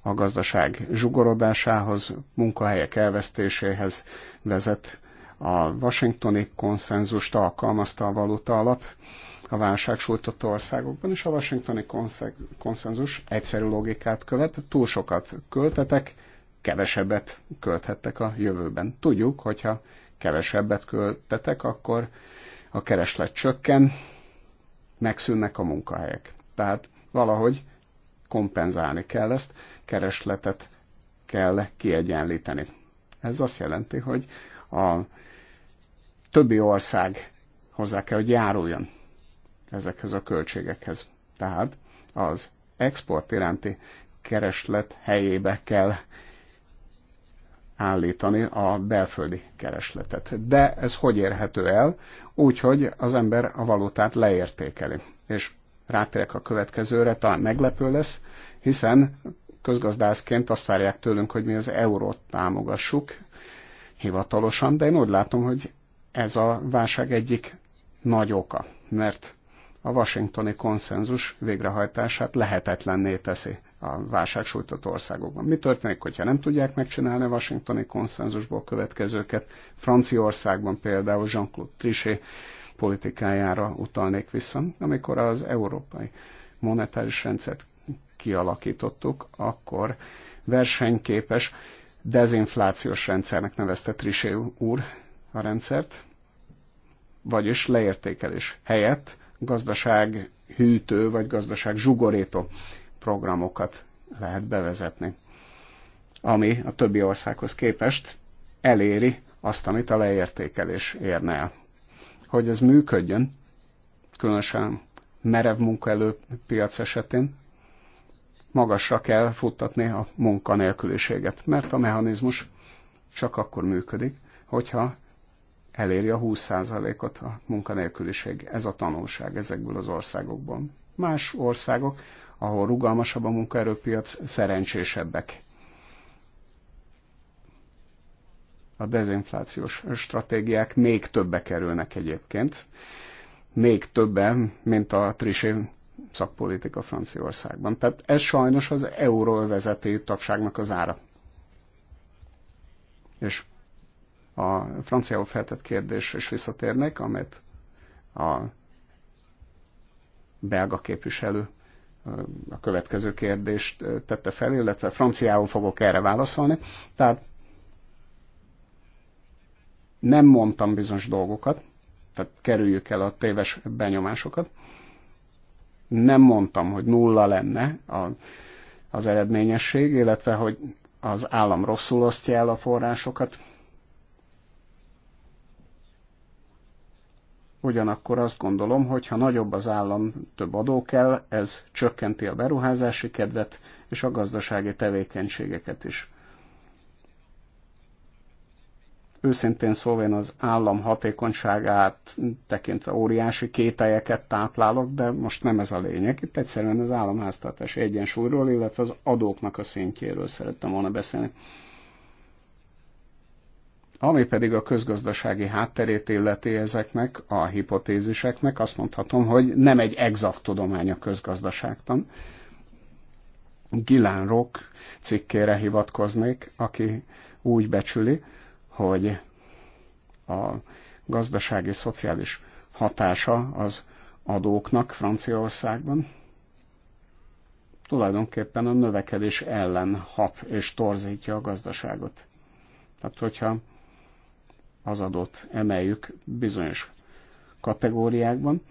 a gazdaság zsugorodásához, munkahelyek elvesztéséhez vezet. A washingtoni konszenzust alkalmazta a valuta alap a válság országokban, és a washingtoni konszenzus egyszerű logikát követ, túl sokat költetek, kevesebbet költhettek a jövőben. Tudjuk, hogyha kevesebbet költetek, akkor a kereslet csökken, megszűnnek a munkahelyek. Tehát Valahogy kompenzálni kell ezt, keresletet kell kiegyenlíteni. Ez azt jelenti, hogy a többi ország hozzá kell, hogy járuljon ezekhez a költségekhez. Tehát az export iránti kereslet helyébe kell állítani a belföldi keresletet. De ez hogy érhető el? Úgy, hogy az ember a valutát leértékeli, és rátérek a következőre, talán meglepő lesz, hiszen közgazdászként azt várják tőlünk, hogy mi az eurót támogassuk hivatalosan, de én úgy látom, hogy ez a válság egyik nagy oka, mert a washingtoni konszenzus végrehajtását lehetetlenné teszi a válság sújtott országokban. Mi történik, hogyha nem tudják megcsinálni a washingtoni konszenzusból következőket? Franciaországban például Jean-Claude Trichet politikájára utalnék vissza. Amikor az európai monetáris rendszert kialakítottuk, akkor versenyképes dezinflációs rendszernek nevezte Trisé úr a rendszert, vagyis leértékelés helyett gazdaság hűtő vagy gazdaság zsugorító programokat lehet bevezetni, ami a többi országhoz képest eléri azt, amit a leértékelés érne el hogy ez működjön, különösen merev munkaerőpiac esetén, magasra kell futtatni a munkanélküliséget, mert a mechanizmus csak akkor működik, hogyha eléri a 20%-ot a munkanélküliség. Ez a tanulság ezekből az országokban. Más országok, ahol rugalmasabb a munkaerőpiac, szerencsésebbek. a dezinflációs stratégiák még többe kerülnek egyébként, még többe, mint a trisé szakpolitika Franciaországban. Tehát ez sajnos az euróvezeti tagságnak az ára. És a francia feltett kérdés, és visszatérnek, amit a belga képviselő a következő kérdést tette fel, illetve franciául fogok erre válaszolni. Tehát nem mondtam bizonyos dolgokat, tehát kerüljük el a téves benyomásokat. Nem mondtam, hogy nulla lenne a, az eredményesség, illetve hogy az állam rosszul osztja el a forrásokat. Ugyanakkor azt gondolom, hogy ha nagyobb az állam, több adó kell, ez csökkenti a beruházási kedvet és a gazdasági tevékenységeket is. Őszintén szólva én az állam hatékonyságát tekintve óriási kételyeket táplálok, de most nem ez a lényeg. Itt egyszerűen az államháztartás egyensúlyról, illetve az adóknak a szintjéről szerettem volna beszélni. Ami pedig a közgazdasági hátterét illeti ezeknek, a hipotéziseknek, azt mondhatom, hogy nem egy exakt tudomány a közgazdaságtan. Gilán Rock cikkére hivatkoznék, aki úgy becsüli, hogy a gazdasági, szociális hatása az adóknak Franciaországban tulajdonképpen a növekedés ellen hat és torzítja a gazdaságot. Tehát, hogyha az adót emeljük bizonyos kategóriákban,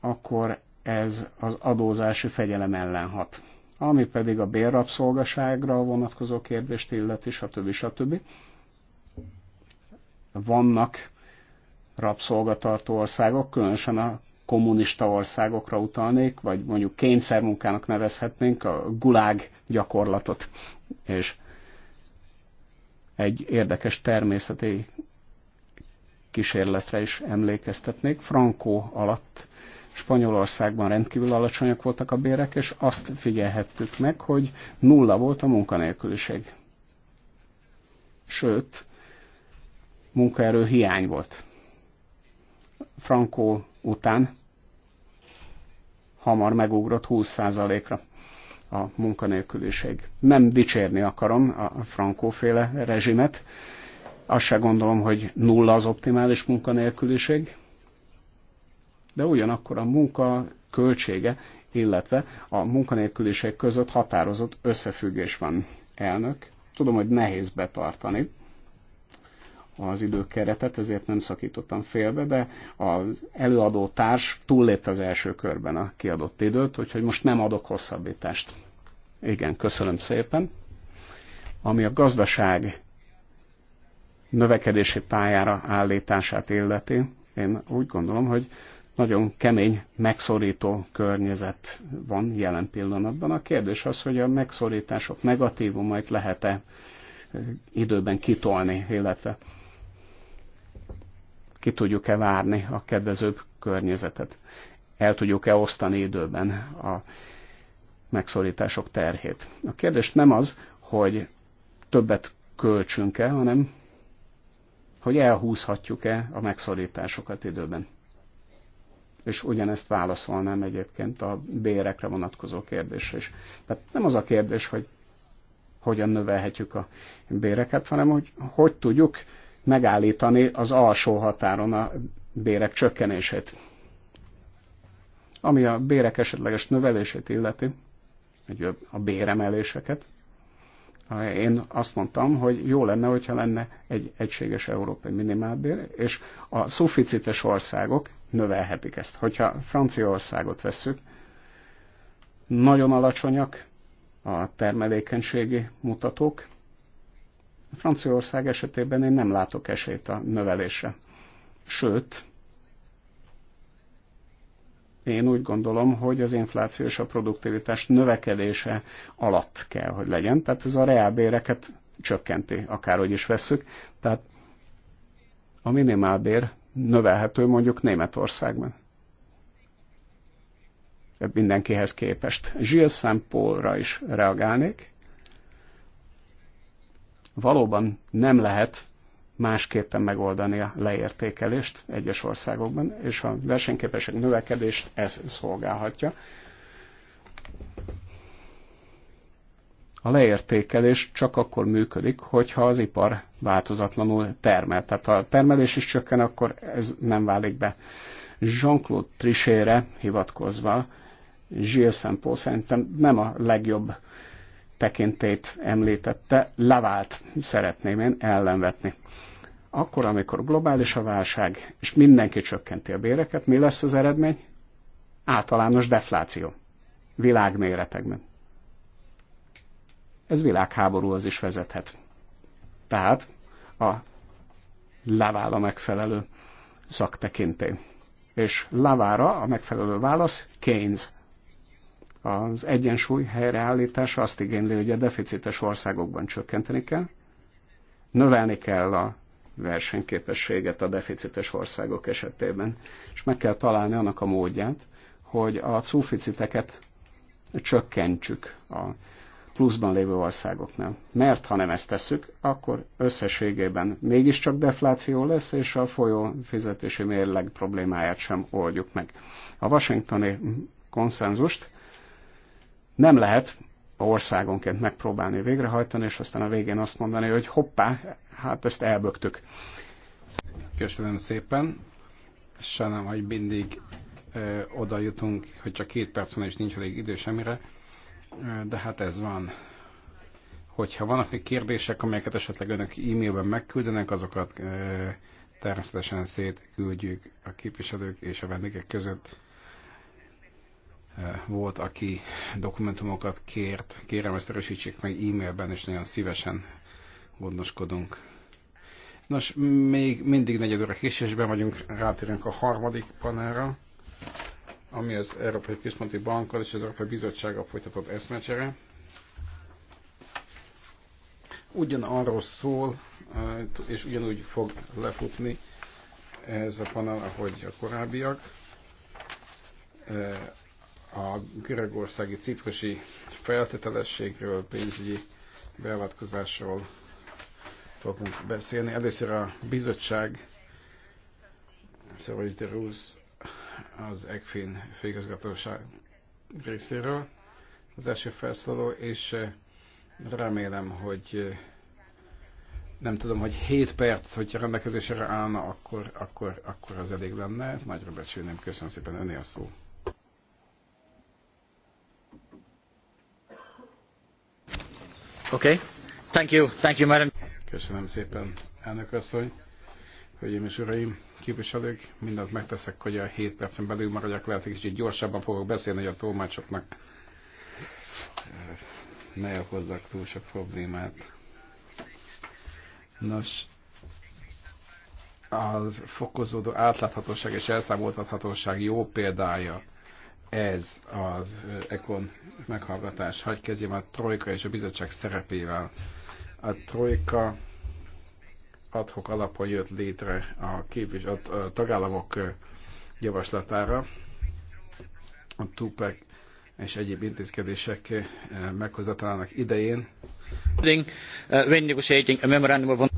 akkor ez az adózási fegyelem ellen hat. Ami pedig a bérrabszolgaságra vonatkozó kérdést illeti, stb. stb. stb vannak rabszolgatartó országok, különösen a kommunista országokra utalnék, vagy mondjuk kényszermunkának nevezhetnénk a gulág gyakorlatot. És egy érdekes természeti kísérletre is emlékeztetnék. Frankó alatt Spanyolországban rendkívül alacsonyak voltak a bérek, és azt figyelhettük meg, hogy nulla volt a munkanélküliség. Sőt, munkaerő hiány volt. Frankó után hamar megugrott 20%-ra a munkanélküliség. Nem dicsérni akarom a frankóféle rezsimet, azt se gondolom, hogy nulla az optimális munkanélküliség, de ugyanakkor a munka költsége, illetve a munkanélküliség között határozott összefüggés van, elnök. Tudom, hogy nehéz betartani az időkeretet, ezért nem szakítottam félbe, de az előadó társ túllépte az első körben a kiadott időt, úgyhogy most nem adok hosszabbítást. Igen, köszönöm szépen. Ami a gazdaság növekedési pályára állítását illeti, én úgy gondolom, hogy nagyon kemény, megszorító környezet van jelen pillanatban. A kérdés az, hogy a megszorítások negatívumait lehet-e időben kitolni, illetve ki tudjuk-e várni a kedvezőbb környezetet, el tudjuk-e osztani időben a megszorítások terhét. A kérdés nem az, hogy többet költsünk-e, hanem hogy elhúzhatjuk-e a megszorításokat időben. És ugyanezt válaszolnám egyébként a bérekre vonatkozó kérdésre is. Tehát nem az a kérdés, hogy hogyan növelhetjük a béreket, hanem hogy hogy tudjuk megállítani az alsó határon a bérek csökkenését. Ami a bérek esetleges növelését illeti, vagy a béremeléseket, én azt mondtam, hogy jó lenne, hogyha lenne egy egységes európai minimálbér, és a szuficites országok növelhetik ezt. Hogyha Franciaországot vesszük, nagyon alacsonyak a termelékenységi mutatók, Franciaország esetében én nem látok esélyt a növelésre. Sőt, én úgy gondolom, hogy az infláció és a produktivitás növekedése alatt kell, hogy legyen. Tehát ez a reálbéreket csökkenti, akárhogy is vesszük. Tehát a minimálbér növelhető mondjuk Németországban. Mindenkihez képest. Gilles is reagálnék valóban nem lehet másképpen megoldani a leértékelést egyes országokban, és a versenyképesek növekedést ez szolgálhatja. A leértékelés csak akkor működik, hogyha az ipar változatlanul termel. Tehát ha a termelés is csökken, akkor ez nem válik be. Jean-Claude Trichére hivatkozva, Gilles Saint-Paul szerintem nem a legjobb tekintét említette, levált szeretném én ellenvetni. Akkor, amikor globális a válság, és mindenki csökkenti a béreket, mi lesz az eredmény? Általános defláció. Világméretekben. Ez világháborúhoz is vezethet. Tehát a levála a megfelelő szaktekintély. És lavára a megfelelő válasz Keynes az egyensúly helyreállítása azt igényli, hogy a deficites országokban csökkenteni kell, növelni kell a versenyképességet a deficites országok esetében, és meg kell találni annak a módját, hogy a szuficiteket csökkentsük a pluszban lévő országoknál. Mert ha nem ezt tesszük, akkor összességében mégiscsak defláció lesz, és a folyó fizetési mérleg problémáját sem oldjuk meg. A washingtoni konszenzust nem lehet országonként megpróbálni végrehajtani, és aztán a végén azt mondani, hogy hoppá, hát ezt elböktük. Köszönöm szépen. Sajnálom, hogy mindig ö, oda jutunk, hogy csak két perc van, és nincs elég idő semmire. De hát ez van. Hogyha vannak még kérdések, amelyeket esetleg önök e-mailben megküldenek, azokat ö, természetesen szétküldjük a képviselők és a vendégek között volt, aki dokumentumokat kért. Kérem, ezt erősítsék meg e-mailben, és nagyon szívesen gondoskodunk. Nos, még mindig negyed óra késésben vagyunk, rátérünk a harmadik panelra, ami az Európai Központi Bankkal és az Európai Bizottsággal folytatott eszmecsere. Ugyanarról szól, eh, és ugyanúgy fog lefutni ez a panel, ahogy a korábbiak eh, a görögországi ciprusi feltételességről, pénzügyi beavatkozásról fogunk beszélni. Először a bizottság, Szoros de Rúz, az ECFIN főigazgatóság részéről az első felszólaló, és eh, remélem, hogy eh, nem tudom, hogy 7 perc, hogyha rendelkezésre állna, akkor, akkor, akkor az elég lenne. Nagyra becsülném, köszönöm szépen, öné a szó. Okay. Thank you. Thank you, madam. Köszönöm szépen, elnök asszony, hölgyeim és uraim, képviselők. Mindent megteszek, hogy a 7 percen belül maradjak, lehet, hogy kicsit gyorsabban fogok beszélni, hogy a tolmácsoknak eh, ne okozzak túl sok problémát. Nos, az fokozódó átláthatóság és elszámoltathatóság jó példája ez az ECON meghallgatás. Hagy kezdjem a Trojka és a bizottság szerepével. A Trojka adhok alapon jött létre a, képvis, a tagállamok javaslatára. A túpek és egyéb intézkedések meghozatalának idején. When negotiating a memorandum of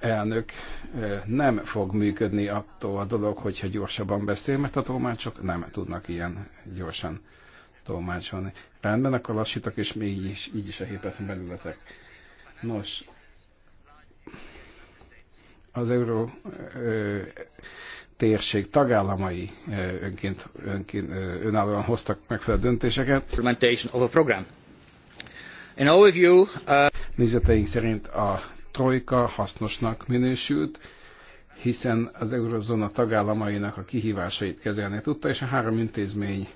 elnök nem fog működni attól a dolog, hogyha gyorsabban beszél, mert a tolmácsok nem tudnak ilyen gyorsan tolmácsolni. Rendben, akkor lassítok, és még így is, így is a hét belül leszek. Nos, az euró ö, térség tagállamai ö, önként, önként ö, önállóan hoztak a döntéseket. Implementation of a program. In our view, uh... Nézeteink szerint a trojka hasznosnak minősült, hiszen az eurozóna tagállamainak a kihívásait kezelni tudta, és a három intézmény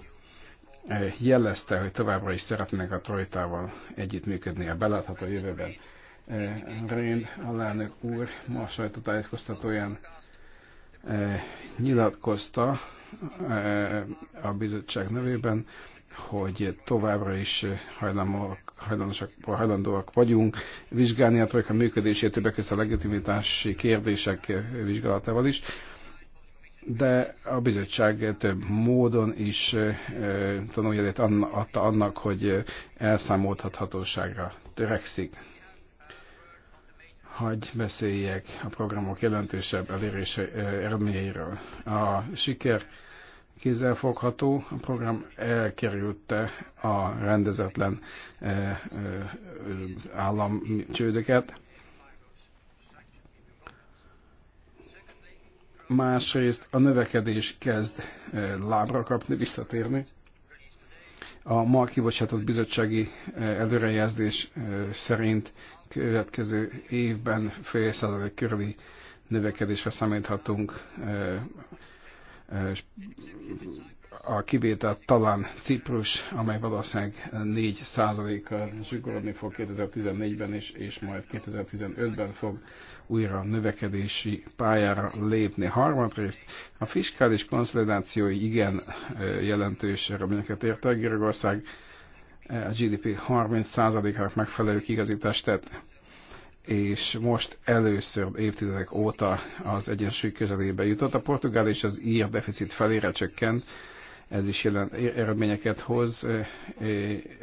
eh, jelezte, hogy továbbra is szeretnének a trojtával együttműködni a belátható jövőben. Eh, Rén alelnök úr ma a sajtótájékoztatóján eh, nyilatkozta a bizottság nevében, hogy továbbra is hajlamok hajlandóak, vagyunk vizsgálni a trojka működését, többek között a legitimitási kérdések vizsgálatával is, de a bizottság több módon is tanuljadét adta annak, hogy elszámoltathatóságra törekszik. Hagy beszéljek a programok jelentősebb elérése eredményeiről. A siker kézzelfogható. A program elkerülte a rendezetlen eh, eh, államcsődöket. Másrészt a növekedés kezd eh, lábra kapni, visszatérni. A ma kibocsátott bizottsági előrejelzés szerint következő évben fél százalék körüli növekedésre számíthatunk a kivétel talán Ciprus, amely valószínűleg 4 százalékkal zsugorodni fog 2014-ben, és, és majd 2015-ben fog újra növekedési pályára lépni. Harmadrészt a fiskális konszolidációi igen jelentős eredményeket érte a Görögország, a GDP 30%-ának megfelelő kigazítást tett és most először évtizedek óta az egyensúly közelébe jutott. A portugál és az ír deficit felére csökkent, ez is jelen eredményeket hoz, e,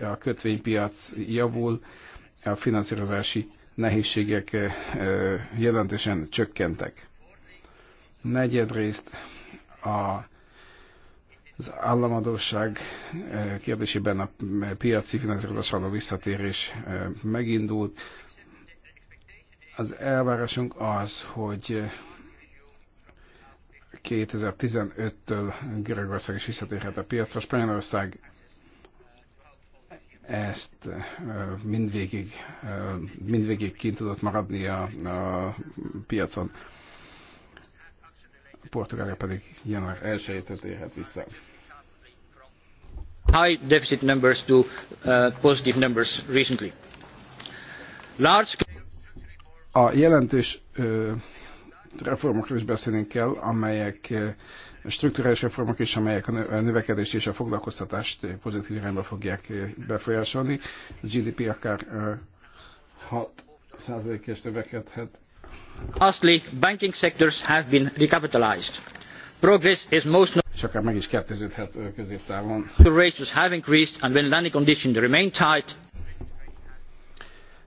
e, a kötvénypiac javul, a finanszírozási nehézségek e, jelentősen csökkentek. Negyedrészt a az államadóság kérdésében a piaci finanszírozásra való visszatérés megindult, az elvárásunk az, hogy 2015-től Görögország is visszatérhet a piacra. Spanyolország ezt mindvégig, mindvégig kint tudott maradni a, a piacon. Portugália pedig január 1-től térhet vissza. High deficit numbers to uh, positive numbers recently. Large a jelentős reformokról is beszélni kell, amelyek strukturális reformok is, amelyek a növekedést és a foglalkoztatást pozitív irányba fogják befolyásolni. A GDP akár 6%-es növekedhet. Lastly, banking sectors have been recapitalized. Progress is most és akár meg is kettőződhet középtávon. The rates have increased and when lending conditions remain tight,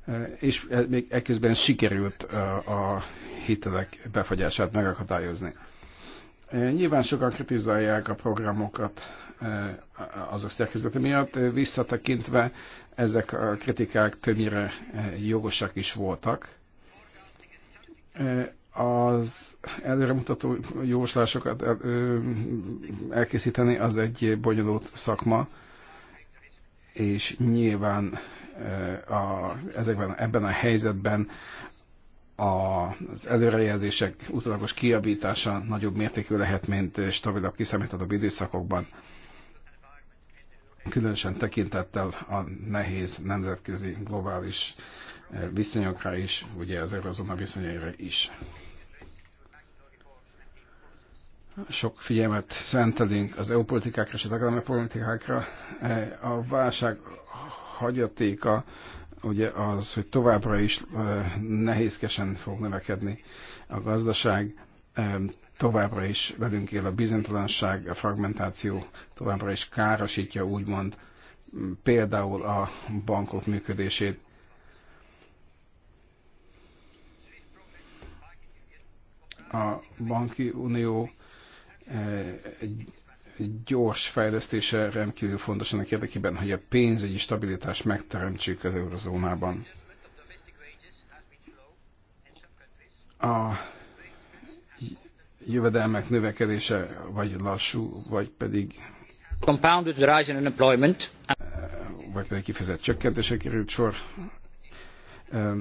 Eh, és eh, még ekközben sikerült eh, a hitelek befagyását megakadályozni. Nyilván sokan kritizálják a programokat azok szerkezete miatt, visszatekintve ezek a kritikák többnyire jogosak is voltak. Az előremutató jóslásokat elkészíteni az egy bonyolult szakma, és nyilván a, ezekben, ebben a helyzetben az előrejelzések utólagos kiabítása nagyobb mértékű lehet, mint stabilabb kiszámíthatóbb időszakokban, különösen tekintettel a nehéz nemzetközi globális eh, viszonyokra is, ugye az eurozóna viszonyaira is. Sok figyelmet szentelünk az EU politikákra és a tagállami politikákra. Eh, a válság hagyatéka ugye az, hogy továbbra is nehézkesen fog növekedni a gazdaság, továbbra is velünk él a bizonytalanság, a fragmentáció továbbra is károsítja úgymond például a bankok működését. A banki unió egy gyors fejlesztése rendkívül fontos annak érdekében, hogy a pénzügyi stabilitás megteremtsük az eurozónában. A jövedelmek növekedése vagy lassú, vagy pedig compounded the rise in unemployment vagy pedig kifejezett csökkentése került sor ehm,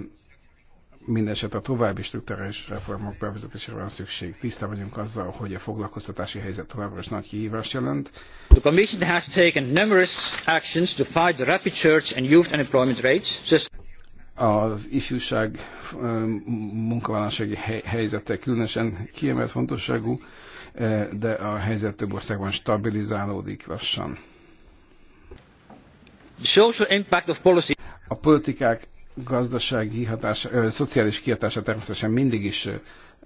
Mindenesetre további struktúrális reformok bevezetésére van szükség. Tisztában vagyunk azzal, hogy a foglalkoztatási helyzet továbbra is nagy kihívást jelent. The Commission has taken numerous actions to fight the rapid surge in youth unemployment rates. Just az ifjúság munkavállalási helyzete különösen kiemelt fontosságú, de a helyzet több országban stabilizálódik lassan. The social impact of policy. A politikák gazdasági hatása, ö, szociális kihatása természetesen mindig is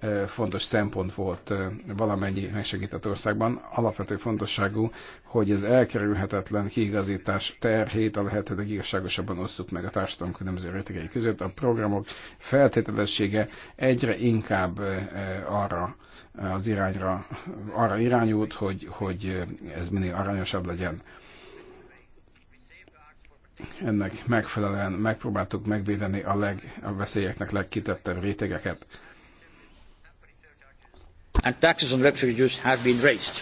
ö, fontos szempont volt ö, valamennyi megsegített országban. Alapvető fontosságú, hogy az elkerülhetetlen kiigazítás terhét a lehető igazságosabban osszuk meg a társadalom különböző rétegei között. A programok feltételessége egyre inkább ö, arra az irányra, arra irányult, hogy, hogy ez minél aranyosabb legyen ennek megfelelően megpróbáltuk megvédeni a, leg, a veszélyeknek legkitettebb rétegeket. And taxes on refugees have been raised.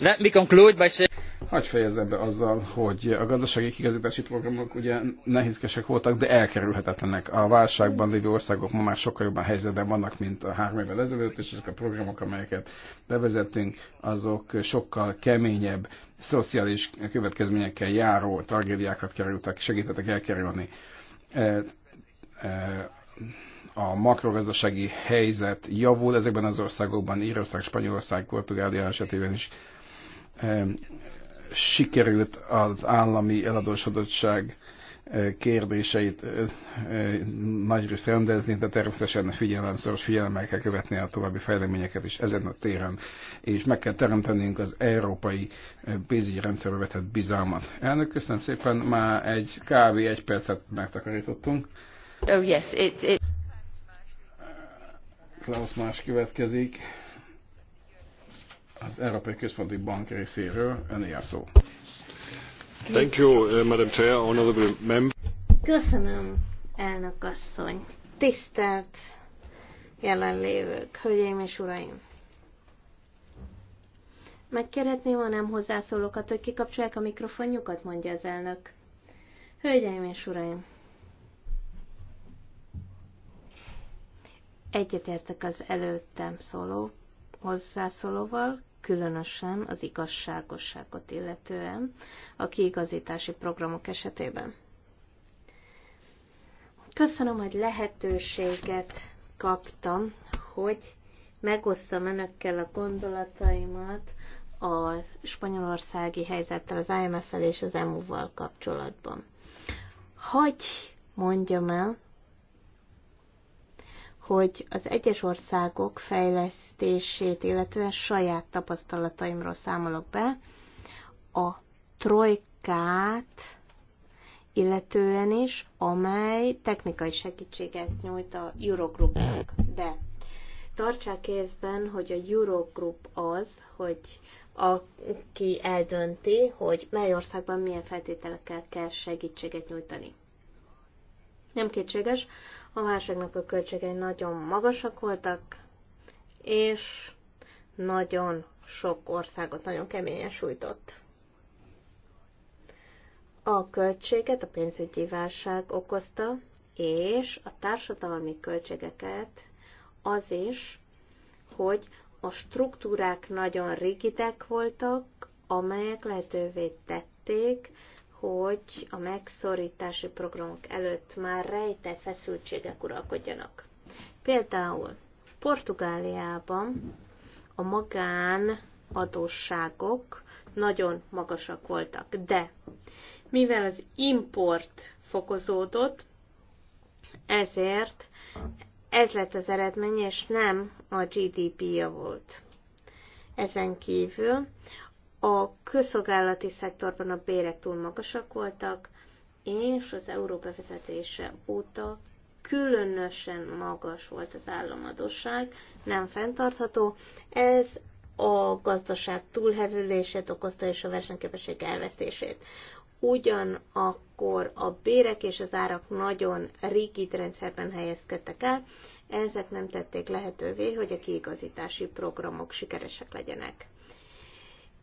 Let me conclude by saying... Hogy fejezze be azzal, hogy a gazdasági kigazítási programok ugye nehézkesek voltak, de elkerülhetetlenek. A válságban lévő országok ma már sokkal jobban helyzetben vannak, mint a három évvel ezelőtt, és ezek a programok, amelyeket bevezettünk, azok sokkal keményebb szociális következményekkel járó tragédiákat kerültek, segítettek elkerülni. E, e, a makrogazdasági helyzet javul ezekben az országokban, Írország, Spanyolország, Portugália esetében is e, sikerült az állami eladósodottság kérdéseit nagyrészt rendezni, de természetesen figyelem, szoros figyelemmel kell követni a további fejleményeket is ezen a téren, és meg kell teremtenünk az európai pénzügyi rendszerbe vetett bizalmat. Elnök, köszönöm szépen, már egy kávé, egy percet megtakarítottunk. Oh, yes, it, it... Klaus más következik az Európai Központi Bank részéről. Öné a szó. Thank you, uh, Madam Chair, member. Köszönöm, elnök asszony. Tisztelt jelenlévők, hölgyeim és uraim! Megkérhetném a nem hozzászólókat, hogy kikapcsolják a mikrofonjukat, mondja az elnök. Hölgyeim és uraim! Egyetértek az előttem szóló hozzászólóval, különösen az igazságosságot illetően a kiigazítási programok esetében. Köszönöm, hogy lehetőséget kaptam, hogy megosztam önökkel a gondolataimat a spanyolországi helyzettel, az IMF-el és az EMU-val kapcsolatban. Hogy mondjam el, hogy az egyes országok fejlesztését, illetően saját tapasztalataimról számolok be, a trojkát illetően is, amely technikai segítséget nyújt a Eurogroupnak. De tartsák észben, hogy a Eurogroup az, hogy aki eldönti, hogy mely országban milyen feltételekkel kell segítséget nyújtani. Nem kétséges, a válságnak a költségei nagyon magasak voltak, és nagyon sok országot nagyon keményen sújtott. A költséget a pénzügyi válság okozta, és a társadalmi költségeket az is, hogy a struktúrák nagyon rigidek voltak, amelyek lehetővé tették, hogy a megszorítási programok előtt már rejtett feszültségek uralkodjanak. Például Portugáliában a magán adósságok nagyon magasak voltak, de mivel az import fokozódott, ezért ez lett az eredmény, és nem a GDP-ja volt. Ezen kívül a közszolgálati szektorban a bérek túl magasak voltak, és az euró bevezetése óta különösen magas volt az államadóság, nem fenntartható. Ez a gazdaság túlhevülését okozta és a versenyképesség elvesztését. Ugyanakkor a bérek és az árak nagyon rigid rendszerben helyezkedtek el, ezek nem tették lehetővé, hogy a kiigazítási programok sikeresek legyenek.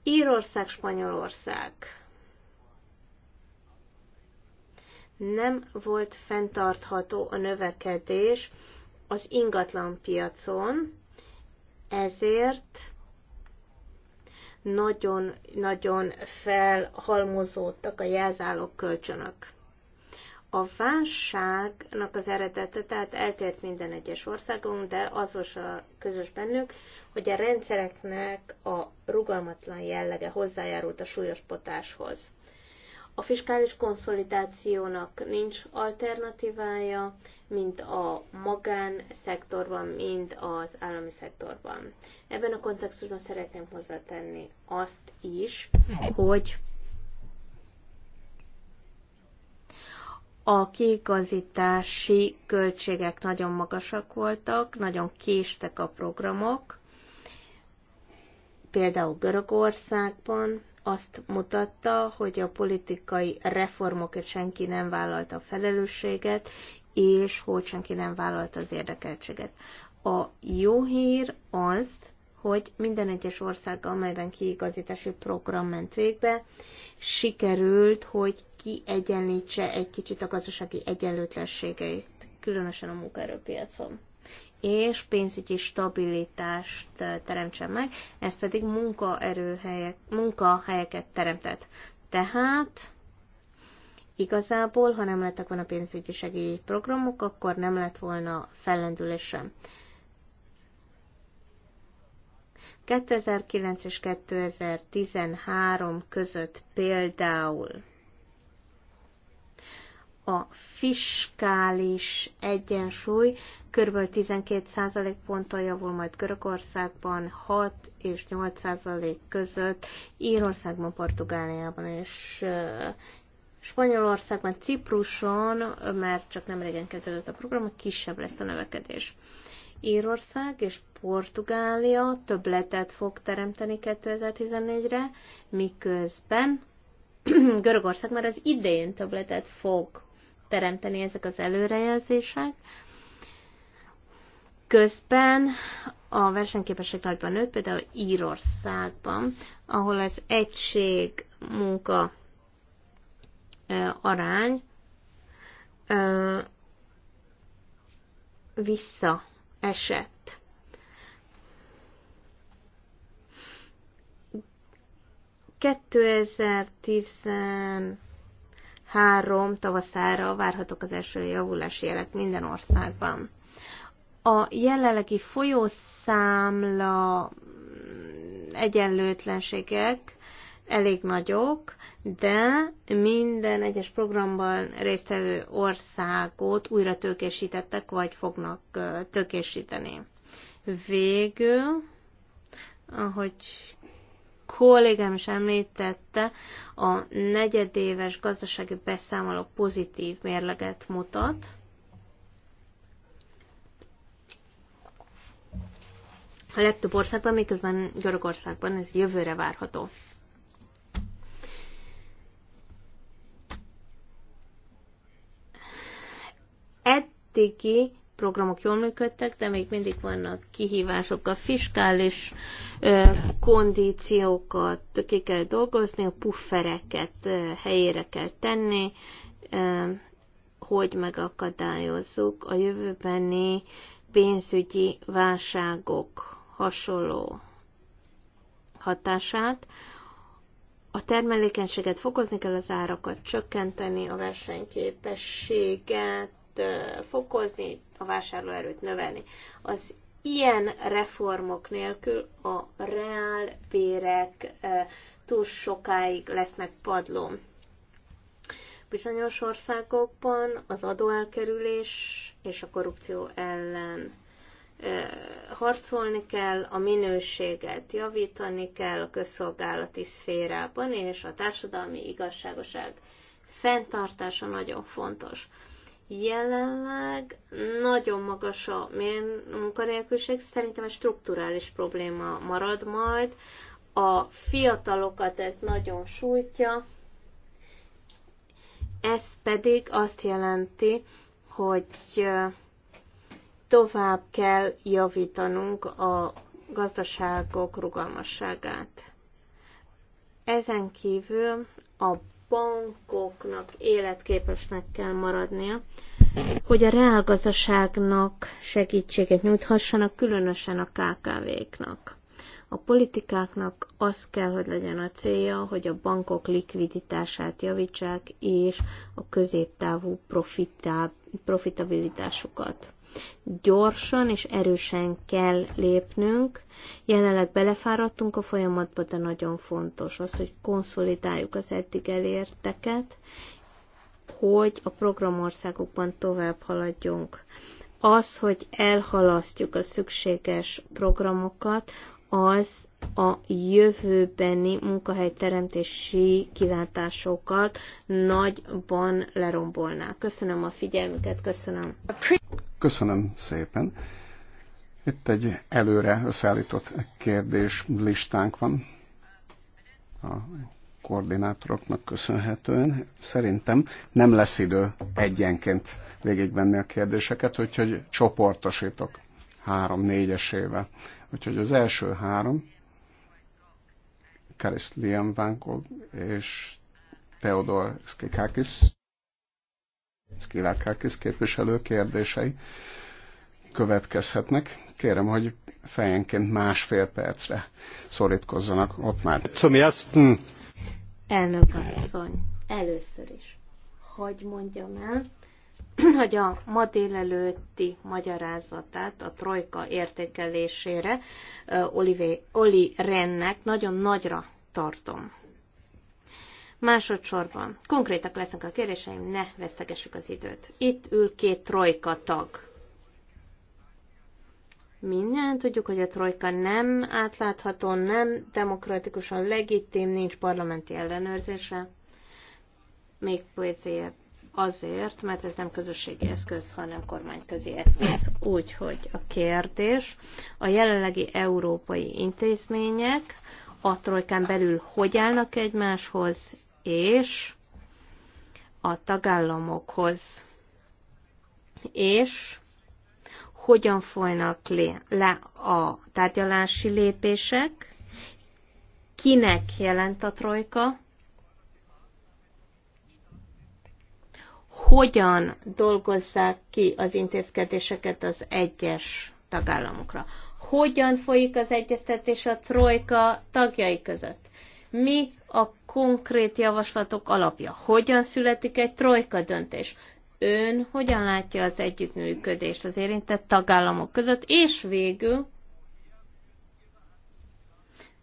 Írország, Spanyolország nem volt fenntartható a növekedés az ingatlan piacon, ezért nagyon-nagyon felhalmozódtak a jelzálók kölcsönök. A válságnak az eredete, tehát eltért minden egyes országon, de azos a közös bennük, hogy a rendszereknek a rugalmatlan jellege hozzájárult a súlyos potáshoz. A fiskális konszolidációnak nincs alternatívája, mint a magánszektorban, mint az állami szektorban. Ebben a kontextusban szeretném hozzátenni azt is, hogy a kiigazítási költségek nagyon magasak voltak, nagyon késtek a programok. Például Görögországban azt mutatta, hogy a politikai reformokért senki nem vállalta a felelősséget, és hogy senki nem vállalta az érdekeltséget. A jó hír az, hogy minden egyes ország, amelyben kiigazítási program ment végbe, sikerült, hogy kiegyenlítse egy kicsit a gazdasági egyenlőtlenségeit, különösen a munkaerőpiacon és pénzügyi stabilitást eh, teremtsen meg, ez pedig munkaerőhelyek, munkahelyeket teremtett. Tehát igazából, ha nem lettek volna pénzügyi programok, akkor nem lett volna fellendülés sem. 2009 és 2013 között például a fiskális egyensúly kb. 12 ponttal javul majd Görögországban, 6 és 8 között, Írországban, Portugáliában és Spanyolországban, Cipruson, mert csak nem régen kezdődött a program, kisebb lesz a növekedés. Írország és Portugália többletet fog teremteni 2014-re, miközben Görögország már az idén többletet fog teremteni ezek az előrejelzések. Közben a versenyképesség nagyban nőtt, például Írországban, ahol az egység munka arány visszaesett 2013 tavaszára várhatók az első javulási jelek minden országban. A jelenlegi folyószámla egyenlőtlenségek elég nagyok, de minden egyes programban résztvevő országot újra tökésítettek vagy fognak tökésíteni. Végül, ahogy kollégám is említette, a negyedéves gazdasági beszámoló pozitív mérleget mutat. A legtöbb országban, miközben Görögországban ez jövőre várható. Eddigi programok jól működtek, de még mindig vannak kihívások. A fiskális kondíciókat ki kell dolgozni, a puffereket helyére kell tenni, hogy megakadályozzuk a jövőbeni pénzügyi válságok hasonló hatását. A termelékenységet fokozni kell, az árakat csökkenteni, a versenyképességet fokozni, a vásárlóerőt növelni. Az ilyen reformok nélkül a reál bérek túl sokáig lesznek padlón. Bizonyos országokban az adóelkerülés és a korrupció ellen harcolni kell, a minőséget javítani kell a közszolgálati szférában, és a társadalmi igazságoság fenntartása nagyon fontos. Jelenleg nagyon magas a munkanélküliség, szerintem ez strukturális probléma marad majd. A fiatalokat ez nagyon sújtja, ez pedig azt jelenti, hogy tovább kell javítanunk a gazdaságok rugalmasságát. Ezen kívül a bankoknak életképesnek kell maradnia, hogy a reálgazdaságnak segítséget nyújthassanak, különösen a KKV-knak. A politikáknak az kell, hogy legyen a célja, hogy a bankok likviditását javítsák, és a középtávú profitá- profitabilitásukat. Gyorsan és erősen kell lépnünk. Jelenleg belefáradtunk a folyamatba, de nagyon fontos az, hogy konszolidáljuk az eddig elérteket, hogy a programországokban tovább haladjunk. Az, hogy elhalasztjuk a szükséges programokat, az a jövőbeni munkahely teremtési kilátásokat nagyban lerombolná. Köszönöm a figyelmüket, köszönöm. Köszönöm szépen. Itt egy előre összeállított kérdés listánk van a koordinátoroknak köszönhetően. Szerintem nem lesz idő egyenként végigvenni a kérdéseket, úgyhogy csoportosítok három négyesével. Úgyhogy az első három Karis Lienvánkog és Theodor Skikakis, Skilakakis képviselő kérdései következhetnek. Kérem, hogy fejenként másfél percre szorítkozzanak ott már. Zum Elnök asszony, először is, hogy mondjam el, hogy a ma délelőtti magyarázatát a trojka értékelésére Oli Rennek nagyon nagyra tartom. Másodszorban, konkrétak lesznek a kérdéseim, ne vesztegessük az időt. Itt ül két trojka tag. Minden tudjuk, hogy a trojka nem átlátható, nem demokratikusan legitim, nincs parlamenti ellenőrzése. Még ezért azért, mert ez nem közösségi eszköz, hanem kormányközi eszköz. Úgyhogy a kérdés, a jelenlegi európai intézmények a trojkán belül hogy állnak egymáshoz, és a tagállamokhoz, és hogyan folynak le a tárgyalási lépések, kinek jelent a trojka, hogyan dolgozzák ki az intézkedéseket az egyes tagállamokra. Hogyan folyik az egyeztetés a trojka tagjai között? Mi a konkrét javaslatok alapja? Hogyan születik egy trojka döntés? Ön hogyan látja az együttműködést az érintett tagállamok között? És végül,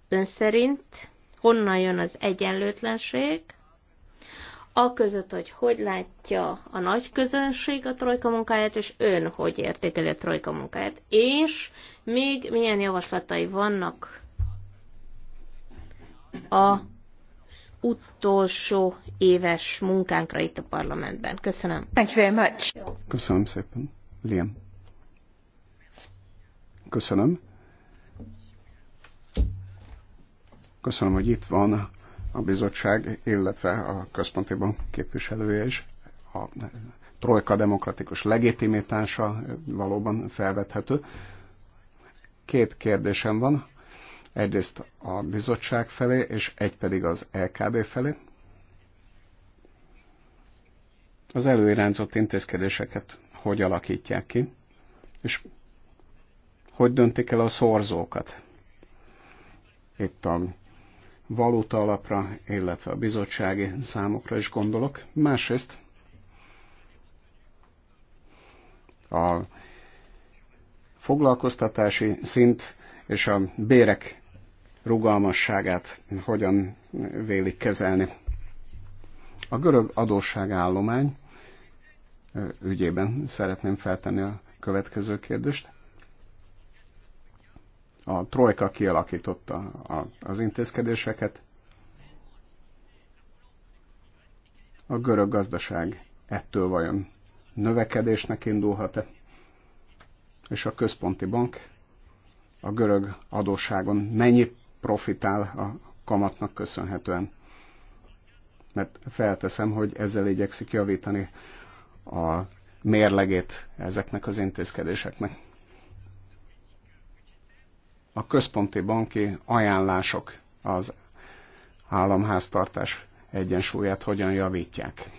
ön szerint honnan jön az egyenlőtlenség? a között, hogy hogy látja a nagy közönség a trojka munkáját, és ön hogy értékeli a trojka munkáját, és még milyen javaslatai vannak a utolsó éves munkánkra itt a parlamentben. Köszönöm. Thank you very much. Köszönöm szépen. Liam. Köszönöm. Köszönöm, hogy itt van a bizottság, illetve a központi bank képviselője is a trojka demokratikus legitimitása valóban felvethető. Két kérdésem van, egyrészt a bizottság felé, és egy pedig az LKB felé. Az előirányzott intézkedéseket hogy alakítják ki, és hogy döntik el a szorzókat. Itt a valuta alapra, illetve a bizottsági számokra is gondolok. Másrészt a foglalkoztatási szint és a bérek rugalmasságát hogyan vélik kezelni. A görög adósságállomány ügyében szeretném feltenni a következő kérdést a trojka kialakította a, az intézkedéseket. A görög gazdaság ettől vajon növekedésnek indulhat-e? És a központi bank a görög adósságon mennyit profitál a kamatnak köszönhetően? Mert felteszem, hogy ezzel igyekszik javítani a mérlegét ezeknek az intézkedéseknek a központi banki ajánlások az államháztartás egyensúlyát hogyan javítják.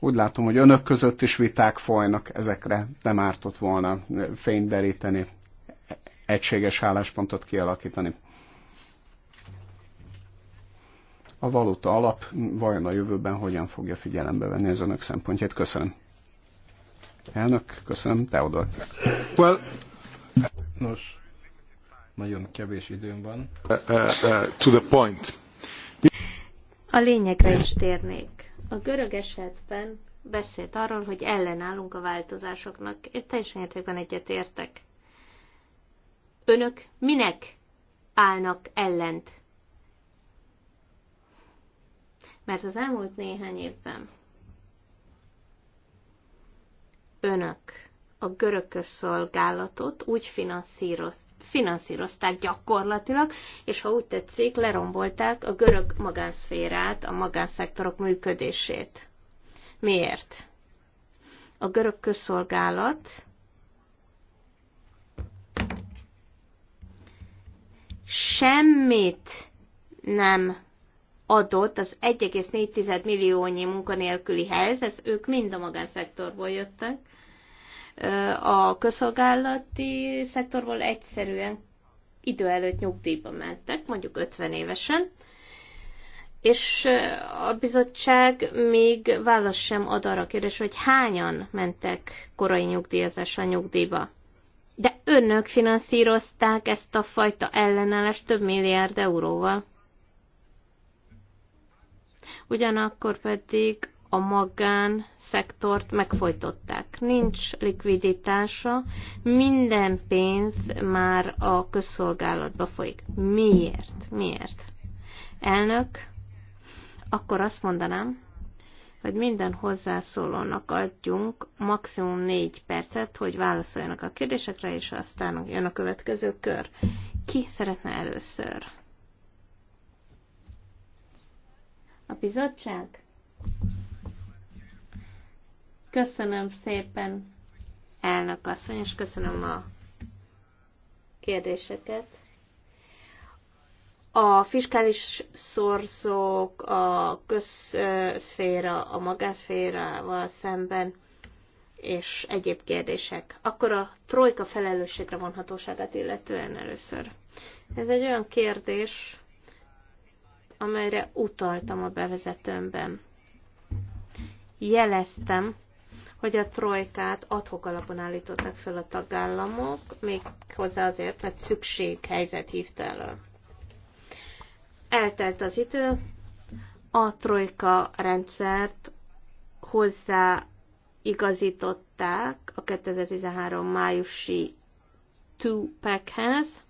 Úgy látom, hogy önök között is viták folynak, ezekre nem ártott volna fényt deríteni, egységes álláspontot kialakítani. A valuta alap vajon a jövőben hogyan fogja figyelembe venni az önök szempontját? Köszönöm. Elnök, köszönöm, Teodor. Well, Nos, nagyon kevés időm van. Uh, uh, uh, to the point. A lényegre is térnék. A görög esetben beszélt arról, hogy ellenállunk a változásoknak. Én teljesen értékben egyetértek. Önök minek állnak ellent? Mert az elmúlt néhány évben önök a görökös szolgálatot úgy finanszíroz, finanszírozták gyakorlatilag, és ha úgy tetszik, lerombolták a görög magánszférát, a magánszektorok működését. Miért? A görög közszolgálat semmit nem adott az 1,4 milliónyi munkanélkülihez, ez ők mind a magánszektorból jöttek, a közszolgálati szektorból egyszerűen idő előtt nyugdíjba mentek, mondjuk 50 évesen, és a bizottság még választ sem ad arra a hogy hányan mentek korai nyugdíjazásra nyugdíjba. De önök finanszírozták ezt a fajta ellenállást több milliárd euróval ugyanakkor pedig a magán szektort megfojtották. Nincs likviditása, minden pénz már a közszolgálatba folyik. Miért? Miért? Elnök, akkor azt mondanám, hogy minden hozzászólónak adjunk maximum négy percet, hogy válaszoljanak a kérdésekre, és aztán jön a következő kör. Ki szeretne először? A bizottság? Köszönöm szépen, elnök asszony, és köszönöm a kérdéseket. A fiskális szorzók, a közszféra, a magánszférával szemben, és egyéb kérdések. Akkor a trojka felelősségre vonhatóságát illetően először. Ez egy olyan kérdés, amelyre utaltam a bevezetőmben. Jeleztem, hogy a trojkát adhok alapon állították fel a tagállamok, még hozzá azért, mert szükséghelyzet hívta elő. Eltelt az idő, a trojka rendszert hozzá igazították a 2013 májusi two-packhez,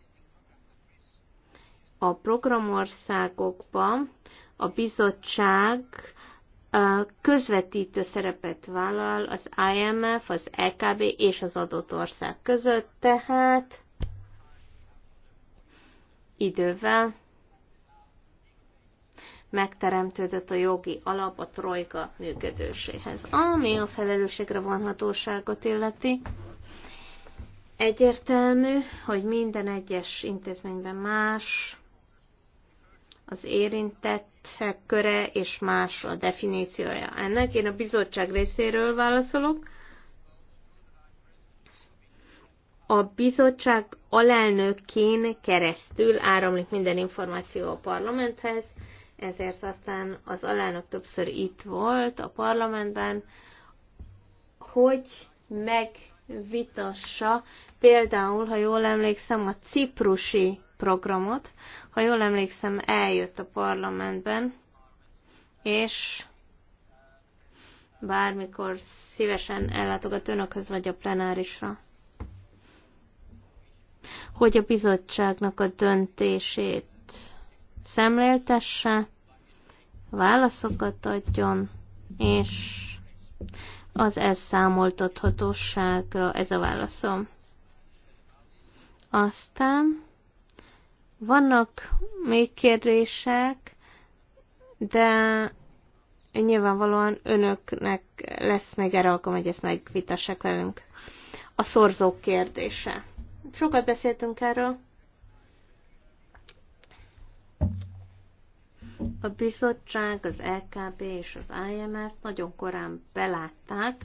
a programországokban a bizottság közvetítő szerepet vállal az IMF, az EKB és az adott ország között, tehát idővel megteremtődött a jogi alap a trojka működéséhez. Ami a felelősségre vonhatóságot illeti, egyértelmű, hogy minden egyes intézményben más az érintettek köre és más a definíciója ennek. Én a bizottság részéről válaszolok. A bizottság alelnökén keresztül áramlik minden információ a parlamenthez, ezért aztán az alelnök többször itt volt a parlamentben, hogy megvitassa például, ha jól emlékszem, a ciprusi programot. Ha jól emlékszem, eljött a parlamentben, és bármikor szívesen ellátogat önökhöz vagy a plenárisra. Hogy a bizottságnak a döntését szemléltesse, válaszokat adjon, és az elszámoltathatóságra ez a válaszom. Aztán vannak még kérdések, de nyilvánvalóan önöknek lesz még erre alkalom, hogy ezt megvitassák velünk. A szorzók kérdése. Sokat beszéltünk erről. A bizottság, az LKB és az IMF nagyon korán belátták,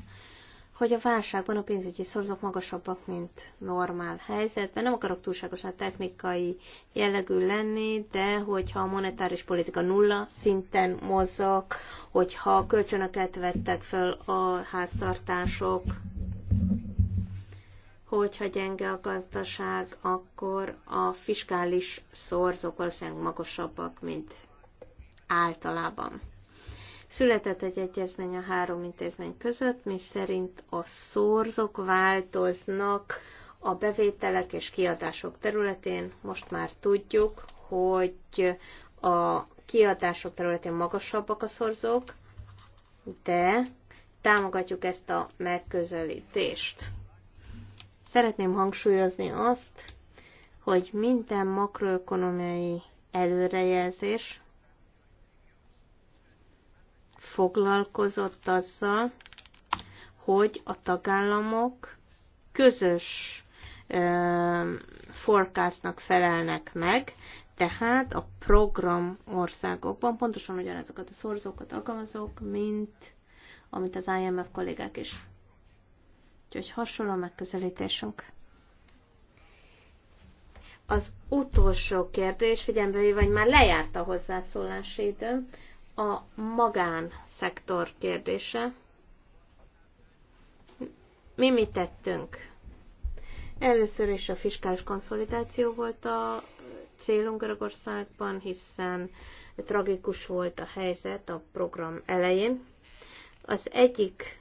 hogy a válságban a pénzügyi szorzók magasabbak, mint normál helyzetben. Nem akarok túlságosan technikai jellegű lenni, de hogyha a monetáris politika nulla szinten mozog, hogyha kölcsönöket vettek föl a háztartások, hogyha gyenge a gazdaság, akkor a fiskális szorzók valószínűleg magasabbak, mint általában. Született egy egyezmény a három intézmény között, mi szerint a szorzok változnak a bevételek és kiadások területén. Most már tudjuk, hogy a kiadások területén magasabbak a szorzók, de támogatjuk ezt a megközelítést. Szeretném hangsúlyozni azt, hogy minden makroökonomiai előrejelzés foglalkozott azzal, hogy a tagállamok közös forkásznak felelnek meg, tehát a program országokban pontosan ugyanazokat a szorzókat alkalmazok, mint amit az IMF kollégák is. Úgyhogy hasonló megközelítésünk. Az utolsó kérdés, figyelme, véve, hogy már lejárt a hozzászólási időm, a magánszektor kérdése. Mi mit tettünk? Először is a fiskális konszolidáció volt a célunk Görögországban, hiszen tragikus volt a helyzet a program elején. Az egyik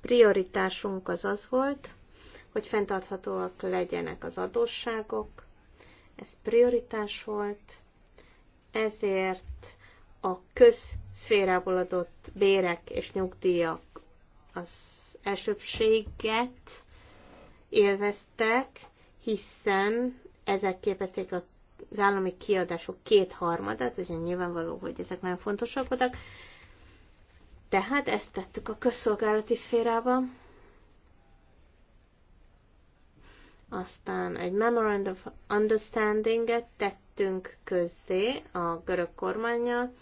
prioritásunk az az volt, hogy fenntarthatóak legyenek az adósságok. Ez prioritás volt, ezért a közszférából adott bérek és nyugdíjak az elsőbséget élveztek, hiszen ezek képezték az állami kiadások kétharmadát, ugye nyilvánvaló, hogy ezek nagyon fontosak voltak. Tehát ezt tettük a közszolgálati szférába. Aztán egy Memorandum of Understanding-et tettünk tettünk közzé a görög kormánya,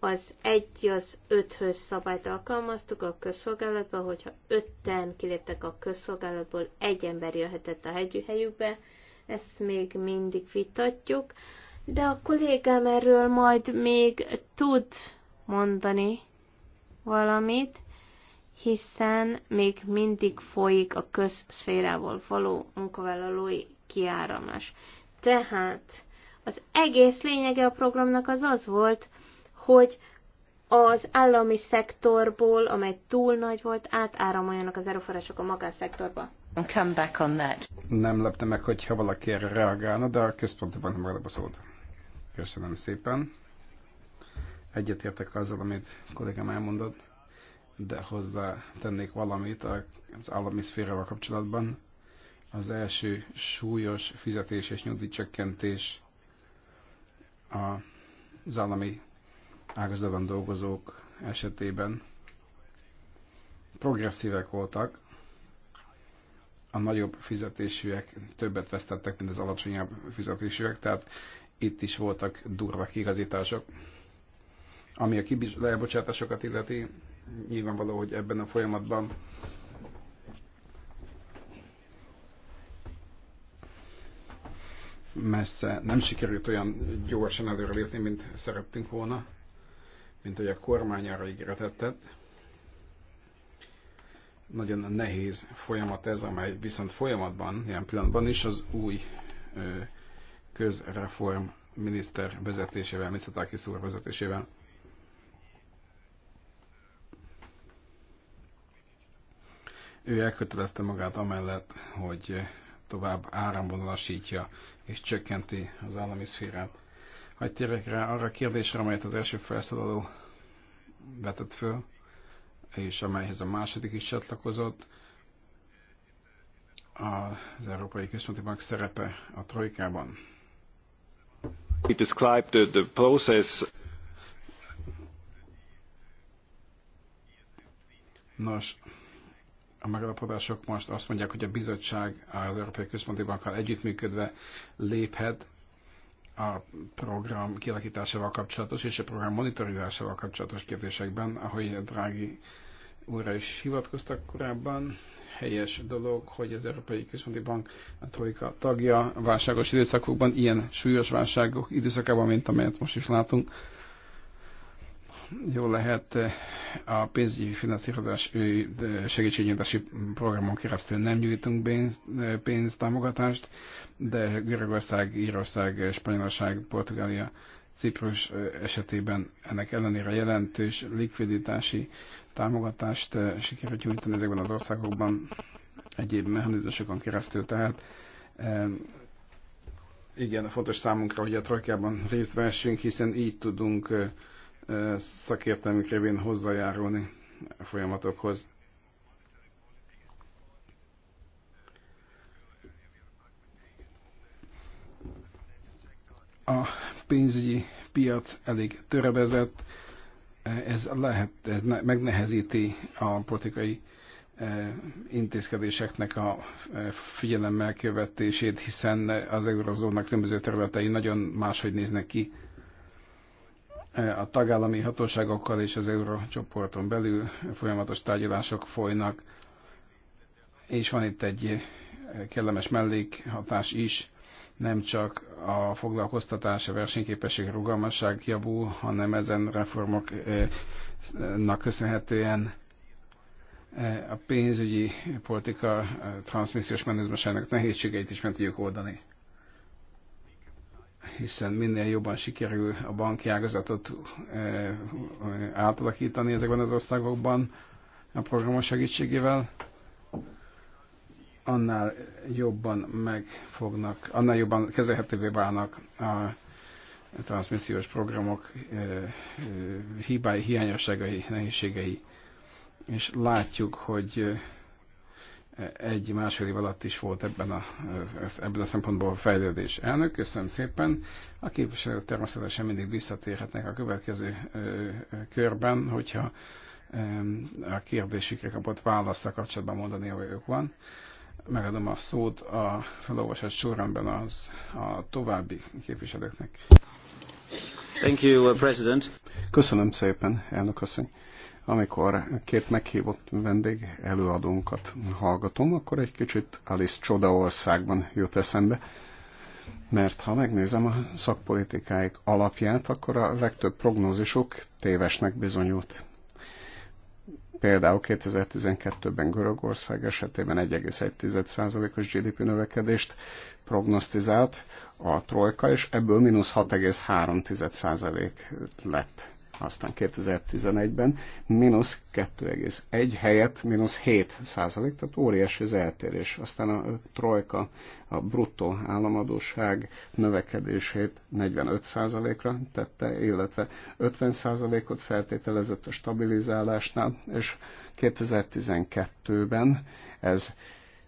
az egy az öthöz szabályt alkalmaztuk a közszolgálatba, hogyha ötten kiléptek a közszolgálatból, egy ember jöhetett a hegyű helyükbe, ezt még mindig vitatjuk, de a kollégám erről majd még tud mondani valamit, hiszen még mindig folyik a közszférával való munkavállalói kiáramlás. Tehát az egész lényege a programnak az az volt, hogy az állami szektorból, amely túl nagy volt, átáramoljanak az erőforrások a magánszektorba. Come back on that. Nem lepte meg, hogyha valaki erre reagálna, de a központi bank megadom a szót. Köszönöm szépen. Egyetértek azzal, amit kollégám elmondott, de hozzá tennék valamit az állami szférával kapcsolatban az első súlyos fizetés és nyugdíjcsökkentés az állami ágazatban dolgozók esetében progresszívek voltak, a nagyobb fizetésűek többet vesztettek, mint az alacsonyabb fizetésűek, tehát itt is voltak durva kigazítások. Ami a kibocsátásokat illeti, nyilvánvaló, hogy ebben a folyamatban messze nem sikerült olyan gyorsan előrelépni, mint szerettünk volna, mint hogy a kormány arra ígéretet Nagyon nehéz folyamat ez, amely viszont folyamatban, ilyen pillanatban is az új közreform miniszter vezetésével, Mitsotaki úr vezetésével ő elkötelezte magát amellett, hogy tovább áramvonalasítja és csökkenti az állami szférát. Hagy térjek rá arra a kérdésre, amelyet az első felszólaló vetett föl, és amelyhez a második is csatlakozott, az Európai Központi Bank szerepe a trojkában. He described the, the process. Nos, a megalapodások most azt mondják, hogy a bizottság az Európai Központi Bankkal együttműködve léphet a program kialakításával kapcsolatos és a program monitorizásával kapcsolatos kérdésekben, ahogy Drági úrra is hivatkoztak korábban. Helyes dolog, hogy az Európai Központi Bank a Trojka tagja válságos időszakokban, ilyen súlyos válságok időszakában, mint amelyet most is látunk jól lehet a pénzügyi finanszírozás segítségnyújtási programon keresztül nem nyújtunk pénztámogatást, de Görögország, Írország, Spanyolország, Portugália, Ciprus esetében ennek ellenére jelentős likviditási támogatást sikerült nyújtani ezekben az országokban egyéb mechanizmusokon keresztül. Tehát igen, fontos számunkra, hogy a trojkában részt vessünk, hiszen így tudunk szakértelmük révén hozzájárulni a folyamatokhoz. A pénzügyi piac elég törebezett, ez, lehet, ez megnehezíti a politikai intézkedéseknek a figyelemmel követését, hiszen az eurozónak különböző területei nagyon máshogy néznek ki E, a tagállami hatóságokkal és az eurócsoporton belül folyamatos tárgyalások folynak, és van itt egy e, kellemes mellékhatás is, nem csak a foglalkoztatás, a versenyképesség, a rugalmasság javul, hanem ezen reformoknak e, köszönhetően a pénzügyi politika transmissziós mechanizmusának nehézségeit is meg tudjuk oldani hiszen minél jobban sikerül a banki ágazatot eh, eh, átalakítani ezekben az országokban a programos segítségével, annál jobban megfognak, annál jobban kezelhetővé válnak a transmissziós programok eh, hibái, hiányosságai, nehézségei. És látjuk, hogy egy másfél év alatt is volt ebben a, ebben a szempontból a fejlődés. Elnök, köszönöm szépen. A képviselők természetesen mindig visszatérhetnek a következő körben, hogyha a kérdésükre kapott válaszra kapcsolatban mondani, hogy ők van. Megadom a szót a felolvasás soránban az, a további képviselőknek. Thank you, uh, President. Köszönöm szépen, elnök asszony amikor két meghívott vendég előadónkat hallgatom, akkor egy kicsit Alice Csodaországban jut eszembe, mert ha megnézem a szakpolitikáik alapját, akkor a legtöbb prognózisuk tévesnek bizonyult. Például 2012-ben Görögország esetében 1,1%-os GDP növekedést prognosztizált a trojka, és ebből mínusz 6,3% lett aztán 2011-ben mínusz 2,1 helyett mínusz 7 százalék, tehát óriási az eltérés. Aztán a trojka a bruttó államadóság növekedését 45 százalékra tette, illetve 50 százalékot feltételezett a stabilizálásnál, és 2012-ben ez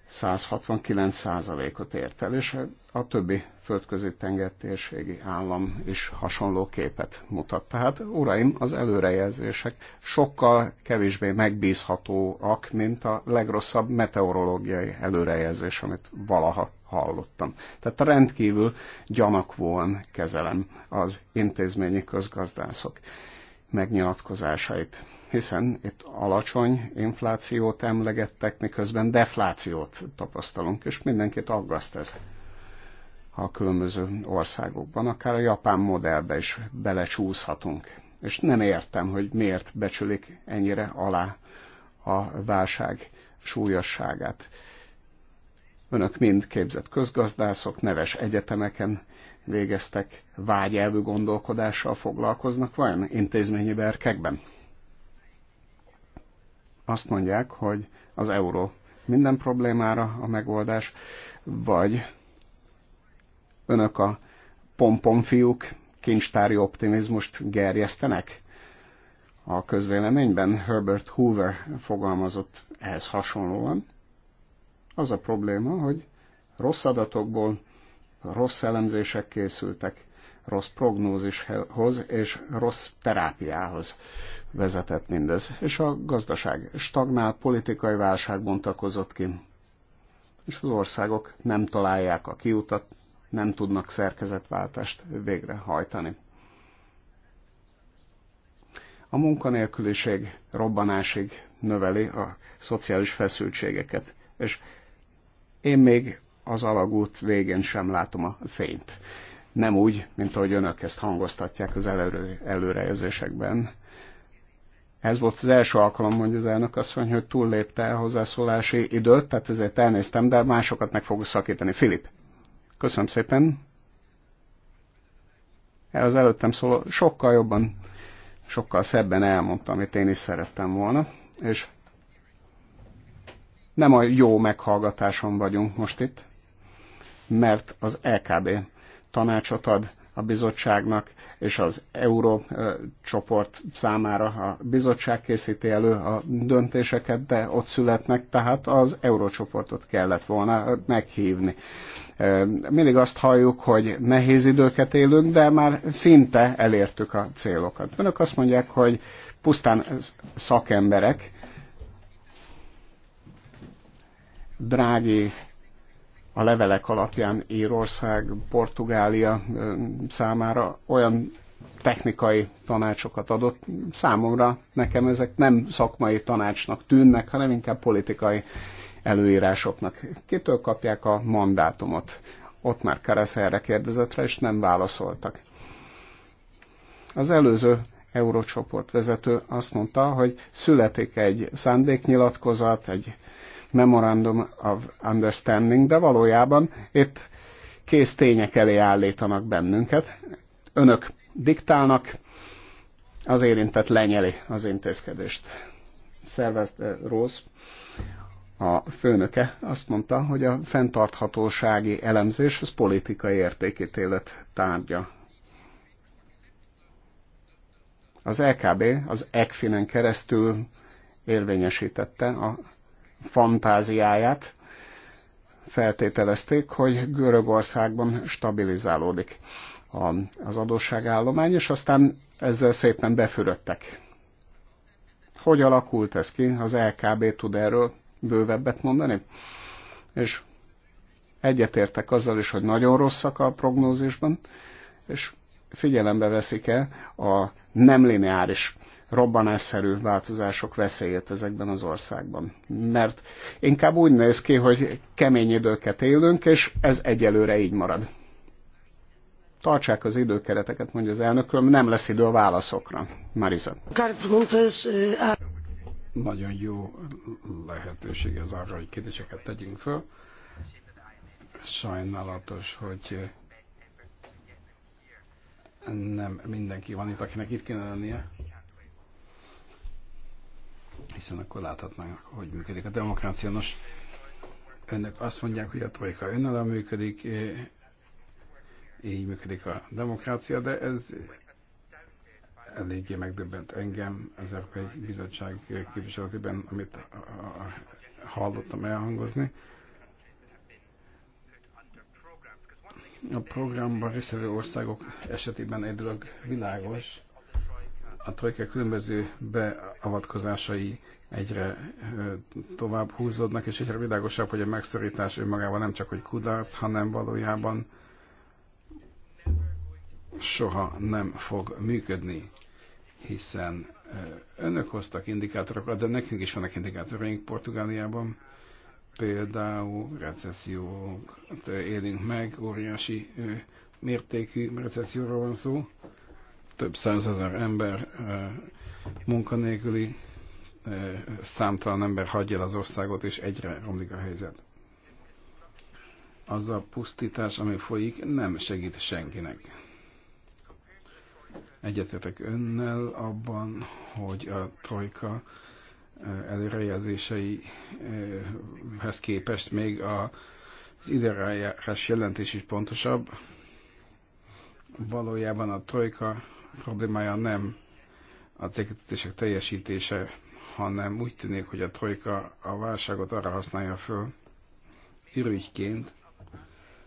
169 százalékot ért el, és a többi földközi tengertérségi állam is hasonló képet mutat. Tehát, uraim, az előrejelzések sokkal kevésbé megbízhatóak, mint a legrosszabb meteorológiai előrejelzés, amit valaha hallottam. Tehát a rendkívül gyanakvóan kezelem az intézményi közgazdászok megnyilatkozásait, hiszen itt alacsony inflációt emlegettek, miközben deflációt tapasztalunk, és mindenkit aggaszt ez a különböző országokban, akár a japán modellbe is belecsúszhatunk. És nem értem, hogy miért becsülik ennyire alá a válság súlyosságát. Önök mind képzett közgazdászok, neves egyetemeken végeztek, vágyelvű gondolkodással foglalkoznak, vajon intézményi berkekben? Azt mondják, hogy az euró minden problémára a megoldás, vagy Önök a pompomfiúk kincstári optimizmust gerjesztenek? A közvéleményben Herbert Hoover fogalmazott ehhez hasonlóan. Az a probléma, hogy rossz adatokból rossz elemzések készültek, rossz prognózishoz és rossz terápiához vezetett mindez. És a gazdaság stagnál, politikai válság bontakozott ki, és az országok nem találják a kiutat, nem tudnak szerkezetváltást végrehajtani. A munkanélküliség robbanásig növeli a szociális feszültségeket, és én még az alagút végén sem látom a fényt. Nem úgy, mint ahogy önök ezt hangoztatják az előre, előrejelzésekben. Ez volt az első alkalom, mondja az elnök asszony, hogy túllépte a hozzászólási időt, tehát ezért elnéztem, de másokat meg fogok szakítani. Filip. Köszönöm szépen. Az előttem szóló sokkal jobban, sokkal szebben elmondta, amit én is szerettem volna, és nem a jó meghallgatáson vagyunk most itt, mert az LKB tanácsot ad a bizottságnak, és az eurócsoport számára a bizottság készíti elő a döntéseket, de ott születnek, tehát az eurócsoportot kellett volna meghívni. Mindig azt halljuk, hogy nehéz időket élünk, de már szinte elértük a célokat. Önök azt mondják, hogy pusztán szakemberek, drági a levelek alapján Írország, Portugália számára olyan technikai tanácsokat adott. Számomra nekem ezek nem szakmai tanácsnak tűnnek, hanem inkább politikai előírásoknak. Kitől kapják a mandátumot? Ott már Keresz erre kérdezett és nem válaszoltak. Az előző eurócsoport vezető azt mondta, hogy születik egy szándéknyilatkozat, egy Memorandum of Understanding, de valójában itt kész tények elé állítanak bennünket. Önök diktálnak, az érintett lenyeli az intézkedést. Szervezd eh, Rose, a főnöke azt mondta, hogy a fenntarthatósági elemzés az politikai értékítélet tárgya. Az LKB az ECFIN-en keresztül érvényesítette a fantáziáját feltételezték, hogy Görögországban stabilizálódik az adósságállomány, és aztán ezzel szépen befüröttek. Hogy alakult ez ki? Az LKB tud erről bővebbet mondani? És egyetértek azzal is, hogy nagyon rosszak a prognózisban, és figyelembe veszik-e a nem lineáris robbanásszerű változások veszélyét ezekben az országban. Mert inkább úgy néz ki, hogy kemény időket élünk, és ez egyelőre így marad. Tartsák az időkereteket, mondja az elnököm, nem lesz idő a válaszokra. Marisa. Nagyon jó lehetőség ez arra, hogy kérdéseket tegyünk föl. Sajnálatos, hogy nem mindenki van itt, akinek itt kéne lennie hiszen akkor láthatnánk, hogy működik a demokrácia. Nos, önök azt mondják, hogy a trojka önállóan működik, így működik a demokrácia, de ez eléggé megdöbbent engem az Európai Bizottság képviseletében, amit hallottam elhangozni. A programban részvevő országok esetében egy dolog világos, a trojka különböző beavatkozásai egyre tovább húzódnak, és egyre világosabb, hogy a megszorítás önmagában nem csak hogy kudarc, hanem valójában soha nem fog működni, hiszen önök hoztak indikátorokat, de nekünk is vannak indikátoraink Portugáliában, például recessziót élünk meg, óriási mértékű recesszióról van szó, több százezer ember munkanélküli, számtalan ember hagyja el az országot, és egyre romlik a helyzet. Az a pusztítás, ami folyik, nem segít senkinek. Egyetetek önnel abban, hogy a trojka előrejelzéseihez képest még a, az időrejárás jelentés is pontosabb. Valójában a trojka problémája nem a cégkötetések teljesítése, hanem úgy tűnik, hogy a trojka a válságot arra használja föl, ürügyként,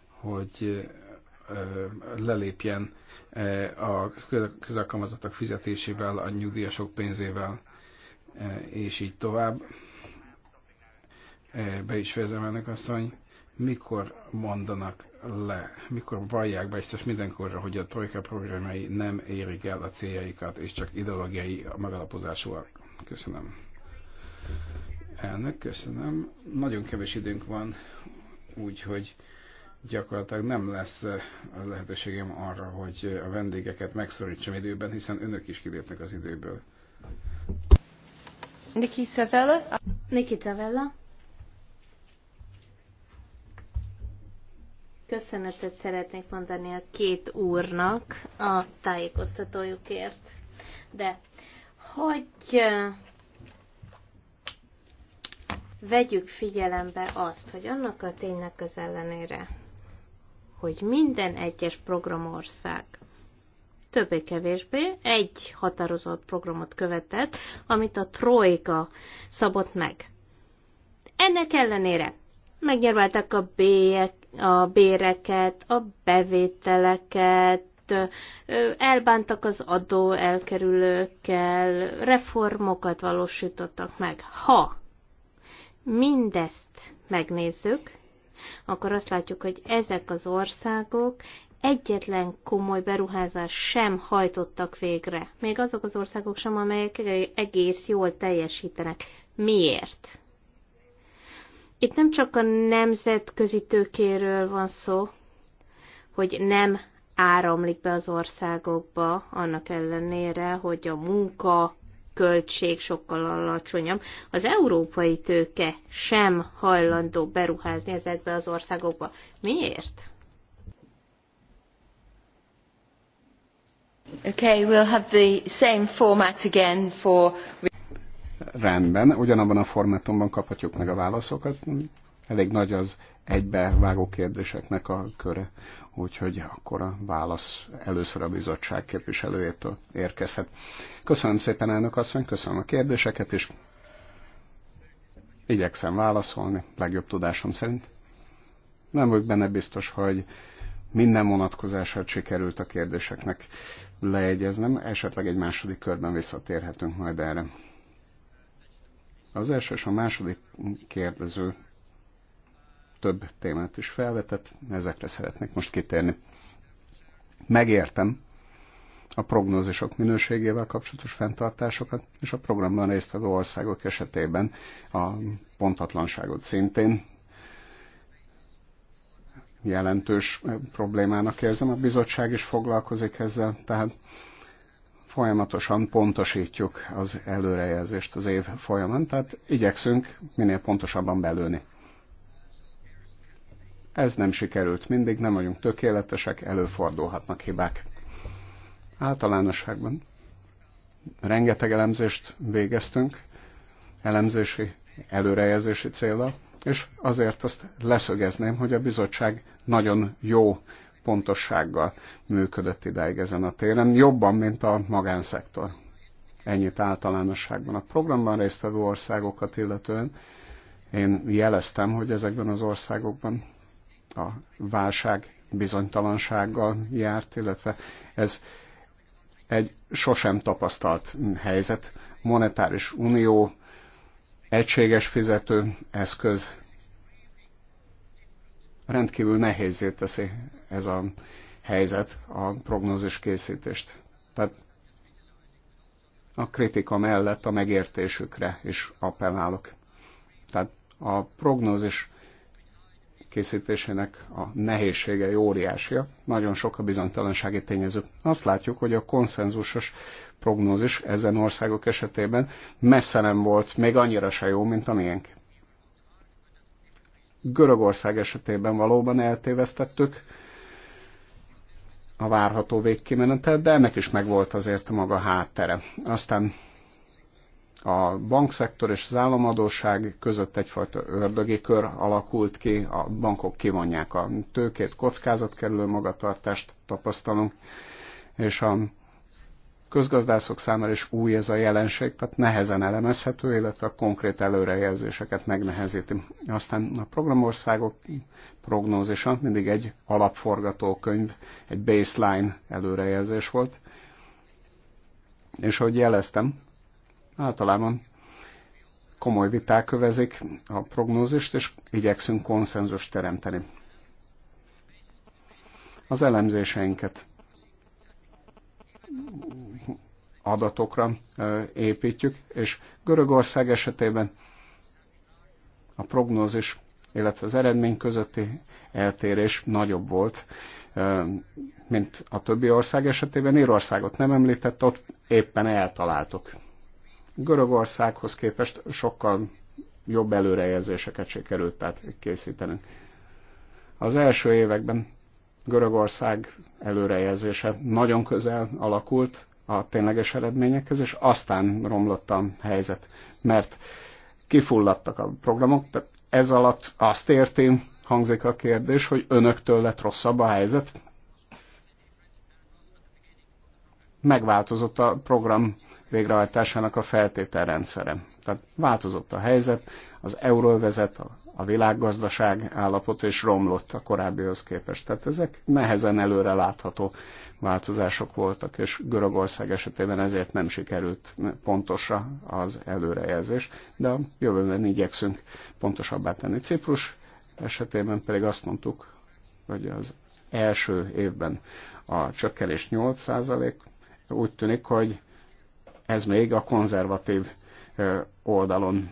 hogy lelépjen a közalkalmazottak fizetésével, a nyugdíjasok pénzével, és így tovább. Be is fejezem ennek hogy mikor mondanak le, mikor vallják be biztos mindenkorra, hogy a trojka programjai nem érik el a céljaikat, és csak ideológiai megalapozásúak. Köszönöm. Elnök, köszönöm. Nagyon kevés időnk van, úgyhogy gyakorlatilag nem lesz eh, lehetőségem arra, hogy eh, a vendégeket megszorítsam időben, hiszen önök is kilépnek az időből. Nikita Vella. Nikita Vella. Köszönetet szeretnék mondani a két úrnak a tájékoztatójukért. De hogy vegyük figyelembe azt, hogy annak a ténynek az ellenére, hogy minden egyes programország többé-kevésbé egy határozott programot követett, amit a Troika szabott meg. Ennek ellenére megnyerveltek a bélyek, a béreket, a bevételeket, elbántak az adó elkerülőkkel, reformokat valósítottak meg. Ha mindezt megnézzük, akkor azt látjuk, hogy ezek az országok egyetlen komoly beruházás sem hajtottak végre. Még azok az országok sem, amelyek egész jól teljesítenek. Miért? Itt nem csak a nemzetközi tőkéről van szó, hogy nem áramlik be az országokba, annak ellenére, hogy a munka költség sokkal alacsonyabb. Az európai tőke sem hajlandó beruházni ezekbe az országokba. Miért? Okay, we'll have the same format again for rendben, ugyanabban a formátumban kaphatjuk meg a válaszokat. Elég nagy az egybevágó kérdéseknek a köre, úgyhogy akkor a válasz először a bizottság képviselőjétől érkezhet. Köszönöm szépen, elnök asszony, köszönöm a kérdéseket, és igyekszem válaszolni, legjobb tudásom szerint. Nem vagyok benne biztos, hogy minden vonatkozását sikerült a kérdéseknek leegyeznem, esetleg egy második körben visszatérhetünk majd erre. Az első és a második kérdező több témát is felvetett, ezekre szeretnék most kitérni. Megértem a prognózisok minőségével kapcsolatos fenntartásokat, és a programban résztvevő országok esetében a pontatlanságot szintén jelentős problémának érzem. A bizottság is foglalkozik ezzel, tehát folyamatosan pontosítjuk az előrejelzést az év folyamán, tehát igyekszünk minél pontosabban belőni. Ez nem sikerült mindig, nem vagyunk tökéletesek, előfordulhatnak hibák. Általánosságban rengeteg elemzést végeztünk, elemzési, előrejelzési célra, és azért azt leszögezném, hogy a bizottság nagyon jó pontossággal működött idáig ezen a téren, jobban, mint a magánszektor. Ennyit általánosságban a programban résztvevő országokat illetően. Én jeleztem, hogy ezekben az országokban a válság bizonytalansággal járt, illetve ez egy sosem tapasztalt helyzet. Monetáris unió, egységes fizető eszköz rendkívül nehézé teszi ez a helyzet a prognózis készítést. Tehát a kritika mellett a megértésükre is appellálok. Tehát a prognózis készítésének a nehézsége óriásia, nagyon sok a bizonytalansági tényező. Azt látjuk, hogy a konszenzusos prognózis ezen országok esetében messze nem volt még annyira se jó, mint miénk. Görögország esetében valóban eltévesztettük a várható végkimenetet, de ennek is megvolt azért a maga háttere. Aztán a bankszektor és az államadóság között egyfajta ördögi kör alakult ki, a bankok kivonják a tőkét, kockázatkerülő magatartást tapasztalunk, és a közgazdászok számára is új ez a jelenség, tehát nehezen elemezhető, illetve a konkrét előrejelzéseket megnehezíti. Aztán a programországok prognózisa mindig egy alapforgatókönyv, egy baseline előrejelzés volt, és ahogy jeleztem, általában komoly viták kövezik a prognózist, és igyekszünk konszenzus teremteni. Az elemzéseinket adatokra építjük, és Görögország esetében a prognózis, illetve az eredmény közötti eltérés nagyobb volt, mint a többi ország esetében. Írországot nem említett, ott éppen eltaláltuk. Görögországhoz képest sokkal jobb előrejelzéseket sikerült tehát készítenünk. Az első években Görögország előrejelzése nagyon közel alakult a tényleges eredményekhez, és aztán romlott a helyzet, mert kifulladtak a programok, tehát ez alatt azt értém hangzik a kérdés, hogy önöktől lett rosszabb a helyzet. Megváltozott a program végrehajtásának a feltételrendszere. Tehát változott a helyzet, az euróvezet, a a világgazdaság állapot és romlott a korábbihoz képest. Tehát ezek nehezen előre látható változások voltak, és Görögország esetében ezért nem sikerült pontosra az előrejelzés, de a jövőben igyekszünk pontosabbá tenni. Ciprus esetében pedig azt mondtuk, hogy az első évben a csökkenés 8%, úgy tűnik, hogy ez még a konzervatív oldalon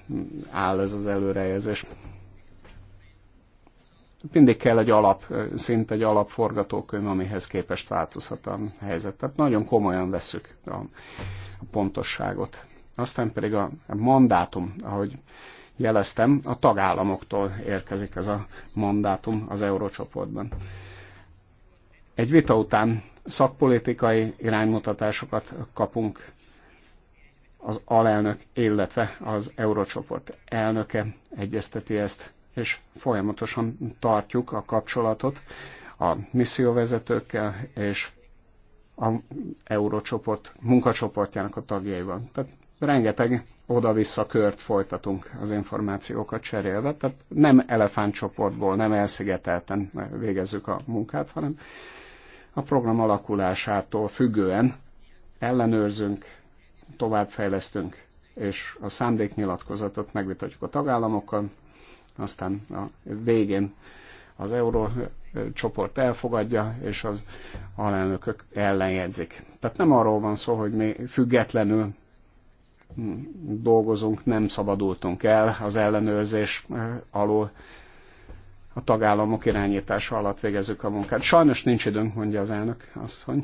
áll ez az előrejelzés mindig kell egy alap, szint egy alapforgatókönyv, amihez képest változhat a helyzet. Tehát nagyon komolyan veszük a, a pontosságot. Aztán pedig a, a mandátum, ahogy jeleztem, a tagállamoktól érkezik ez a mandátum az eurócsoportban. Egy vita után szakpolitikai iránymutatásokat kapunk az alelnök, illetve az eurócsoport elnöke egyezteti ezt és folyamatosan tartjuk a kapcsolatot a misszióvezetőkkel és a Eurócsoport munkacsoportjának a tagjaival. Tehát rengeteg oda-vissza kört folytatunk az információkat cserélve, tehát nem elefántcsoportból, nem elszigetelten végezzük a munkát, hanem a program alakulásától függően ellenőrzünk, továbbfejlesztünk, és a szándéknyilatkozatot megvitatjuk a tagállamokkal, aztán a végén az euró csoport elfogadja, és az alelnökök ellenjegyzik. Tehát nem arról van szó, hogy mi függetlenül dolgozunk, nem szabadultunk el az ellenőrzés alól, a tagállamok irányítása alatt végezzük a munkát. Sajnos nincs időnk, mondja az elnök hogy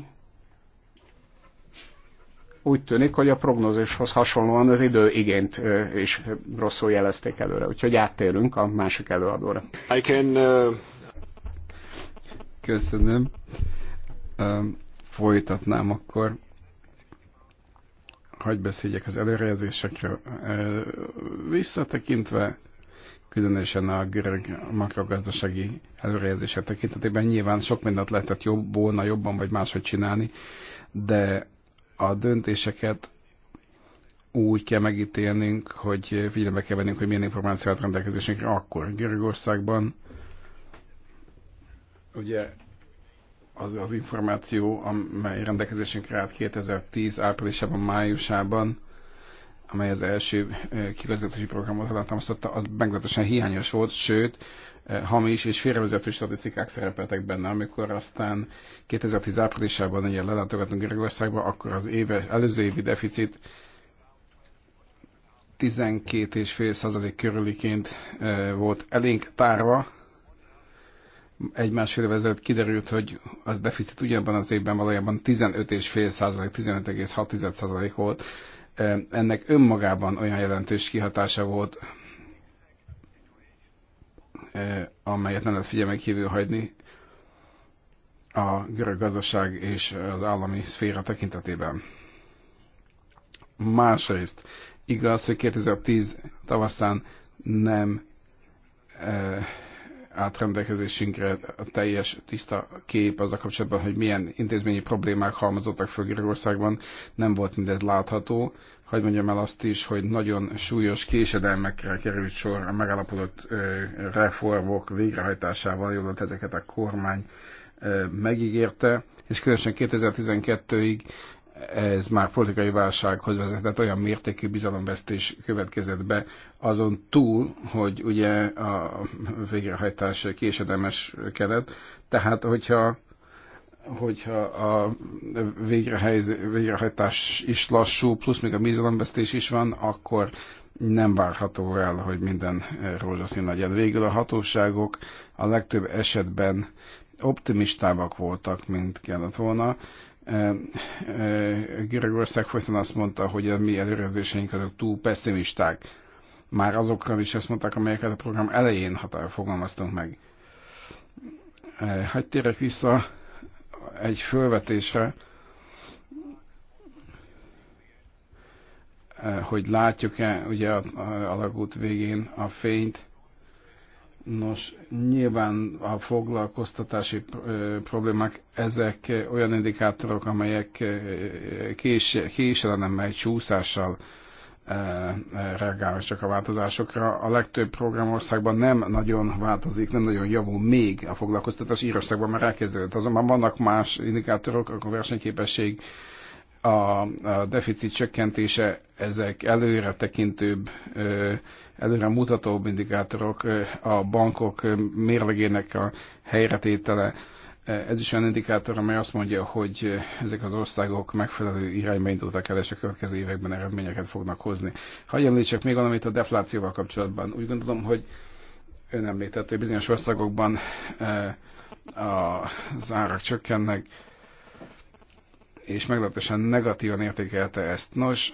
úgy tűnik, hogy a prognózishoz hasonlóan az igényt is rosszul jelezték előre, úgyhogy áttérünk a másik előadóra. I can, uh... Köszönöm. Um, folytatnám akkor. Hagy beszéljek az előrejelzésekről. Uh, visszatekintve, különösen a görög makrogazdasági előrejelzések tekintetében nyilván sok mindent lehetett jobb, volna jobban vagy máshogy csinálni, de a döntéseket úgy kell megítélnünk, hogy figyelembe kell vennünk, hogy milyen információt rendelkezésünkre akkor Görögországban. Ugye az az információ, amely rendelkezésünkre állt 2010 áprilisában, májusában, amely az első eh, kigazdítási programot alátámasztotta, az meglehetősen hiányos volt, sőt, Eh, hamis és félrevezető statisztikák szerepeltek benne. Amikor aztán 2010 áprilisában ugye lelátogatunk Görögországba, akkor az éves, előző évi deficit 12,5% körüliként eh, volt elénk tárva. Egy másfél ezelőtt kiderült, hogy az deficit ugyanabban az évben valójában 15,5%, 15,6% volt. Eh, ennek önmagában olyan jelentős kihatása volt amelyet nem lehet figyelmen kívül hagyni a görög gazdaság és az állami szféra tekintetében. Másrészt, igaz, hogy 2010 tavaszán nem e, állt rendelkezésünkre a teljes tiszta kép az a kapcsolatban, hogy milyen intézményi problémák halmozottak föl Görögországban, nem volt mindez látható, hogy mondjam el azt is, hogy nagyon súlyos késedelmekre került sor a megállapodott reformok végrehajtásával, jól ezeket a kormány megígérte, és különösen 2012-ig ez már politikai válsághoz vezetett, olyan mértékű bizalomvesztés következett be, azon túl, hogy ugye a végrehajtás késedelmes kelet, Tehát, hogyha hogyha a végrehajtás is lassú, plusz még a bizalomvesztés is van, akkor nem várható el, hogy minden rózsaszín legyen. Végül a hatóságok a legtöbb esetben optimistábbak voltak, mint kellett volna. E, e, Görögország folyton azt mondta, hogy a mi előrezéseink azok túl pessimisták. Már azokkal is ezt mondták, amelyeket a program elején határ fogalmaztunk meg. E, hagyj térek vissza egy fölvetésre, eh, hogy látjuk-e ugye a alagút végén a fényt. Nos, nyilván a foglalkoztatási eh, problémák, ezek olyan indikátorok, amelyek eh, kés, késelenemmel, csúszással E, e, reagálnak csak a változásokra. A legtöbb programországban nem nagyon változik, nem nagyon javul még a foglalkoztatás. Írországban már elkezdődött. Azonban vannak más indikátorok, a versenyképesség, a, deficit csökkentése, ezek előre tekintőbb, e, előre mutatóbb indikátorok, a bankok mérlegének a helyretétele, ez is olyan indikátor, amely azt mondja, hogy ezek az országok megfelelő irányba indultak el, és a következő években eredményeket fognak hozni. Hagyj említsek még valamit a deflációval kapcsolatban. Úgy gondolom, hogy ön említett, hogy bizonyos országokban eh, az árak csökkennek, és meglehetősen negatívan értékelte ezt. Nos,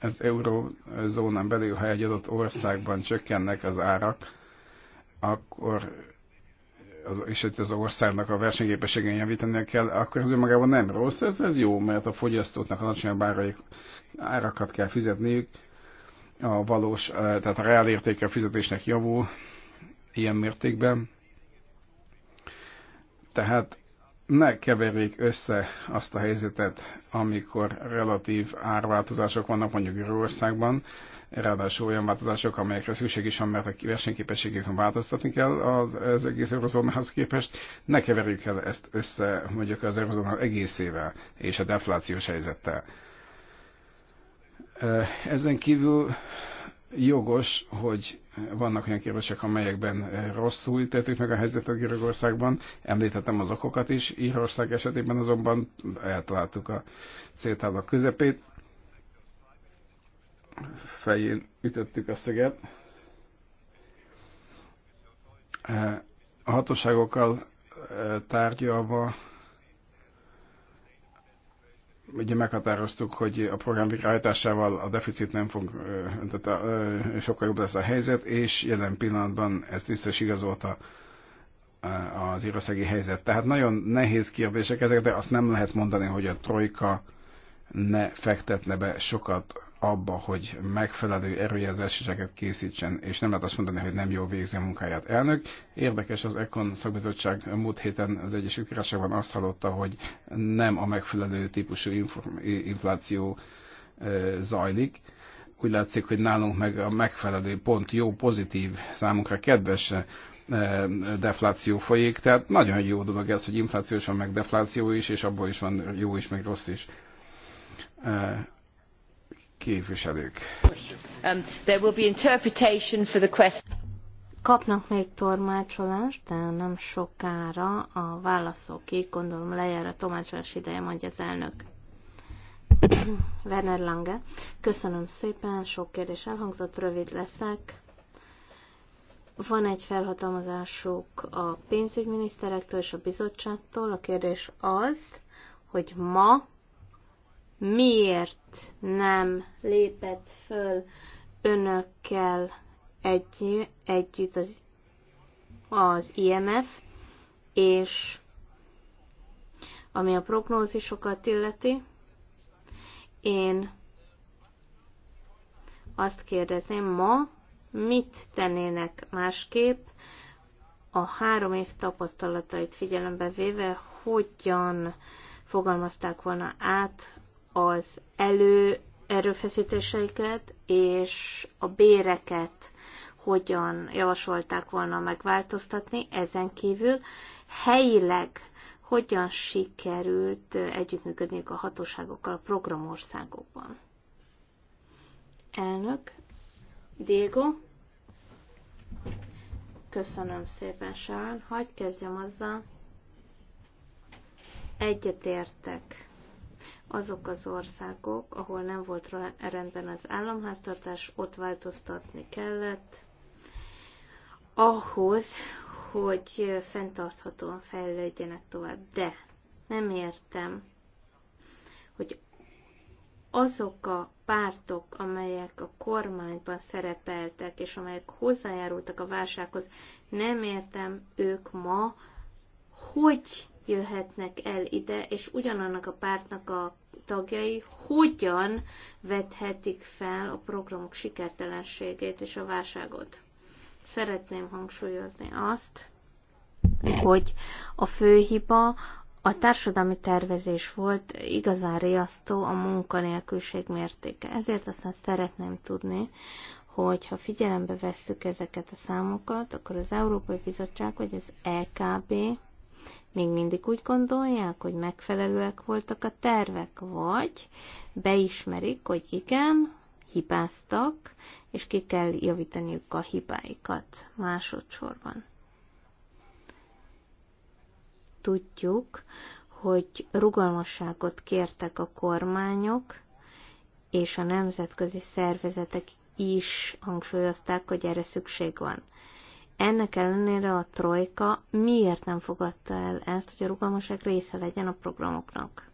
az eurozónán belül, ha egy adott országban csökkennek az árak, akkor és hogy az országnak a versenyképességen javítania kell, akkor ez önmagában nem rossz, ez, ez jó, mert a fogyasztóknak alacsonyabb nagyobb árakat kell fizetniük, a valós, eh, tehát a reál értéke a fizetésnek javul ilyen mértékben. Tehát ne keverjék össze azt a helyzetet, amikor relatív árváltozások vannak mondjuk Görögországban, ráadásul olyan változások, amelyekre szükség is van, mert a versenyképességükön változtatni kell az, az egész eurozónához képest. Ne keverjük el ezt össze mondjuk az eurozóna egészével és a deflációs helyzettel. Ezen kívül jogos, hogy vannak olyan kérdések, amelyekben rosszul tettük meg a helyzetet Görögországban. Említettem az okokat is, Írország esetében azonban eltaláltuk a céltáblak közepét fején ütöttük a szöget. Eh, a hatóságokkal eh, tárgyalva ugye meghatároztuk, hogy a program végrehajtásával a deficit nem fog, eh, tehát a, sokkal jobb lesz a helyzet, és jelen pillanatban ezt vissza is igazolta az írószegi helyzet. Tehát nagyon nehéz kérdések ezek, de azt nem lehet mondani, hogy a trojka ne fektetne be sokat abba, hogy megfelelő erőjelzéseket készítsen, és nem lehet azt mondani, hogy nem jól végzi a munkáját. Elnök, érdekes az Econ szakbizottság múlt héten az Egyesült Királyságban azt hallotta, hogy nem a megfelelő típusú infláció zajlik. Úgy látszik, hogy nálunk meg a megfelelő pont jó, pozitív, számunkra kedves defláció folyik, tehát nagyon jó dolog ez, hogy infláció is van, meg defláció is, és abból is van jó is, meg rossz is képviselők. Um, Kapnak még tolmácsolást, de nem sokára a válaszokig, gondolom lejár a tolmácsolás ideje, mondja az elnök. Werner Lange. Köszönöm szépen, sok kérdés elhangzott, rövid leszek. Van egy felhatalmazásuk a pénzügyminiszterektől és a bizottságtól. A kérdés az, hogy ma miért nem lépett föl önökkel egy, együtt az, az IMF, és ami a prognózisokat illeti, én azt kérdezném ma, mit tennének másképp, a három év tapasztalatait figyelembe véve, hogyan fogalmazták volna át az elő erőfeszítéseiket és a béreket hogyan javasolták volna megváltoztatni, ezen kívül helyileg hogyan sikerült együttműködniük a hatóságokkal a programországokban. Elnök, Diego, köszönöm szépen, Sean, Hagy kezdjem azzal. Egyetértek azok az országok, ahol nem volt rendben az államháztartás, ott változtatni kellett, ahhoz, hogy fenntarthatóan fejlődjenek tovább. De nem értem, hogy azok a pártok, amelyek a kormányban szerepeltek, és amelyek hozzájárultak a válsághoz, nem értem ők ma, hogy jöhetnek el ide, és ugyanannak a pártnak a tagjai hogyan vethetik fel a programok sikertelenségét és a válságot. Szeretném hangsúlyozni azt, hogy a fő hiba a társadalmi tervezés volt igazán riasztó a munkanélküliség mértéke. Ezért aztán szeretném tudni, hogy ha figyelembe vesszük ezeket a számokat, akkor az Európai Bizottság vagy az EKB még mindig úgy gondolják, hogy megfelelőek voltak a tervek, vagy beismerik, hogy igen, hibáztak, és ki kell javítaniuk a hibáikat másodszorban. Tudjuk, hogy rugalmasságot kértek a kormányok, és a nemzetközi szervezetek is hangsúlyozták, hogy erre szükség van. Ennek ellenére a Trojka miért nem fogadta el ezt, hogy a rugalmaság része legyen a programoknak?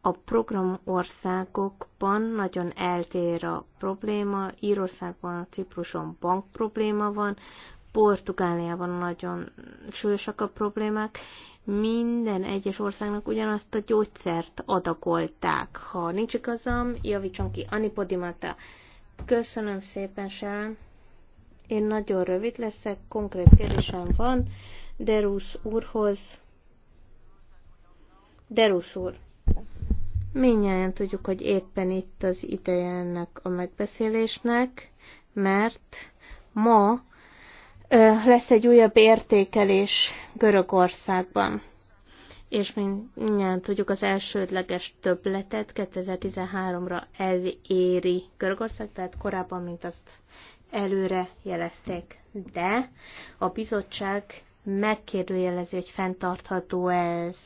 A programországokban nagyon eltér a probléma, Írországban, a Cipruson bank probléma van, Portugáliában nagyon súlyosak a problémák, minden egyes országnak ugyanazt a gyógyszert adagolták. Ha nincs igazam, javítson ki Anipodimata. Köszönöm szépen, Sharon. Én nagyon rövid leszek, konkrét kérdésem van Derusz úrhoz. Derusz úr, mindjárt tudjuk, hogy éppen itt az ideje ennek a megbeszélésnek, mert ma lesz egy újabb értékelés Görögországban. És mindjárt tudjuk, az elsődleges többletet 2013-ra eléri Görögország, tehát korábban, mint azt előre jelezték, de a bizottság megkérdőjelezi, hogy fenntartható ez.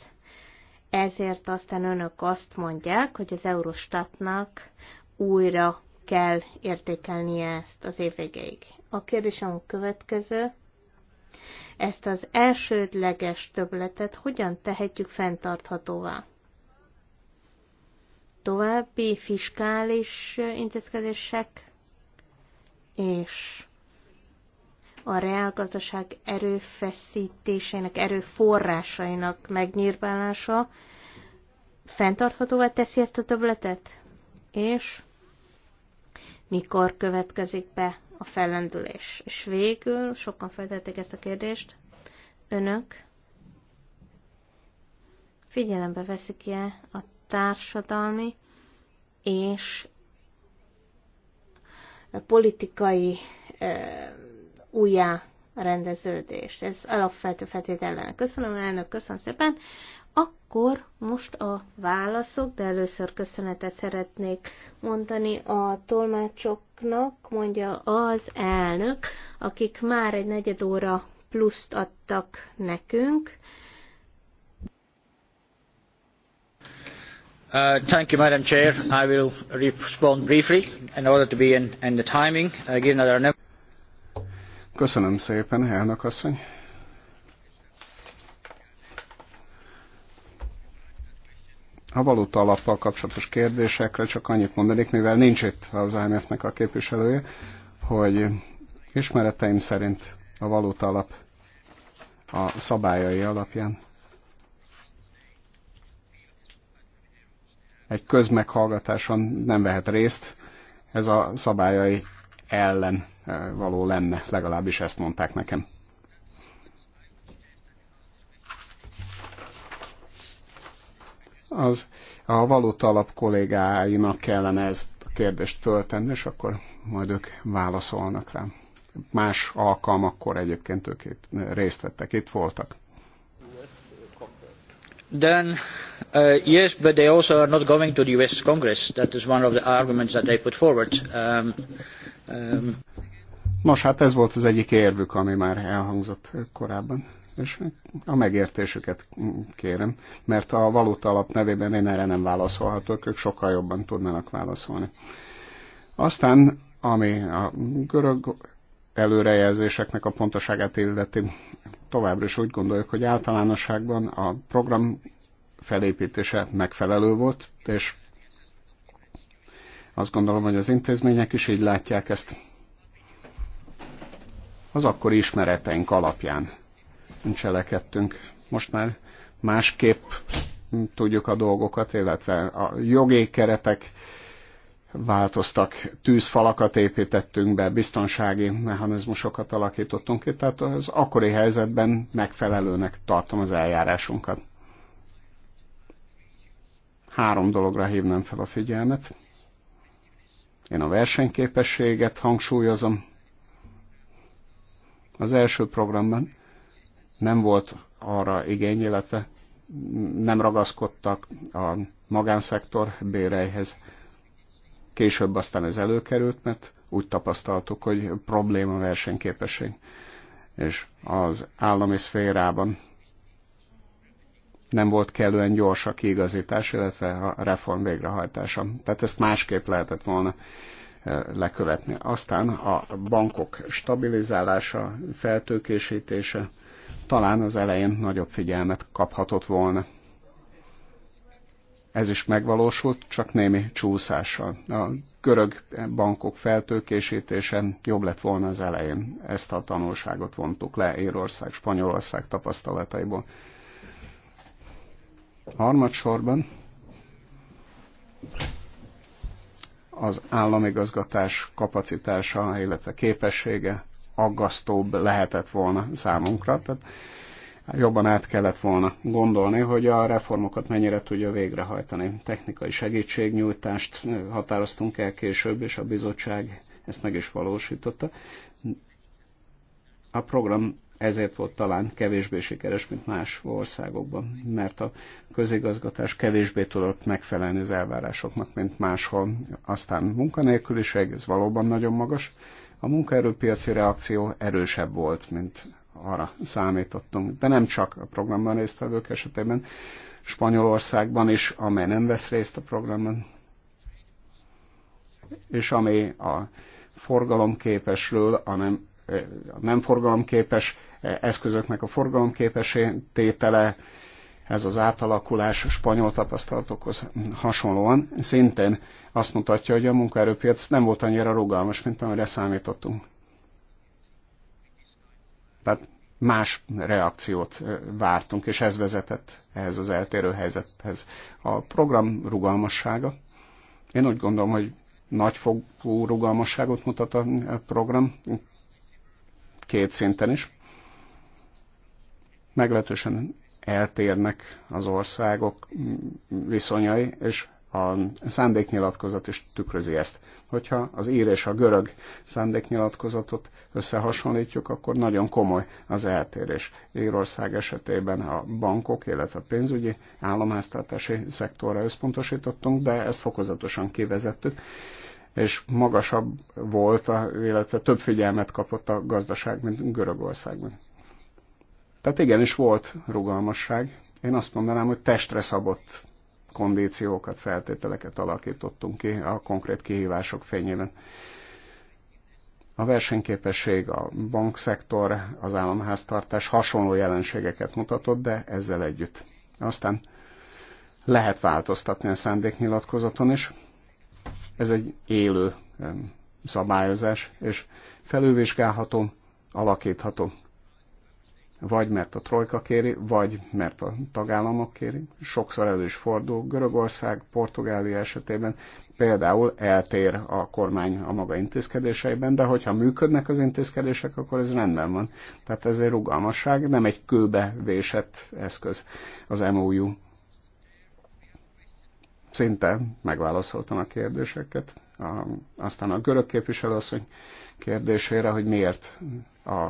Ezért aztán önök azt mondják, hogy az Eurostatnak újra kell értékelnie ezt az év végéig. A kérdésem a következő. Ezt az elsődleges töbletet hogyan tehetjük fenntarthatóvá? További fiskális intézkedések és a reálgazdaság erőfeszítésének, erőforrásainak megnyírválása fenntarthatóvá teszi ezt a töbletet? És mikor következik be a fellendülés? És végül, sokan feltették ezt a kérdést, önök figyelembe veszik-e a társadalmi és politikai újjá rendeződést. Ez alapvető feltétellene. Köszönöm, elnök, köszönöm szépen. Akkor most a válaszok, de először köszönetet szeretnék mondani a tolmácsoknak, mondja az elnök, akik már egy negyed óra pluszt adtak nekünk. Uh, Madam Chair. I will respond briefly in order to be in, the timing, uh, given that there are no... Köszönöm szépen, elnök asszony. A valuta alappal kapcsolatos kérdésekre csak annyit mondanék, mivel nincs itt az IMF-nek a képviselője, hogy ismereteim szerint a valuta alap a szabályai alapján egy közmeghallgatáson nem vehet részt, ez a szabályai ellen eh, való lenne, legalábbis ezt mondták nekem. Az a valóta alap kollégáinak kellene ezt a kérdést föltenni, és akkor majd ők válaszolnak rám. Más alkalmakkor egyébként ők részt vettek, itt voltak then uh, yes but they also are not going to the us congress that is one of the arguments that they put forward um, um, Nos, hát ez volt az egyik érvük, ami már elhangzott korábban, és a megértésüket kérem, mert a valóta alap nevében én erre nem válaszolhatok, ők sokkal jobban tudnának válaszolni. Aztán, ami a görög előrejelzéseknek a pontoságát illeti. Továbbra is úgy gondoljuk, hogy általánosságban a program felépítése megfelelő volt, és azt gondolom, hogy az intézmények is így látják ezt. Az akkori ismereteink alapján cselekedtünk. Most már másképp tudjuk a dolgokat, illetve a jogi keretek változtak, tűzfalakat építettünk be, biztonsági mechanizmusokat alakítottunk ki, tehát az akkori helyzetben megfelelőnek tartom az eljárásunkat. Három dologra hívnám fel a figyelmet. Én a versenyképességet hangsúlyozom. Az első programban nem volt arra igény, illetve nem ragaszkodtak a magánszektor béreihez. Később aztán ez előkerült, mert úgy tapasztaltuk, hogy probléma versenyképesség. És az állami szférában nem volt kellően gyors a kiigazítás, illetve a reform végrehajtása. Tehát ezt másképp lehetett volna lekövetni. Aztán a bankok stabilizálása, feltőkésítése talán az elején nagyobb figyelmet kaphatott volna ez is megvalósult, csak némi csúszással. A görög bankok feltőkésítésen jobb lett volna az elején. Ezt a tanulságot vontuk le Írország, Spanyolország tapasztalataiból. Harmadsorban az államigazgatás kapacitása, illetve képessége aggasztóbb lehetett volna számunkra. Tehát jobban át kellett volna gondolni, hogy a reformokat mennyire tudja végrehajtani. Technikai segítségnyújtást határoztunk el később, és a bizottság ezt meg is valósította. A program ezért volt talán kevésbé sikeres, mint más országokban, mert a közigazgatás kevésbé tudott megfelelni az elvárásoknak, mint máshol. Aztán munkanélküliség, ez valóban nagyon magas. A munkaerőpiaci reakció erősebb volt, mint arra számítottunk. De nem csak a programban résztvevők esetében, Spanyolországban is, amely nem vesz részt a programban, és ami a forgalomképesről, a nem, a nem forgalomképes eszközöknek a forgalomképesé tétele, ez az átalakulás spanyol tapasztalatokhoz hasonlóan szintén azt mutatja, hogy a munkaerőpiac nem volt annyira rugalmas, mint amire számítottunk. Tehát más reakciót vártunk, és ez vezetett ehhez az eltérő helyzethez. A program rugalmassága. Én úgy gondolom, hogy nagy fogú rugalmasságot mutat a program két szinten is. Meglehetősen eltérnek az országok mm, viszonyai, és a szándéknyilatkozat is tükrözi ezt. Hogyha az ír és a görög szándéknyilatkozatot összehasonlítjuk, akkor nagyon komoly az eltérés. Írország esetében a bankok, illetve a pénzügyi államháztartási szektorra összpontosítottunk, de ezt fokozatosan kivezettük és magasabb volt, illetve több figyelmet kapott a gazdaság, mint Görögországban. Tehát igenis volt rugalmasság. Én azt mondanám, hogy testre szabott kondíciókat, feltételeket alakítottunk ki a konkrét kihívások fényében. A versenyképesség, a bankszektor, az államháztartás hasonló jelenségeket mutatott, de ezzel együtt. Aztán lehet változtatni a szándéknyilatkozaton is. Ez egy élő szabályozás, és felülvizsgálható, alakítható vagy mert a trojka kéri, vagy mert a tagállamok kéri. Sokszor elő is fordul. Görögország, Portugália esetében például eltér a kormány a maga intézkedéseiben, de hogyha működnek az intézkedések, akkor ez rendben van. Tehát ez egy rugalmasság, nem egy kőbe vésett eszköz az MOU. Szinte megválaszoltam a kérdéseket. A, aztán a görög képviselő kérdésére, hogy miért a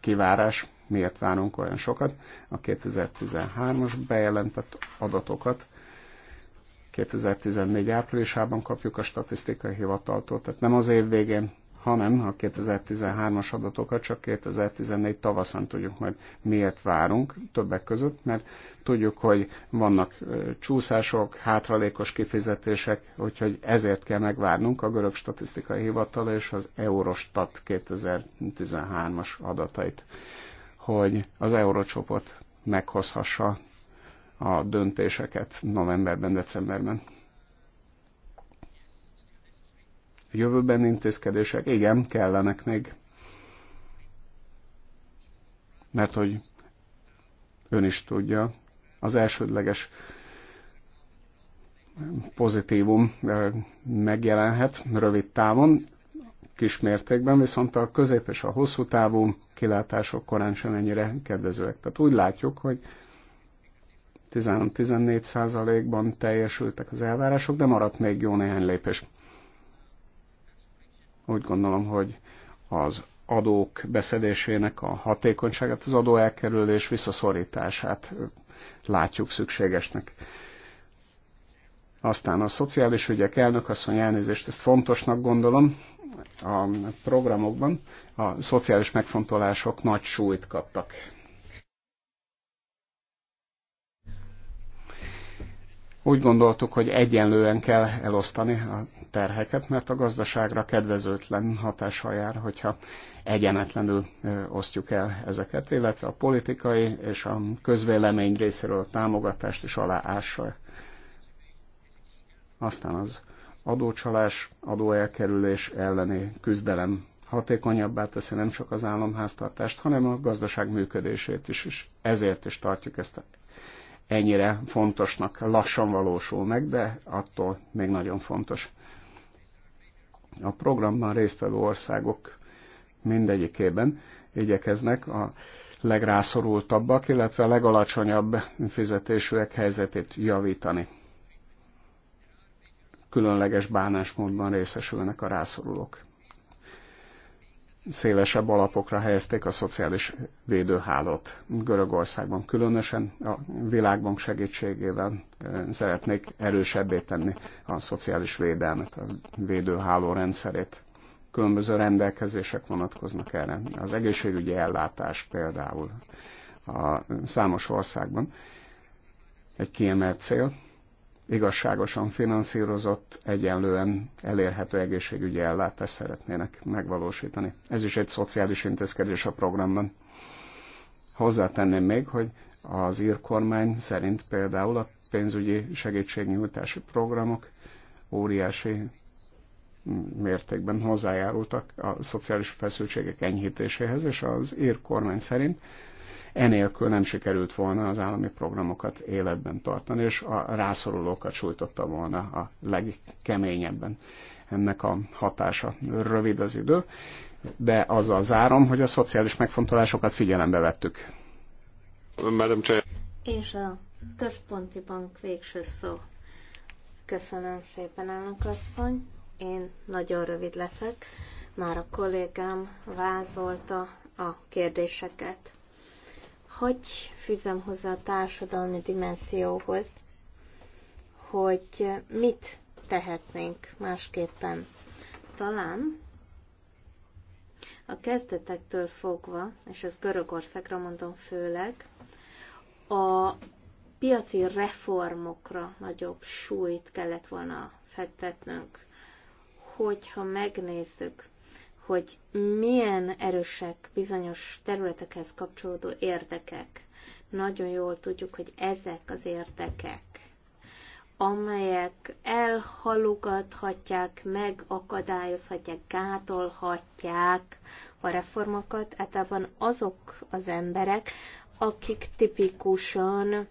kivárás miért várunk olyan sokat. A 2013-as bejelentett adatokat 2014 áprilisában kapjuk a statisztikai hivataltól, tehát nem az év végén, hanem a 2013-as adatokat csak 2014 tavaszán tudjuk majd miért várunk többek között, mert tudjuk, hogy vannak csúszások, hátralékos kifizetések, úgyhogy ezért kell megvárnunk a görög statisztikai hivatal és az Eurostat 2013-as adatait hogy az eurócsoport meghozhassa a döntéseket novemberben, decemberben. Jövőben intézkedések, igen, kellenek még. Mert hogy ön is tudja, az elsődleges pozitívum eh, megjelenhet rövid távon, kismértékben, viszont a közép és a hosszú távú kilátások korán sem ennyire kedvezőek. Tehát úgy látjuk, hogy 13-14 százalékban teljesültek az elvárások, de maradt még jó néhány lépés. Úgy gondolom, hogy az adók beszedésének a hatékonyságát, az adó elkerülés visszaszorítását látjuk szükségesnek. Aztán a szociális ügyek elnök asszony elnézést, ezt fontosnak gondolom, a programokban a szociális megfontolások nagy súlyt kaptak. Úgy gondoltuk, hogy egyenlően kell elosztani a terheket, mert a gazdaságra kedvezőtlen hatással jár, hogyha egyenetlenül osztjuk el ezeket, illetve a politikai és a közvélemény részéről a támogatást is aláássa. Aztán az adócsalás, adóelkerülés elleni küzdelem hatékonyabbá teszi nem csak az államháztartást, hanem a gazdaság működését is, és ezért is tartjuk ezt ennyire fontosnak. Lassan valósul meg, de attól még nagyon fontos. A programban résztvevő országok mindegyikében igyekeznek a legrászorultabbak, illetve a legalacsonyabb fizetésűek helyzetét javítani különleges bánásmódban részesülnek a rászorulók. Szélesebb alapokra helyezték a szociális védőhálót Görögországban, különösen a Világbank segítségével szeretnék erősebbé tenni a szociális védelmet, a védőháló rendszerét különböző rendelkezések vonatkoznak erre. Az egészségügyi ellátás például a számos országban egy kiemelt cél, igazságosan finanszírozott, egyenlően elérhető egészségügyi ellátást szeretnének megvalósítani. Ez is egy szociális intézkedés a programban. Hozzátenném még, hogy az ír kormány szerint például a pénzügyi segítségnyújtási programok óriási mértékben hozzájárultak a szociális feszültségek enyhítéséhez, és az ír kormány szerint Enélkül nem sikerült volna az állami programokat életben tartani, és a rászorulókat sújtotta volna a legkeményebben ennek a hatása. Rövid az idő, de azzal zárom, hogy a szociális megfontolásokat figyelembe vettük. Madam Chair. És a központi bank végső szó. Köszönöm szépen, elnök asszony. Én nagyon rövid leszek. Már a kollégám vázolta a kérdéseket. Hogy fűzem hozzá a társadalmi dimenzióhoz, hogy mit tehetnénk másképpen? Talán a kezdetektől fogva, és ez Görögországra mondom főleg, a piaci reformokra nagyobb súlyt kellett volna fektetnünk. Hogyha megnézzük hogy milyen erősek bizonyos területekhez kapcsolódó érdekek. Nagyon jól tudjuk, hogy ezek az érdekek, amelyek elhalogathatják, megakadályozhatják, gátolhatják a reformokat, általában azok az emberek, akik tipikusan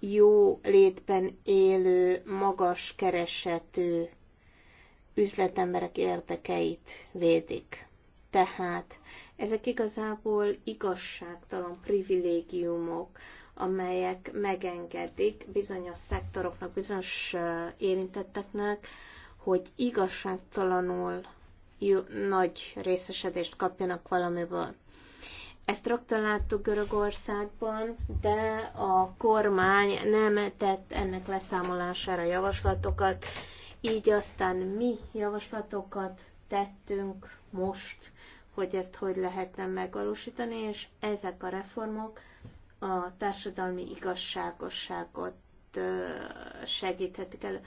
jó létben élő, magas keresetű üzletemberek érdekeit védik. Tehát ezek igazából igazságtalan privilégiumok, amelyek megengedik bizonyos szektoroknak, bizonyos érintetteknek, hogy igazságtalanul nagy részesedést kapjanak valamiből. Ezt rögtön láttuk Görögországban, de a kormány nem tett ennek leszámolására javaslatokat, így aztán mi javaslatokat tettünk most, hogy ezt hogy lehetne megvalósítani, és ezek a reformok a társadalmi igazságosságot segíthetik elő.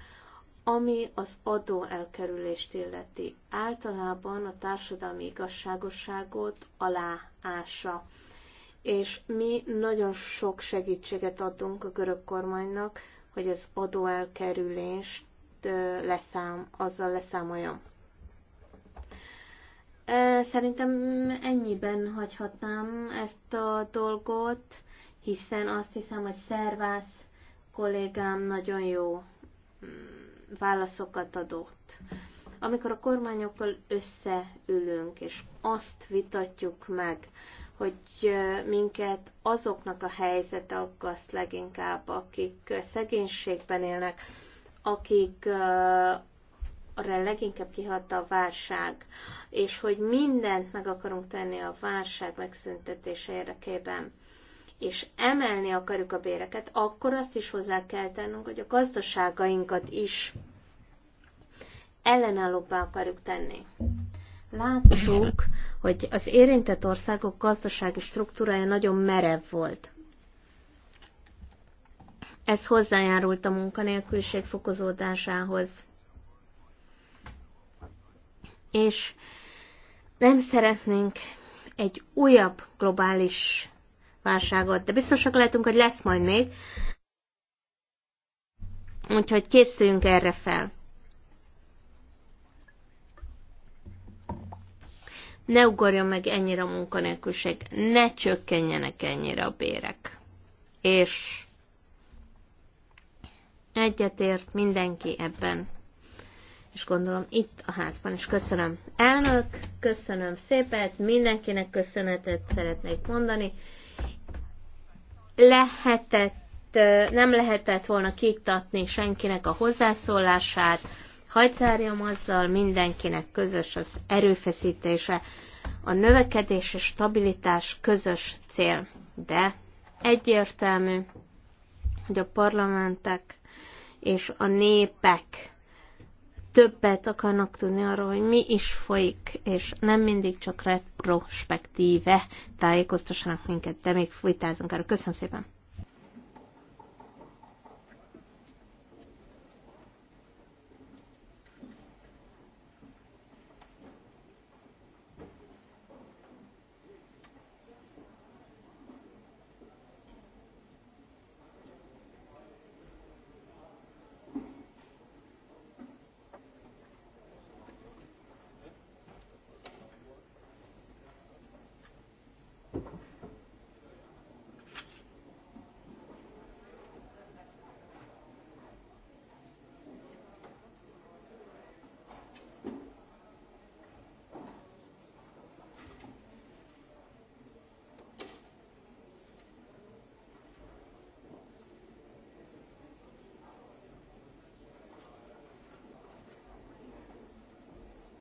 Ami az adó elkerülést illeti, általában a társadalmi igazságosságot aláása. És mi nagyon sok segítséget adunk a görög kormánynak, hogy az adóelkerülést leszám, azzal leszámoljam. Szerintem ennyiben hagyhatnám ezt a dolgot, hiszen azt hiszem, hogy szervász kollégám nagyon jó mm, válaszokat adott. Amikor a kormányokkal összeülünk, és azt vitatjuk meg, hogy minket azoknak a helyzete aggaszt leginkább, akik szegénységben élnek, akik arra leginkább kihatta a válság, és hogy mindent meg akarunk tenni a válság megszüntetése érdekében, és emelni akarjuk a béreket, akkor azt is hozzá kell tennünk, hogy a gazdaságainkat is ellenállóbbá akarjuk tenni. Láttuk, hogy az érintett országok gazdasági struktúrája nagyon merev volt. Ez hozzájárult a munkanélküliség fokozódásához. És nem szeretnénk egy újabb globális válságot, de biztosak lehetünk, hogy lesz majd még. Úgyhogy készüljünk erre fel. Ne ugorjon meg ennyire a munkanélküliség, ne csökkenjenek ennyire a bérek. És Egyetért mindenki ebben. És gondolom itt a házban is köszönöm. Elnök, köszönöm szépen, mindenkinek köszönetet szeretnék mondani. Lehetett, nem lehetett volna kiktatni senkinek a hozzászólását, hajtárjam azzal, mindenkinek közös az erőfeszítése, a növekedés és stabilitás közös cél, de egyértelmű, hogy a parlamentek és a népek többet akarnak tudni arról, hogy mi is folyik, és nem mindig csak retrospektíve tájékoztassanak minket, de még folytázunk erről. Köszönöm szépen!